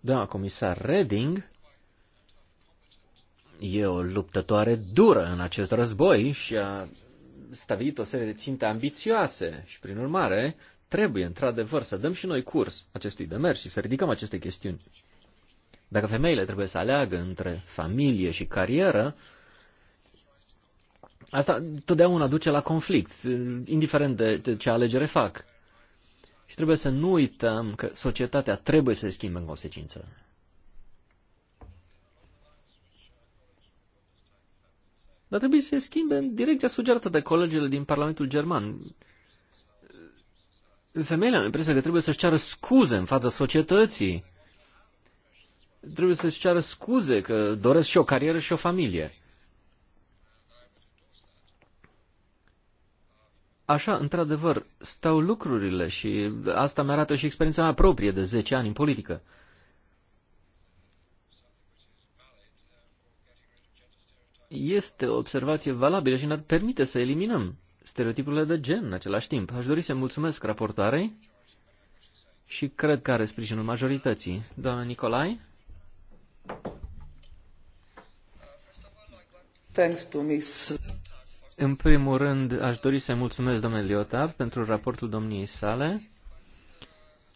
Doamna comisar Reding e o luptătoare dură în acest război și a stabilit o serie de ținte ambițioase și, prin urmare, trebuie, într-adevăr, să dăm și noi curs acestui demers și să ridicăm aceste chestiuni. Dacă femeile trebuie să aleagă între familie și carieră, Asta totdeauna duce la conflict, indiferent de ce alegere fac. Și trebuie să nu uităm că societatea trebuie să se schimbe în consecință. Dar trebuie să se schimbe în direcția sugerată de colegele din Parlamentul German. Femeile am impresia că trebuie să-și ceară scuze în fața societății. Trebuie să-și ceară scuze că doresc și o carieră și o familie. așa, într-adevăr, stau lucrurile și asta mi-arată și experiența mea proprie de 10 ani în politică. Este o observație valabilă și ne permite să eliminăm stereotipurile de gen în același timp. Aș dori să mulțumesc raportoarei și cred că are sprijinul majorității. Doamne Nicolai? Thanks to Miss în primul rând, aș dori să-i mulțumesc domnului Liotard pentru raportul domniei sale.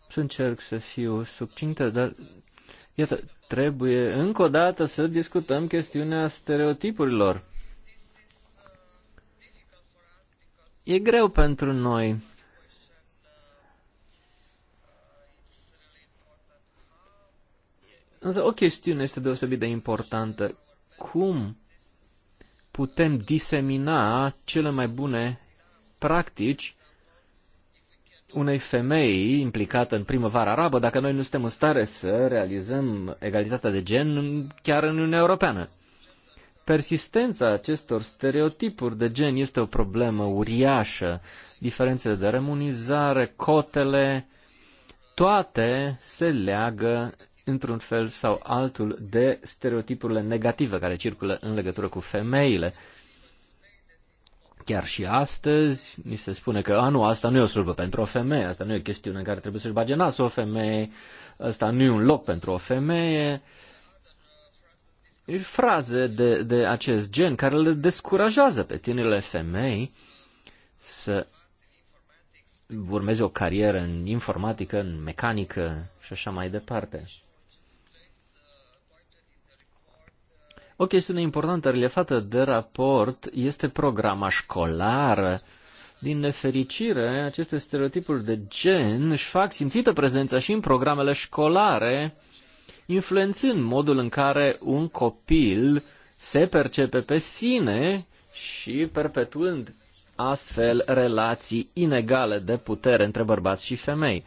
Să încerc să fiu subcintă, dar iată, trebuie încă o dată să discutăm chestiunea stereotipurilor. E greu pentru noi. Însă o chestiune este deosebit de importantă. Cum putem disemina cele mai bune practici unei femei implicată în primăvara arabă, dacă noi nu suntem în stare să realizăm egalitatea de gen chiar în Uniunea Europeană. Persistența acestor stereotipuri de gen este o problemă uriașă. Diferențele de remunizare, cotele, toate se leagă într-un fel sau altul de stereotipurile negative care circulă în legătură cu femeile. Chiar și astăzi ni se spune că, a, nu, asta nu e o slujbă pentru o femeie, asta nu e o chestiune în care trebuie să-și bage nasul o femeie, asta nu e un loc pentru o femeie. Fraze de, de acest gen care le descurajează pe tinerile femei să urmeze o carieră în informatică, în mecanică și așa mai departe. O chestiune importantă relevată de raport este programa școlară. Din nefericire, aceste stereotipuri de gen își fac simțită prezența și în programele școlare, influențând modul în care un copil se percepe pe sine și perpetuând astfel relații inegale de putere între bărbați și femei.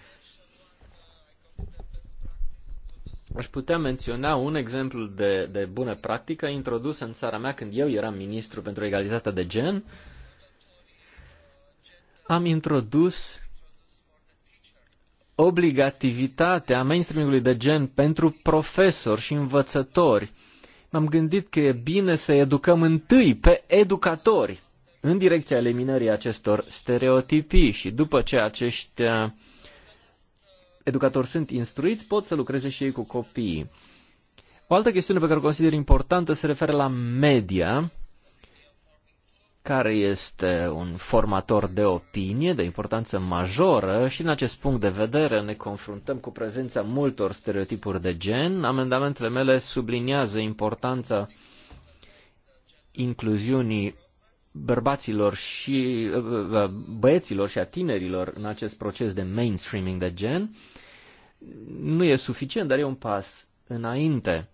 Aș putea menționa un exemplu de, de bună practică introdusă în țara mea când eu eram ministru pentru egalitatea de gen. Am introdus obligativitatea mainstreamului de gen pentru profesori și învățători. M-am gândit că e bine să educăm întâi pe educatori în direcția eliminării acestor stereotipii și după ce acești uh, educatori sunt instruiți, pot să lucreze și ei cu copiii. O altă chestiune pe care o consider importantă se referă la media, care este un formator de opinie de importanță majoră și în acest punct de vedere ne confruntăm cu prezența multor stereotipuri de gen. Amendamentele mele subliniază importanța incluziunii bărbaților și uh, uh, uh, băieților și a tinerilor în acest proces de mainstreaming de gen nu e suficient, dar e un pas înainte.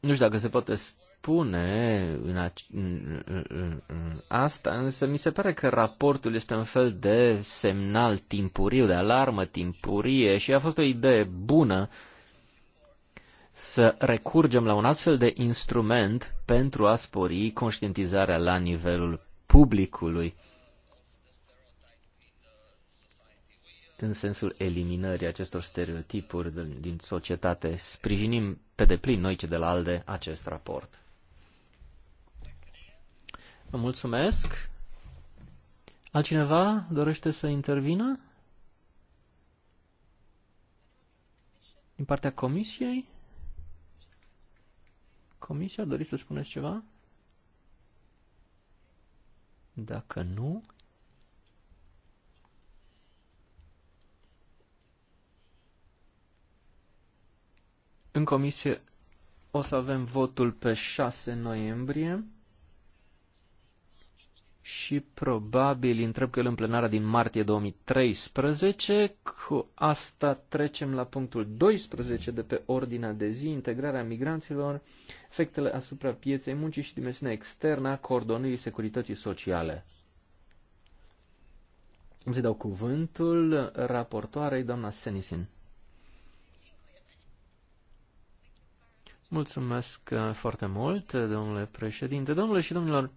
Nu știu dacă se poate spune în, a, în, în, în asta, însă mi se pare că raportul este un fel de semnal timpuriu, de alarmă timpurie și a fost o idee bună uh, să recurgem la un astfel de instrument pentru a spori conștientizarea la nivelul publicului în sensul eliminării acestor stereotipuri din societate. Sprijinim pe deplin noi ce de la ALDE acest raport. Vă mulțumesc. Altcineva dorește să intervină? Din partea comisiei? Comisia, doriți să spuneți ceva? Dacă nu, în comisie o să avem votul pe 6 noiembrie și probabil intrăm că el în plenara din martie 2013. Cu asta trecem la punctul 12 de pe ordinea de zi, integrarea migranților, efectele asupra pieței muncii și dimensiunea externă a coordonării securității sociale. Îți dau cuvântul raportoarei doamna Senisin. Mulțumesc foarte mult, domnule președinte. Domnule și domnilor,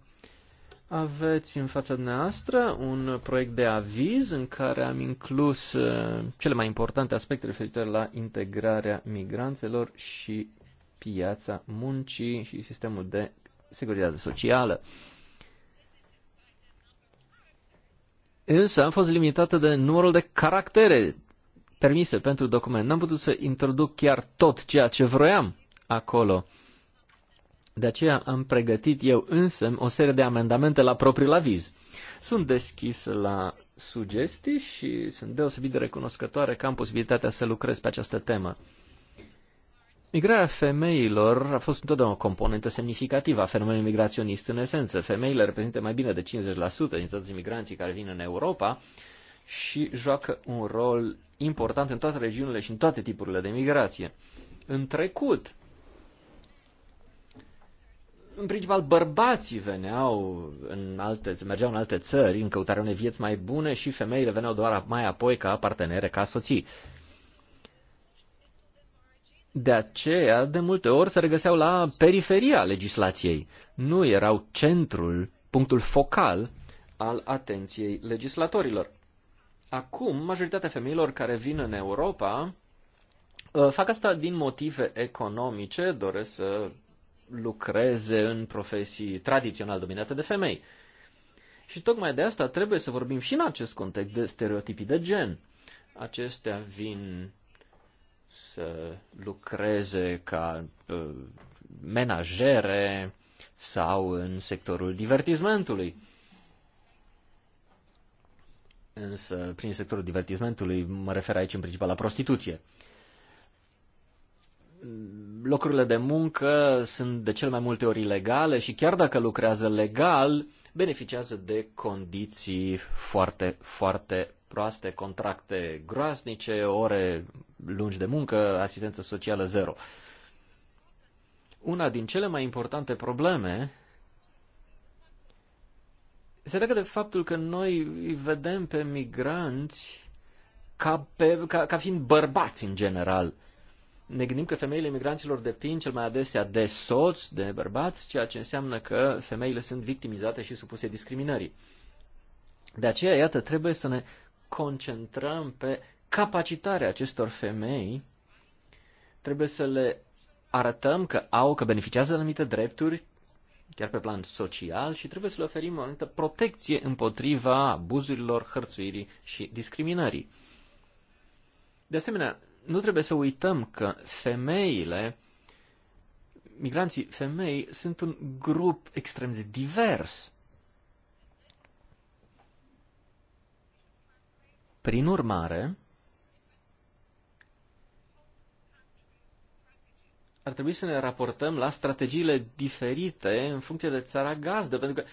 aveți în fața noastră un proiect de aviz în care am inclus uh, cele mai importante aspecte referitoare la integrarea migranțelor și piața muncii și sistemul de securitate socială. Însă am fost limitată de numărul de caractere permise pentru document. N-am putut să introduc chiar tot ceea ce vroiam acolo. De aceea am pregătit eu însă o serie de amendamente la propriul aviz. Sunt deschis la sugestii și sunt deosebit de recunoscătoare că am posibilitatea să lucrez pe această temă. Migrarea femeilor a fost întotdeauna o componentă semnificativă a fenomenului migraționist în esență. Femeile reprezintă mai bine de 50% din toți imigranții care vin în Europa și joacă un rol important în toate regiunile și în toate tipurile de migrație. În trecut, în principal bărbații veneau în alte, mergeau în alte țări în căutarea unei vieți mai bune și femeile veneau doar mai apoi ca partenere, ca soții. De aceea, de multe ori se regăseau la periferia legislației. Nu erau centrul, punctul focal al atenției legislatorilor. Acum, majoritatea femeilor care vin în Europa uh, fac asta din motive economice, doresc să lucreze în profesii tradițional dominate de femei. Și tocmai de asta trebuie să vorbim și în acest context de stereotipii de gen. Acestea vin să lucreze ca uh, menajere sau în sectorul divertismentului. Însă, prin sectorul divertismentului, mă refer aici în principal la prostituție. Uh, locurile de muncă sunt de cel mai multe ori ilegale și chiar dacă lucrează legal, beneficiază de condiții foarte, foarte proaste, contracte groaznice, ore lungi de muncă, asistență socială zero. Una din cele mai importante probleme se legă de faptul că noi îi vedem pe migranți ca, pe, ca, ca fiind bărbați în general – ne gândim că femeile imigranților depind cel mai adesea de soți, de bărbați, ceea ce înseamnă că femeile sunt victimizate și supuse discriminării. De aceea, iată, trebuie să ne concentrăm pe capacitarea acestor femei, trebuie să le arătăm că au, că beneficiază de anumite drepturi, chiar pe plan social, și trebuie să le oferim o anumită protecție împotriva abuzurilor, hărțuirii și discriminării. De asemenea, nu trebuie să uităm că femeile, migranții femei, sunt un grup extrem de divers. Prin urmare, ar trebui să ne raportăm la strategiile diferite în funcție de țara gazdă, pentru că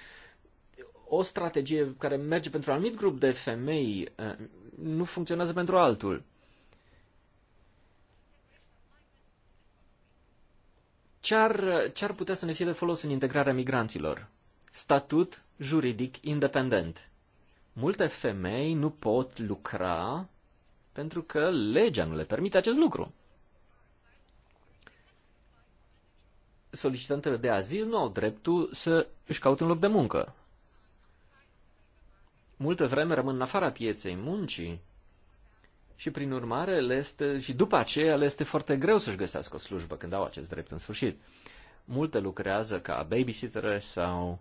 o strategie care merge pentru un anumit grup de femei eh, nu funcționează pentru altul. Ce ar, ce ar putea să ne fie de folos în integrarea migranților? Statut juridic independent. Multe femei nu pot lucra pentru că legea nu le permite acest lucru. Solicitantele de azil nu au dreptul să își caute un loc de muncă. Multă vreme rămân în afara pieței muncii și prin urmare le este, și după aceea le este foarte greu să-și găsească o slujbă când au acest drept în sfârșit. Multe lucrează ca babysitter sau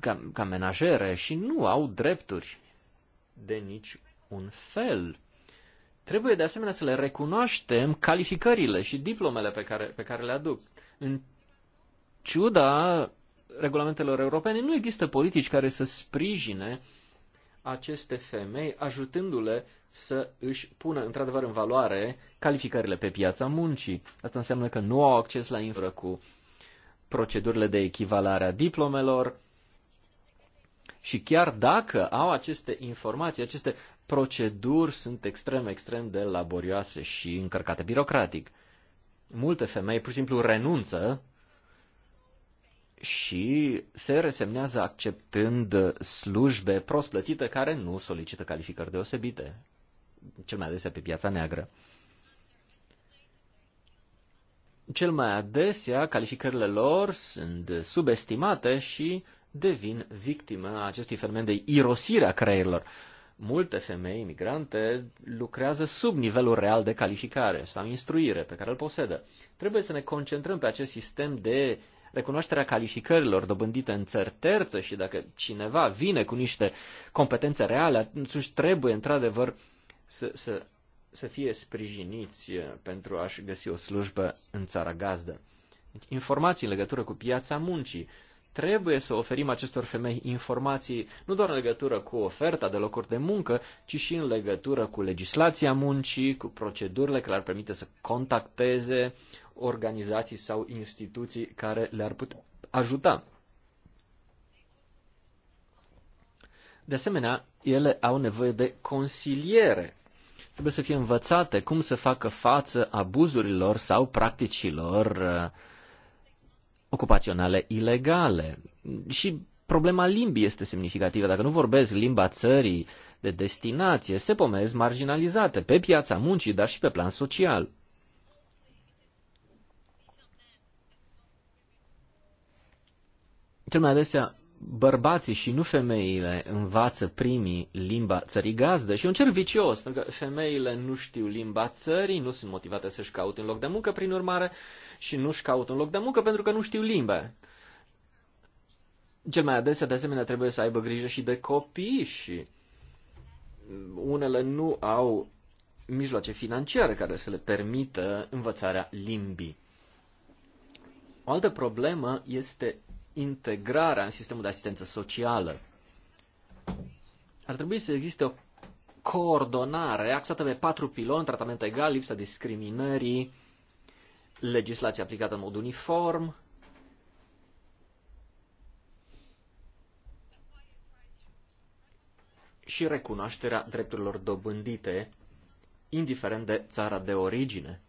ca, ca menajere și nu au drepturi de nici un fel. Trebuie de asemenea să le recunoaștem calificările și diplomele pe care, pe care le aduc. În ciuda regulamentelor europene nu există politici care să sprijine uh, aceste femei, ajutându-le să își pună într-adevăr în valoare calificările pe piața muncii. Asta înseamnă că nu au acces la infră cu procedurile de echivalare a diplomelor și chiar dacă au aceste informații, aceste proceduri sunt extrem, extrem de laborioase și încărcate birocratic. Multe femei pur și simplu renunță și se resemnează acceptând slujbe prost plătite care nu solicită calificări deosebite, cel mai adesea pe piața neagră. Cel mai adesea, calificările lor sunt subestimate și devin victime a acestui fenomen de irosire a creierilor. Multe femei imigrante lucrează sub nivelul real de calificare sau instruire pe care îl posedă. Trebuie să ne concentrăm pe acest sistem de recunoașterea calificărilor dobândite în țări terțe și dacă cineva vine cu niște competențe reale, atunci trebuie într-adevăr să, să, să fie sprijiniți eh, pentru a-și găsi o slujbă în țara gazdă. Deci, informații în legătură cu piața muncii, trebuie să oferim acestor femei informații nu doar în legătură cu oferta de locuri de muncă, ci și în legătură cu legislația muncii, cu procedurile care ar permite să contacteze organizații sau instituții care le-ar putea ajuta. De asemenea, ele au nevoie de consiliere. Trebuie să fie învățate cum să facă față abuzurilor sau practicilor uh, ocupaționale ilegale. Și problema limbii este semnificativă. Dacă nu vorbesc limba țării de destinație, se pomez marginalizate pe piața muncii, dar și pe plan social. Cel mai adesea bărbații și nu femeile învață primii limba țării gazdă și e un cer vicios, pentru că femeile nu știu limba țării, nu sunt motivate să-și caute un loc de muncă, prin urmare, și nu-și caută un loc de muncă pentru că nu știu limba. Cel mai adesea, de asemenea, trebuie să aibă grijă și de copii și unele nu au mijloace financiare care să le permită învățarea limbii. O altă problemă este integrarea în sistemul de asistență socială. Ar trebui să existe o coordonare axată pe patru piloni, tratament egal, lipsa discriminării, legislație aplicată în mod uniform, și recunoașterea drepturilor dobândite, indiferent de țara de origine.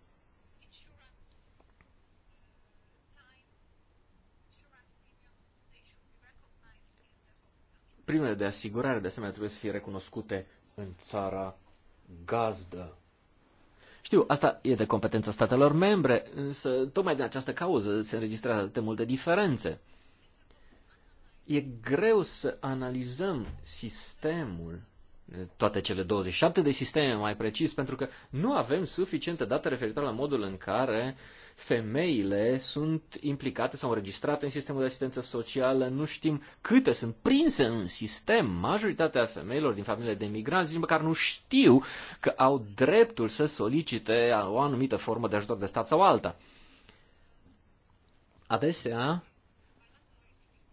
primele de asigurare, de asemenea, trebuie să fie recunoscute în țara gazdă. Știu, asta e de competența statelor membre, însă tocmai din această cauză se înregistrează atât de multe diferențe. E greu să analizăm sistemul, toate cele 27 de sisteme mai precis, pentru că nu avem suficiente date referitoare la modul în care uh, femeile sunt implicate sau înregistrate în sistemul de asistență socială, nu știm câte sunt prinse în sistem. Majoritatea femeilor din familiile de migranți nici măcar nu știu că au dreptul să solicite o anumită formă de ajutor de stat sau alta. Adesea,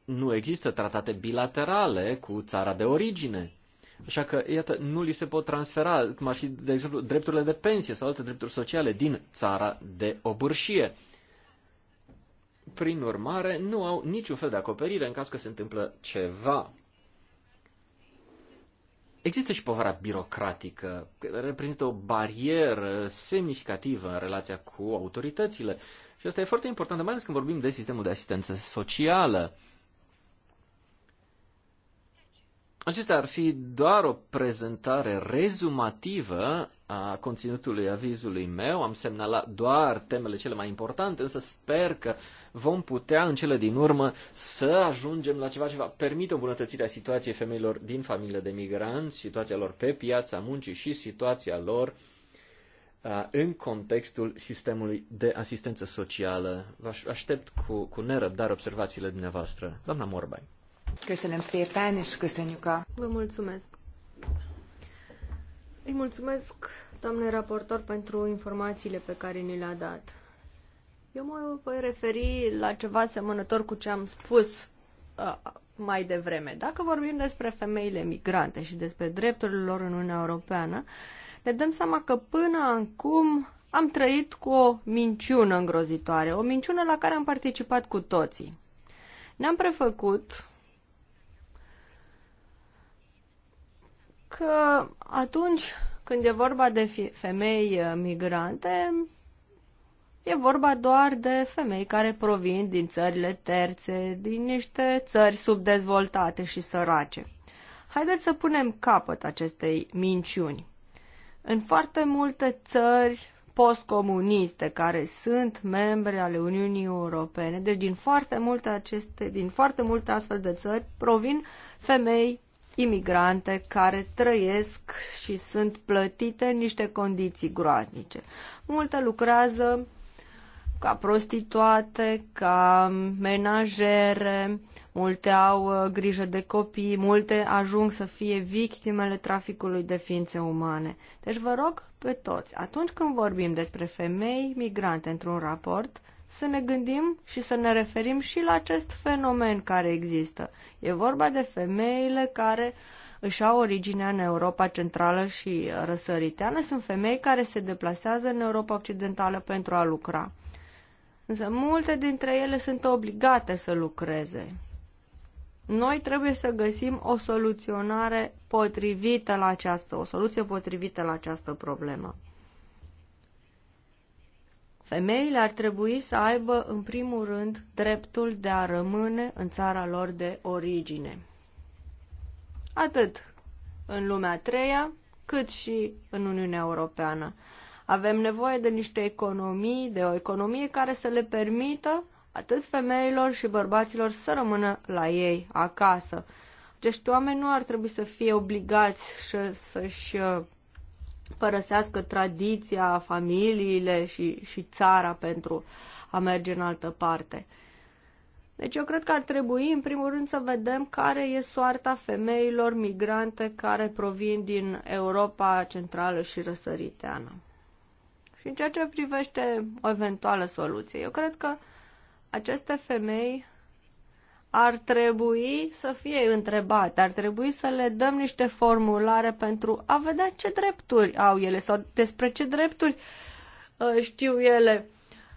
nu există tratate bilaterale cu țara de origine. Așa că, iată, nu li se pot transfera, cum ar fi, de exemplu, drepturile de pensie sau alte drepturi sociale din țara de obârșie. Prin urmare, nu au niciun fel de acoperire în caz că se întâmplă ceva. Există și povara birocratică, care reprezintă o barieră semnificativă în relația cu autoritățile. Și asta e foarte important, mai ales când vorbim de sistemul de asistență socială. Uh, Acesta ar fi doar o prezentare rezumativă a conținutului avizului meu. Am semnalat doar temele cele mai importante, însă sper că vom putea în cele din urmă să ajungem la ceva ce va permite o îmbunătățire a situației femeilor din familie de migranți, situația lor pe piața muncii și situația lor în contextul sistemului de asistență socială. Vă aștept cu, cu nerăbdare observațiile dumneavoastră. Doamna Morbai. Köszönöm szépen, és köszönjük a... Vă mulțumesc. Îi mulțumesc, doamne raportor, pentru informațiile pe care ni le-a dat. Eu mă voi referi la ceva asemănător cu ce am spus uh, mai devreme. Dacă vorbim despre femeile migrante și despre drepturile lor în Uniunea Europeană, ne dăm seama că până acum am trăit cu o minciună îngrozitoare, o minciună la care am participat cu toții. Ne-am prefăcut că atunci când e vorba de femei uh, migrante, e vorba doar de femei care provin din țările terțe, din niște țări subdezvoltate și sărace. Haideți să punem capăt acestei minciuni. În foarte multe țări postcomuniste care sunt membre ale Uniunii Europene, deci din foarte multe aceste, din foarte multe astfel de țări provin femei imigrante care trăiesc și sunt plătite în niște condiții groaznice. Multe lucrează ca prostituate, ca menajere, multe au uh, grijă de copii, multe ajung să fie victimele traficului de ființe umane. Deci vă rog pe toți, atunci când vorbim despre femei migrante într-un raport, să ne gândim și să ne referim și la acest fenomen care există. E vorba de femeile care își au originea în Europa Centrală și Răsăriteană. Sunt femei care se deplasează în Europa Occidentală pentru a lucra. Însă multe dintre ele sunt obligate să lucreze. Noi trebuie să găsim o soluționare potrivită la această, o soluție potrivită la această problemă. Femeile ar trebui să aibă, în primul rând, dreptul de a rămâne în țara lor de origine. Atât în lumea a treia, cât și în Uniunea Europeană. Avem nevoie de niște economii, de o economie care să le permită atât femeilor și bărbaților să rămână la ei acasă. Acești oameni nu ar trebui să fie obligați să-și uh, părăsească tradiția, familiile și, și țara pentru a merge în altă parte. Deci eu cred că ar trebui, în primul rând, să vedem care e soarta femeilor migrante care provin din Europa Centrală și Răsăriteană. Și în ceea ce privește o eventuală soluție, eu cred că aceste femei ar trebui să fie întrebate, ar trebui să le dăm niște formulare pentru a vedea ce drepturi au ele sau despre ce drepturi ă, știu ele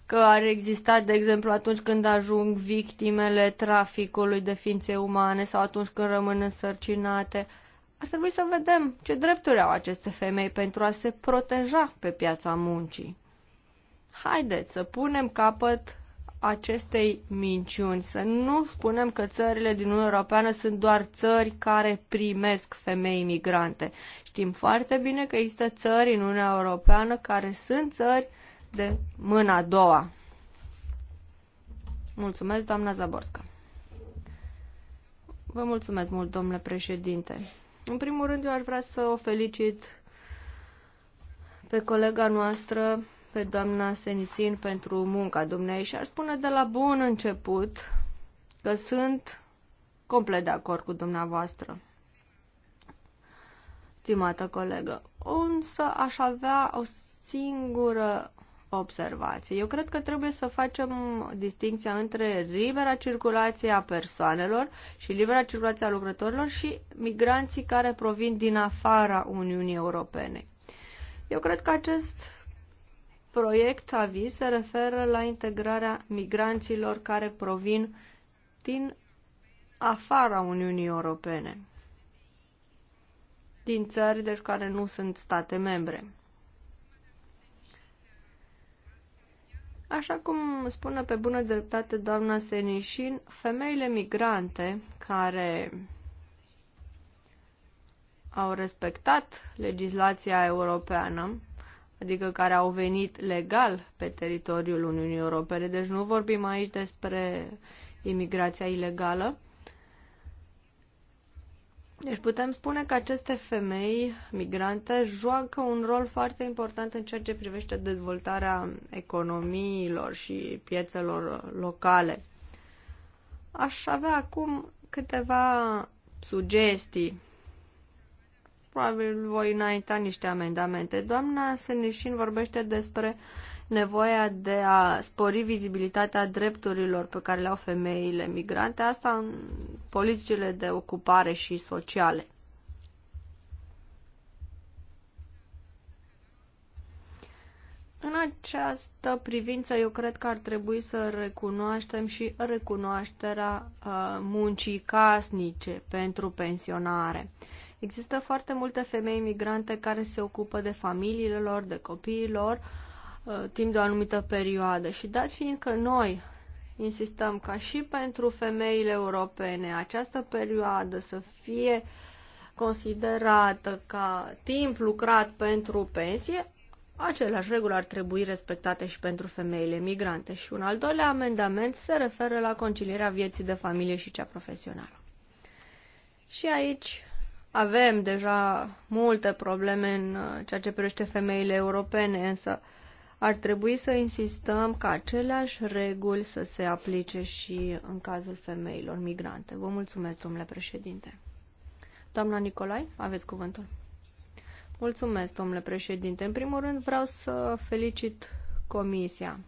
că ar exista, de exemplu, atunci când ajung victimele traficului de ființe umane sau atunci când rămân însărcinate. Ar trebui să vedem ce drepturi au aceste femei pentru a se proteja pe piața muncii. Haideți să punem capăt acestei minciuni, să nu spunem că țările din Uniunea Europeană sunt doar țări care primesc femei migrante. Știm foarte bine că există țări în Uniunea Europeană care sunt țări de mâna a doua. Mulțumesc, doamna Zaborska. Vă mulțumesc mult, domnule președinte. În primul rând, eu aș vrea să o felicit pe colega noastră, pe doamna Senițin pentru munca dumnei și ar spune de la bun început că sunt complet de acord cu dumneavoastră, stimată colegă. Însă aș avea o singură observație. Eu cred că trebuie să facem distinția între libera circulație a persoanelor și libera circulație a lucrătorilor și migranții care provin din afara Uniunii Europene. Eu cred că acest proiect aviz se referă la integrarea migranților care provin din afara Uniunii Europene, din țări deci care nu sunt state membre. Așa cum spune pe bună dreptate doamna Senișin, femeile migrante care au respectat legislația europeană adică care au venit legal pe teritoriul Uniunii Europene. Deci nu vorbim aici despre imigrația ilegală. Deci putem spune că aceste femei migrante joacă un rol foarte important în ceea ce privește dezvoltarea economiilor și piețelor locale. Aș avea acum câteva sugestii probabil voi înainta niște amendamente. Doamna Senișin vorbește despre nevoia de a spori vizibilitatea drepturilor pe care le au femeile migrante, asta în politicile de ocupare și sociale. În această privință, eu cred că ar trebui să recunoaștem și recunoașterea uh, muncii casnice pentru pensionare. Uh, Există foarte multe femei migrante care se ocupă de familiile lor, de lor, uh, timp de o anumită perioadă. Și dat fiind că noi insistăm ca și pentru femeile europene această perioadă să fie considerată ca timp lucrat pentru pensie, Aceleași reguli ar trebui respectate și pentru femeile migrante și un al doilea amendament se referă la concilierea vieții de familie și cea profesională. Și aici avem deja multe probleme în uh, ceea ce privește femeile europene, însă ar trebui să insistăm ca aceleași reguli să se aplice și în cazul femeilor migrante. Vă mulțumesc, domnule președinte. Doamna Nicolai, aveți cuvântul. Mulțumesc, domnule președinte. În primul rând vreau să felicit comisia.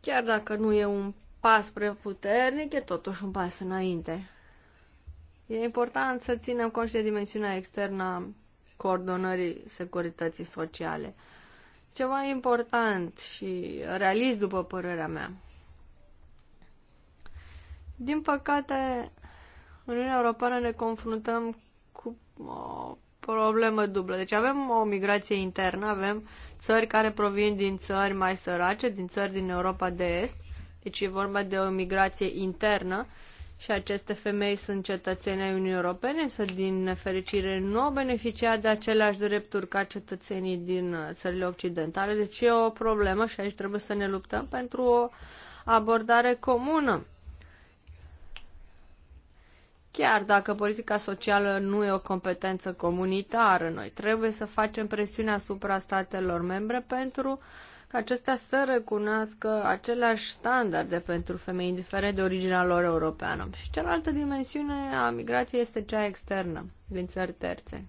Chiar dacă nu e un pas spre puternic e totuși un pas înainte. E important să ținem conști de dimensiunea externă a coordonării securității sociale. Ceva important și realist, după părerea mea. Din păcate, în Uniunea Europeană ne confruntăm cu o problemă dublă. Deci avem o migrație internă, avem țări care provin din țări mai sărace, din țări din Europa de Est, deci e vorba de o migrație internă și aceste femei sunt cetățeni ai Uniunii Europene, însă din nefericire nu au beneficiat de aceleași drepturi ca cetățenii din uh, țările occidentale. Deci e o problemă și aici trebuie să ne luptăm pentru o abordare comună. Chiar dacă politica socială nu e o competență comunitară, noi trebuie să facem presiune asupra statelor membre pentru ca acestea să recunoască aceleași standarde pentru femei, indiferent de originea lor europeană. Și cealaltă dimensiune a migrației este cea externă, din țări terțe.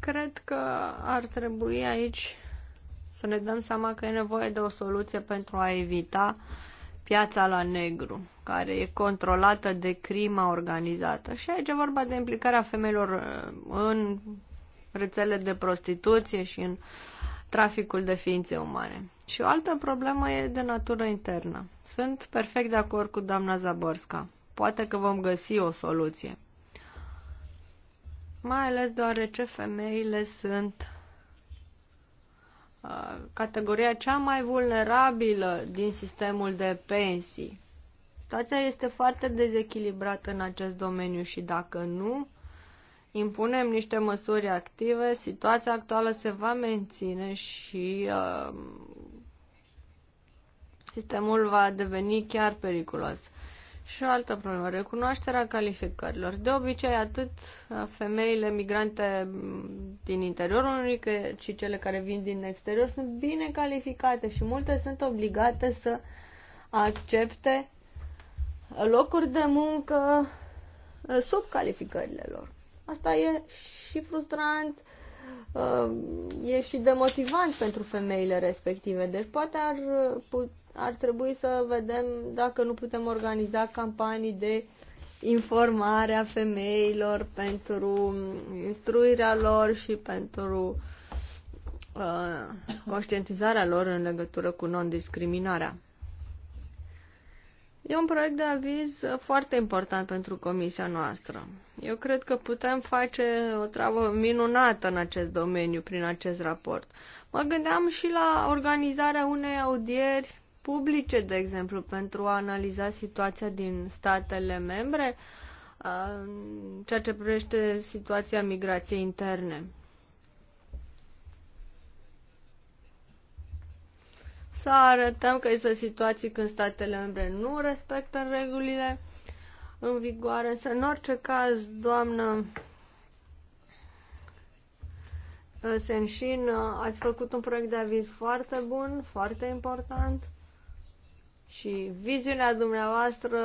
Cred că ar trebui aici să ne dăm seama că e nevoie de o soluție pentru a evita uh, piața la negru, care e controlată de crima organizată. Și aici e vorba de implicarea femeilor uh, în rețele de prostituție și în traficul de ființe umane. Și o altă problemă e de natură internă. Sunt perfect de acord cu doamna Zaborska. Poate că vom găsi o soluție. Mai ales deoarece femeile sunt categoria cea mai vulnerabilă din sistemul de pensii. Situația este foarte dezechilibrată în acest domeniu și dacă nu impunem niște măsuri active, situația actuală se va menține și uh, sistemul va deveni chiar periculos. Și o altă problemă, recunoașterea calificărilor. De obicei, atât uh, femeile migrante mm, din interiorul unui, cât și cele care vin din exterior sunt bine calificate și multe sunt obligate să accepte locuri de muncă uh, sub calificările lor. Asta e și frustrant, uh, e și demotivant pentru femeile respective. Deci poate ar putea ar trebui să vedem dacă nu putem organiza campanii de informare a femeilor pentru instruirea lor și pentru uh, conștientizarea lor în legătură cu non-discriminarea. E un proiect de aviz foarte important pentru comisia noastră. Eu cred că putem face o treabă minunată în acest domeniu prin acest raport. Mă gândeam și la organizarea unei audieri publice, de exemplu, pentru a analiza situația din statele membre, uh, ceea ce privește situația migrației interne. Să arătăm că există situații când statele membre nu respectă regulile în vigoare, însă în orice caz, doamnă Senșin, ați făcut un proiect de aviz foarte bun, foarte important. Și viziunea dumneavoastră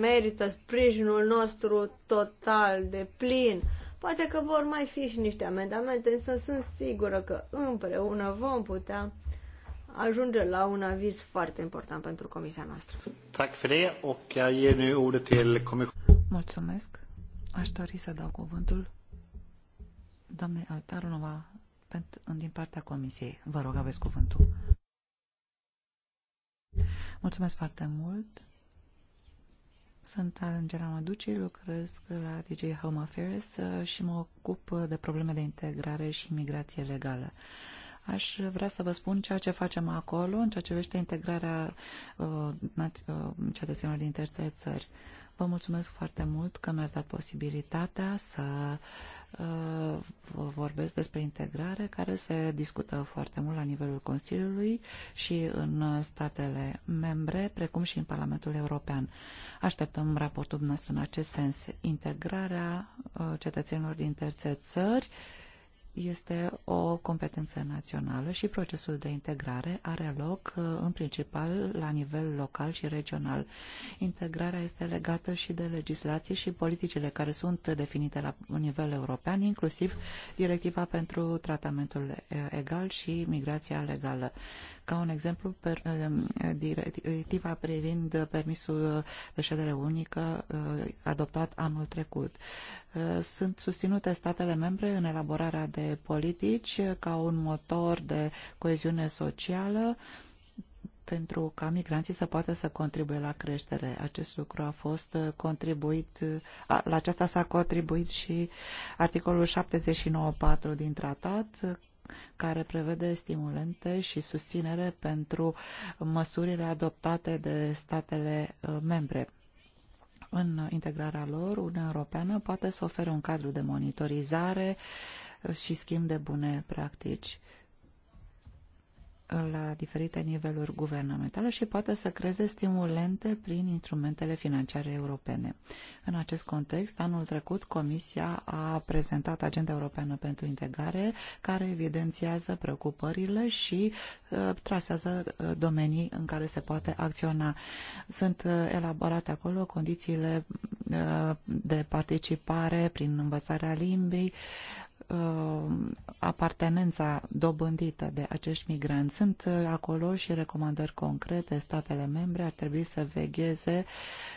merită sprijinul nostru total, de plin. Poate că vor mai fi și niște amendamente, însă sunt sigură că împreună vom putea ajunge la un aviz foarte important pentru comisia noastră. Mulțumesc. Aș dori să dau cuvântul doamnei Altarunova din partea comisiei. Vă rog, aveți cuvântul. Mulțumesc foarte mult. Sunt Angela Maduci, lucrez la DJ Home Affairs uh, și mă ocup uh, de probleme de integrare și migrație legală. Aș vrea să vă spun ceea ce facem acolo în ceea ce vește integrarea uh, uh, cetățenilor din terțe țări. Vă mulțumesc foarte mult că mi-ați dat posibilitatea să uh, Uh, vorbesc despre integrare care se discută foarte mult la nivelul Consiliului și în statele membre, precum și în Parlamentul European. Așteptăm raportul dumneavoastră în acest sens. Integrarea uh, cetățenilor din terțe țări este o competență națională și procesul de integrare are loc uh, în principal la nivel local și regional. Integrarea este legată și de legislații și politicile care sunt definite la nivel european, inclusiv directiva pentru tratamentul egal și migrația legală. Ca un exemplu, per, uh, directiva privind permisul de ședere unică uh, adoptat anul trecut. Sunt susținute statele membre în elaborarea de de politici ca un motor de coeziune socială pentru ca migranții să poată să contribuie la creștere. Acest lucru a fost contribuit, la aceasta s-a contribuit și articolul 79.4 din tratat, care prevede stimulente și susținere pentru măsurile adoptate de statele uh, membre în integrarea lor, Uniunea Europeană poate să ofere un cadru de monitorizare și schimb de bune practici la diferite niveluri guvernamentale și poate să creeze stimulente prin instrumentele financiare europene. În acest context, anul trecut Comisia a prezentat Agenda Europeană pentru Integrare, care evidențiază preocupările și uh, trasează uh, domenii în care se poate acționa. Sunt uh, elaborate acolo condițiile uh, de participare prin învățarea limbii, Um, apartenența dobândită de acești migranți. Sunt uh, acolo și recomandări concrete. Statele membre ar trebui să vegheze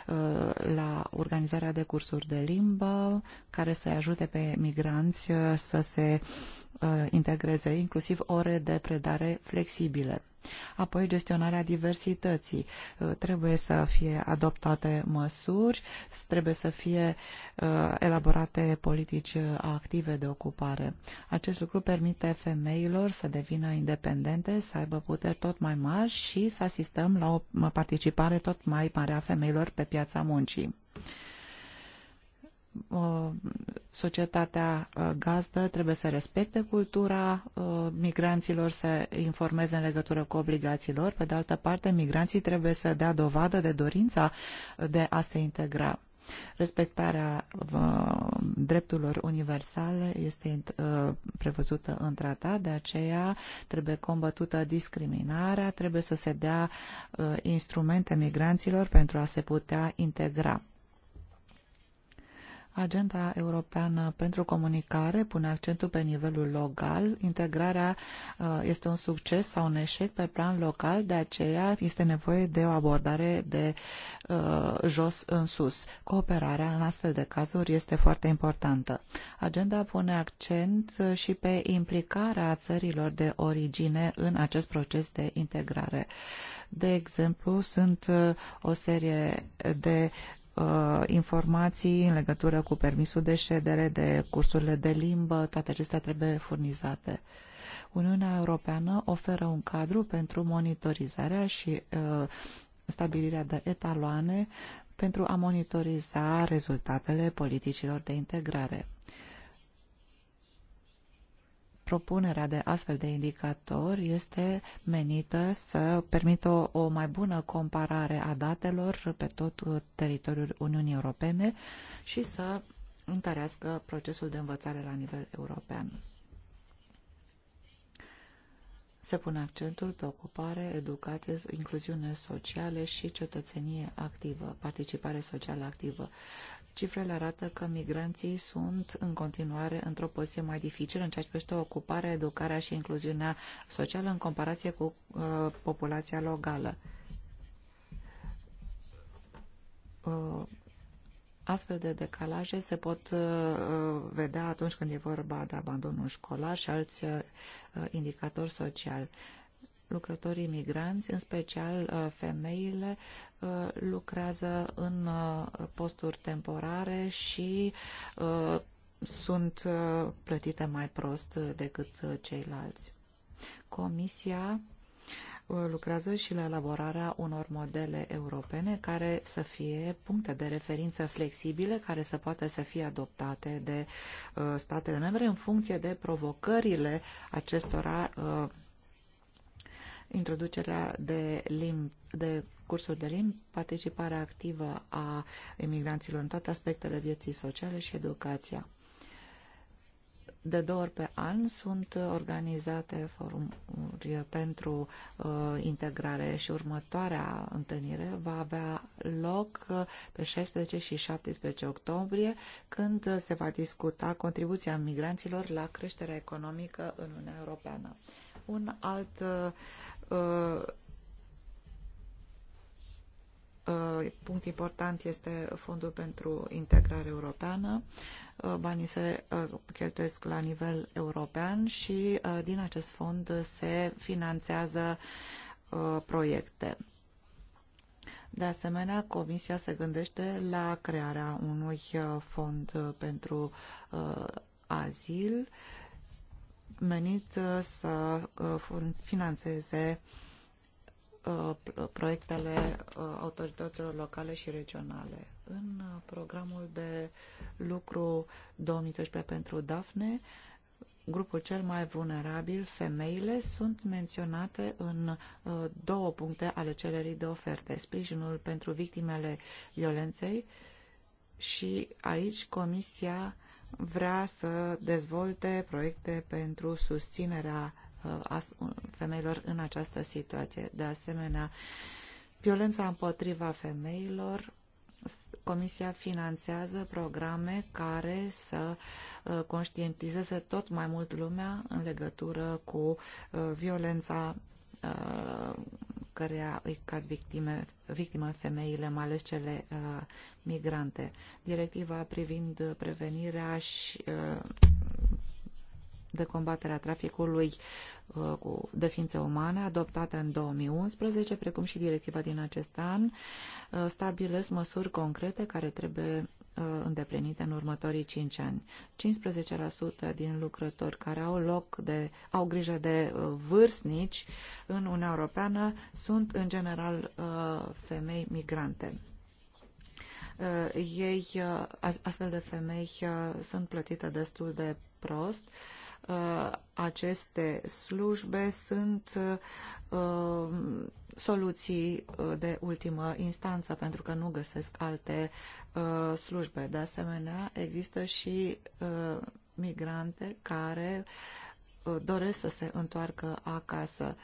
uh, la organizarea de cursuri de limbă care să-i ajute pe migranți uh, să se integreze, inclusiv ore de predare flexibile Apoi gestionarea diversității. Uh, trebuie să fie adoptate măsuri, trebuie să fie uh, elaborate politici uh, active de ocupare. Acest lucru permite femeilor să devină independente, să aibă puteri tot mai mari și să asistăm la o participare tot mai mare a femeilor pe piața muncii. Uh, societatea uh, gazdă trebuie să respecte cultura uh, migranților, să informeze în legătură cu obligațiilor. Pe de altă parte, migranții trebuie să dea dovadă de dorința de a se integra. Respectarea drepturilor universale este prevăzută în tratat, de aceea trebuie combătută discriminarea, trebuie să se dea instrumente migranților pentru a se putea integra Agenda Europeană pentru Comunicare pune accentul pe nivelul local. Integrarea uh, este un succes sau un eșec pe plan local, de aceea este nevoie de o abordare de uh, jos în sus. Cooperarea în astfel de cazuri este foarte importantă. Agenda pune accent și pe implicarea țărilor de origine în acest proces de integrare. De exemplu, sunt uh, o serie de Uh, informații în legătură cu permisul de ședere, de cursurile de limbă, toate acestea trebuie furnizate. Uniunea Europeană oferă un cadru pentru monitorizarea și uh, stabilirea de etaloane pentru a monitoriza rezultatele politicilor de integrare propunerea de astfel de indicatori este menită să permită o, o mai bună comparare a datelor pe tot teritoriul Uniunii Europene și să întărească procesul de învățare la nivel european. Se pune accentul pe ocupare, educație, incluziune sociale și cetățenie activă, participare socială activă. Cifrele arată că migranții sunt în continuare într-o poziție mai dificilă în ceea ce privește ocuparea, educarea și incluziunea socială în comparație cu uh, populația locală. Uh, Astfel de decalaje se pot uh, uh vedea atunci când e vorba de abandonul școlar și alți uh, indicatori sociali. Uh, lucrătorii migranți, în special uh, femeile, uh, lucrează în uh, posturi temporare și sunt plătite mai prost decât ceilalți. Comisia lucrează și la elaborarea unor modele europene care să fie puncte de referință flexibile care să poată să fie adoptate de statele membre în funcție de provocările acestora introducerea de, limb, de cursuri de limbi, participarea activă a imigranților în toate aspectele vieții sociale și educația. De două ori pe an sunt organizate forumuri pentru uh, integrare și următoarea întâlnire va avea loc uh, pe 16 și 17 octombrie, când se va discuta contribuția migranților la creșterea economică în Uniunea Europeană un alt uh, Uh, uh, punct important este Fondul pentru Integrare Europeană. Uh, banii se cheltuiesc la nivel european și din acest fond se finanțează proiecte. De asemenea, Comisia se gândește la crearea unui fond pentru azil menit uh, să uh, financeze uh, proiectele autorităților locale și regionale. În programul de lucru 2013 pentru DAFNE, grupul cel mai vulnerabil, femeile, sunt menționate în două puncte ale cererii de oferte. Sprijinul pentru victimele violenței și aici Comisia vrea să dezvolte proiecte pentru susținerea uh, femeilor în această situație. De asemenea, violența împotriva femeilor Comisia finanțează programe care să uh, conștientizeze tot mai mult lumea în legătură cu uh, violența căreia îi cad victime, victime femeile, mai ales cele uh, migrante. Directiva privind prevenirea și uh, de combaterea traficului uh, cu de ființe umane, adoptată în 2011, precum și directiva din acest an, uh, stabilesc măsuri concrete care trebuie Uh, îndeplinite în următorii 5 ani. 15% din lucrători care au loc de, au grijă de uh, vârstnici în Uniunea Europeană sunt în general uh, femei migrante. Ei, astfel de femei sunt plătite destul de prost Uh, aceste slujbe sunt uh, soluții uh, de ultimă instanță, pentru că nu găsesc alte slujbe. De asemenea, există și migrante care doresc să se întoarcă acasă.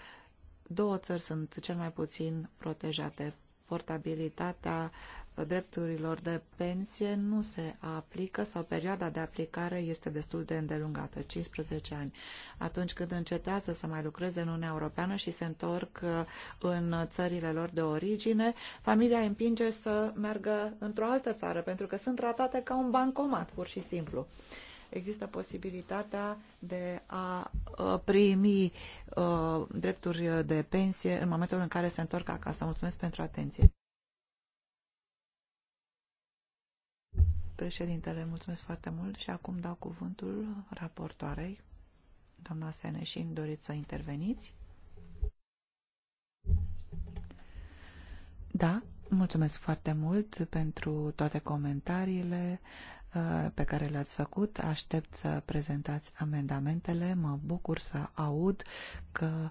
Două țări sunt cel mai puțin protejate. Portabilitatea uh, drepturilor de pensie nu se aplică sau perioada de aplicare este destul de îndelungată, 15 ani. Atunci când încetează să mai lucreze în Uniunea Europeană și se întorc uh, în țările lor de origine, familia împinge să meargă într-o altă țară, pentru că sunt tratate ca un bancomat, pur și simplu există posibilitatea de a uh, primi uh, drepturi de pensie în momentul în care se întorc acasă. Mulțumesc pentru atenție. Președintele, mulțumesc foarte mult și acum dau cuvântul raportoarei. Doamna Seneșin, doriți să interveniți? Da, mulțumesc foarte mult pentru toate comentariile uh, pe care le-ați făcut. Aștept să prezentați amendamentele. Mă bucur să aud că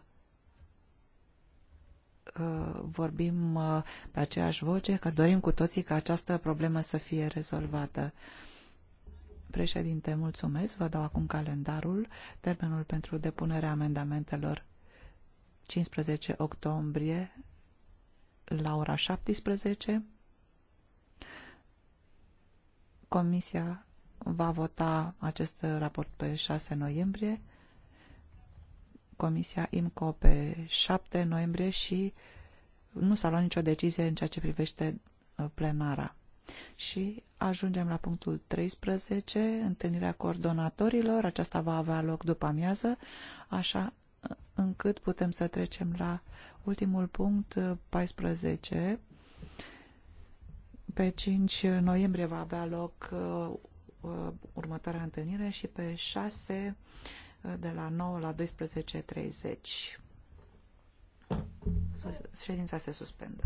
Uh, vorbim uh, pe aceeași voce, că dorim cu toții ca această problemă să fie rezolvată. Președinte, mulțumesc. Vă dau acum calendarul, termenul pentru depunerea amendamentelor 15 octombrie la ora 17. Comisia va vota acest raport pe 6 noiembrie Comisia IMCO pe 7 noiembrie și nu s-a luat nicio decizie în ceea ce privește uh, plenara. Și ajungem la punctul 13, întâlnirea coordonatorilor. Aceasta va avea loc după amiază, așa uh, încât putem să trecem la ultimul punct, 14. Uh, pe 5 noiembrie va avea loc următoarea întâlnire și pe 6 de la 9 la 12.30. Ședința se suspendă.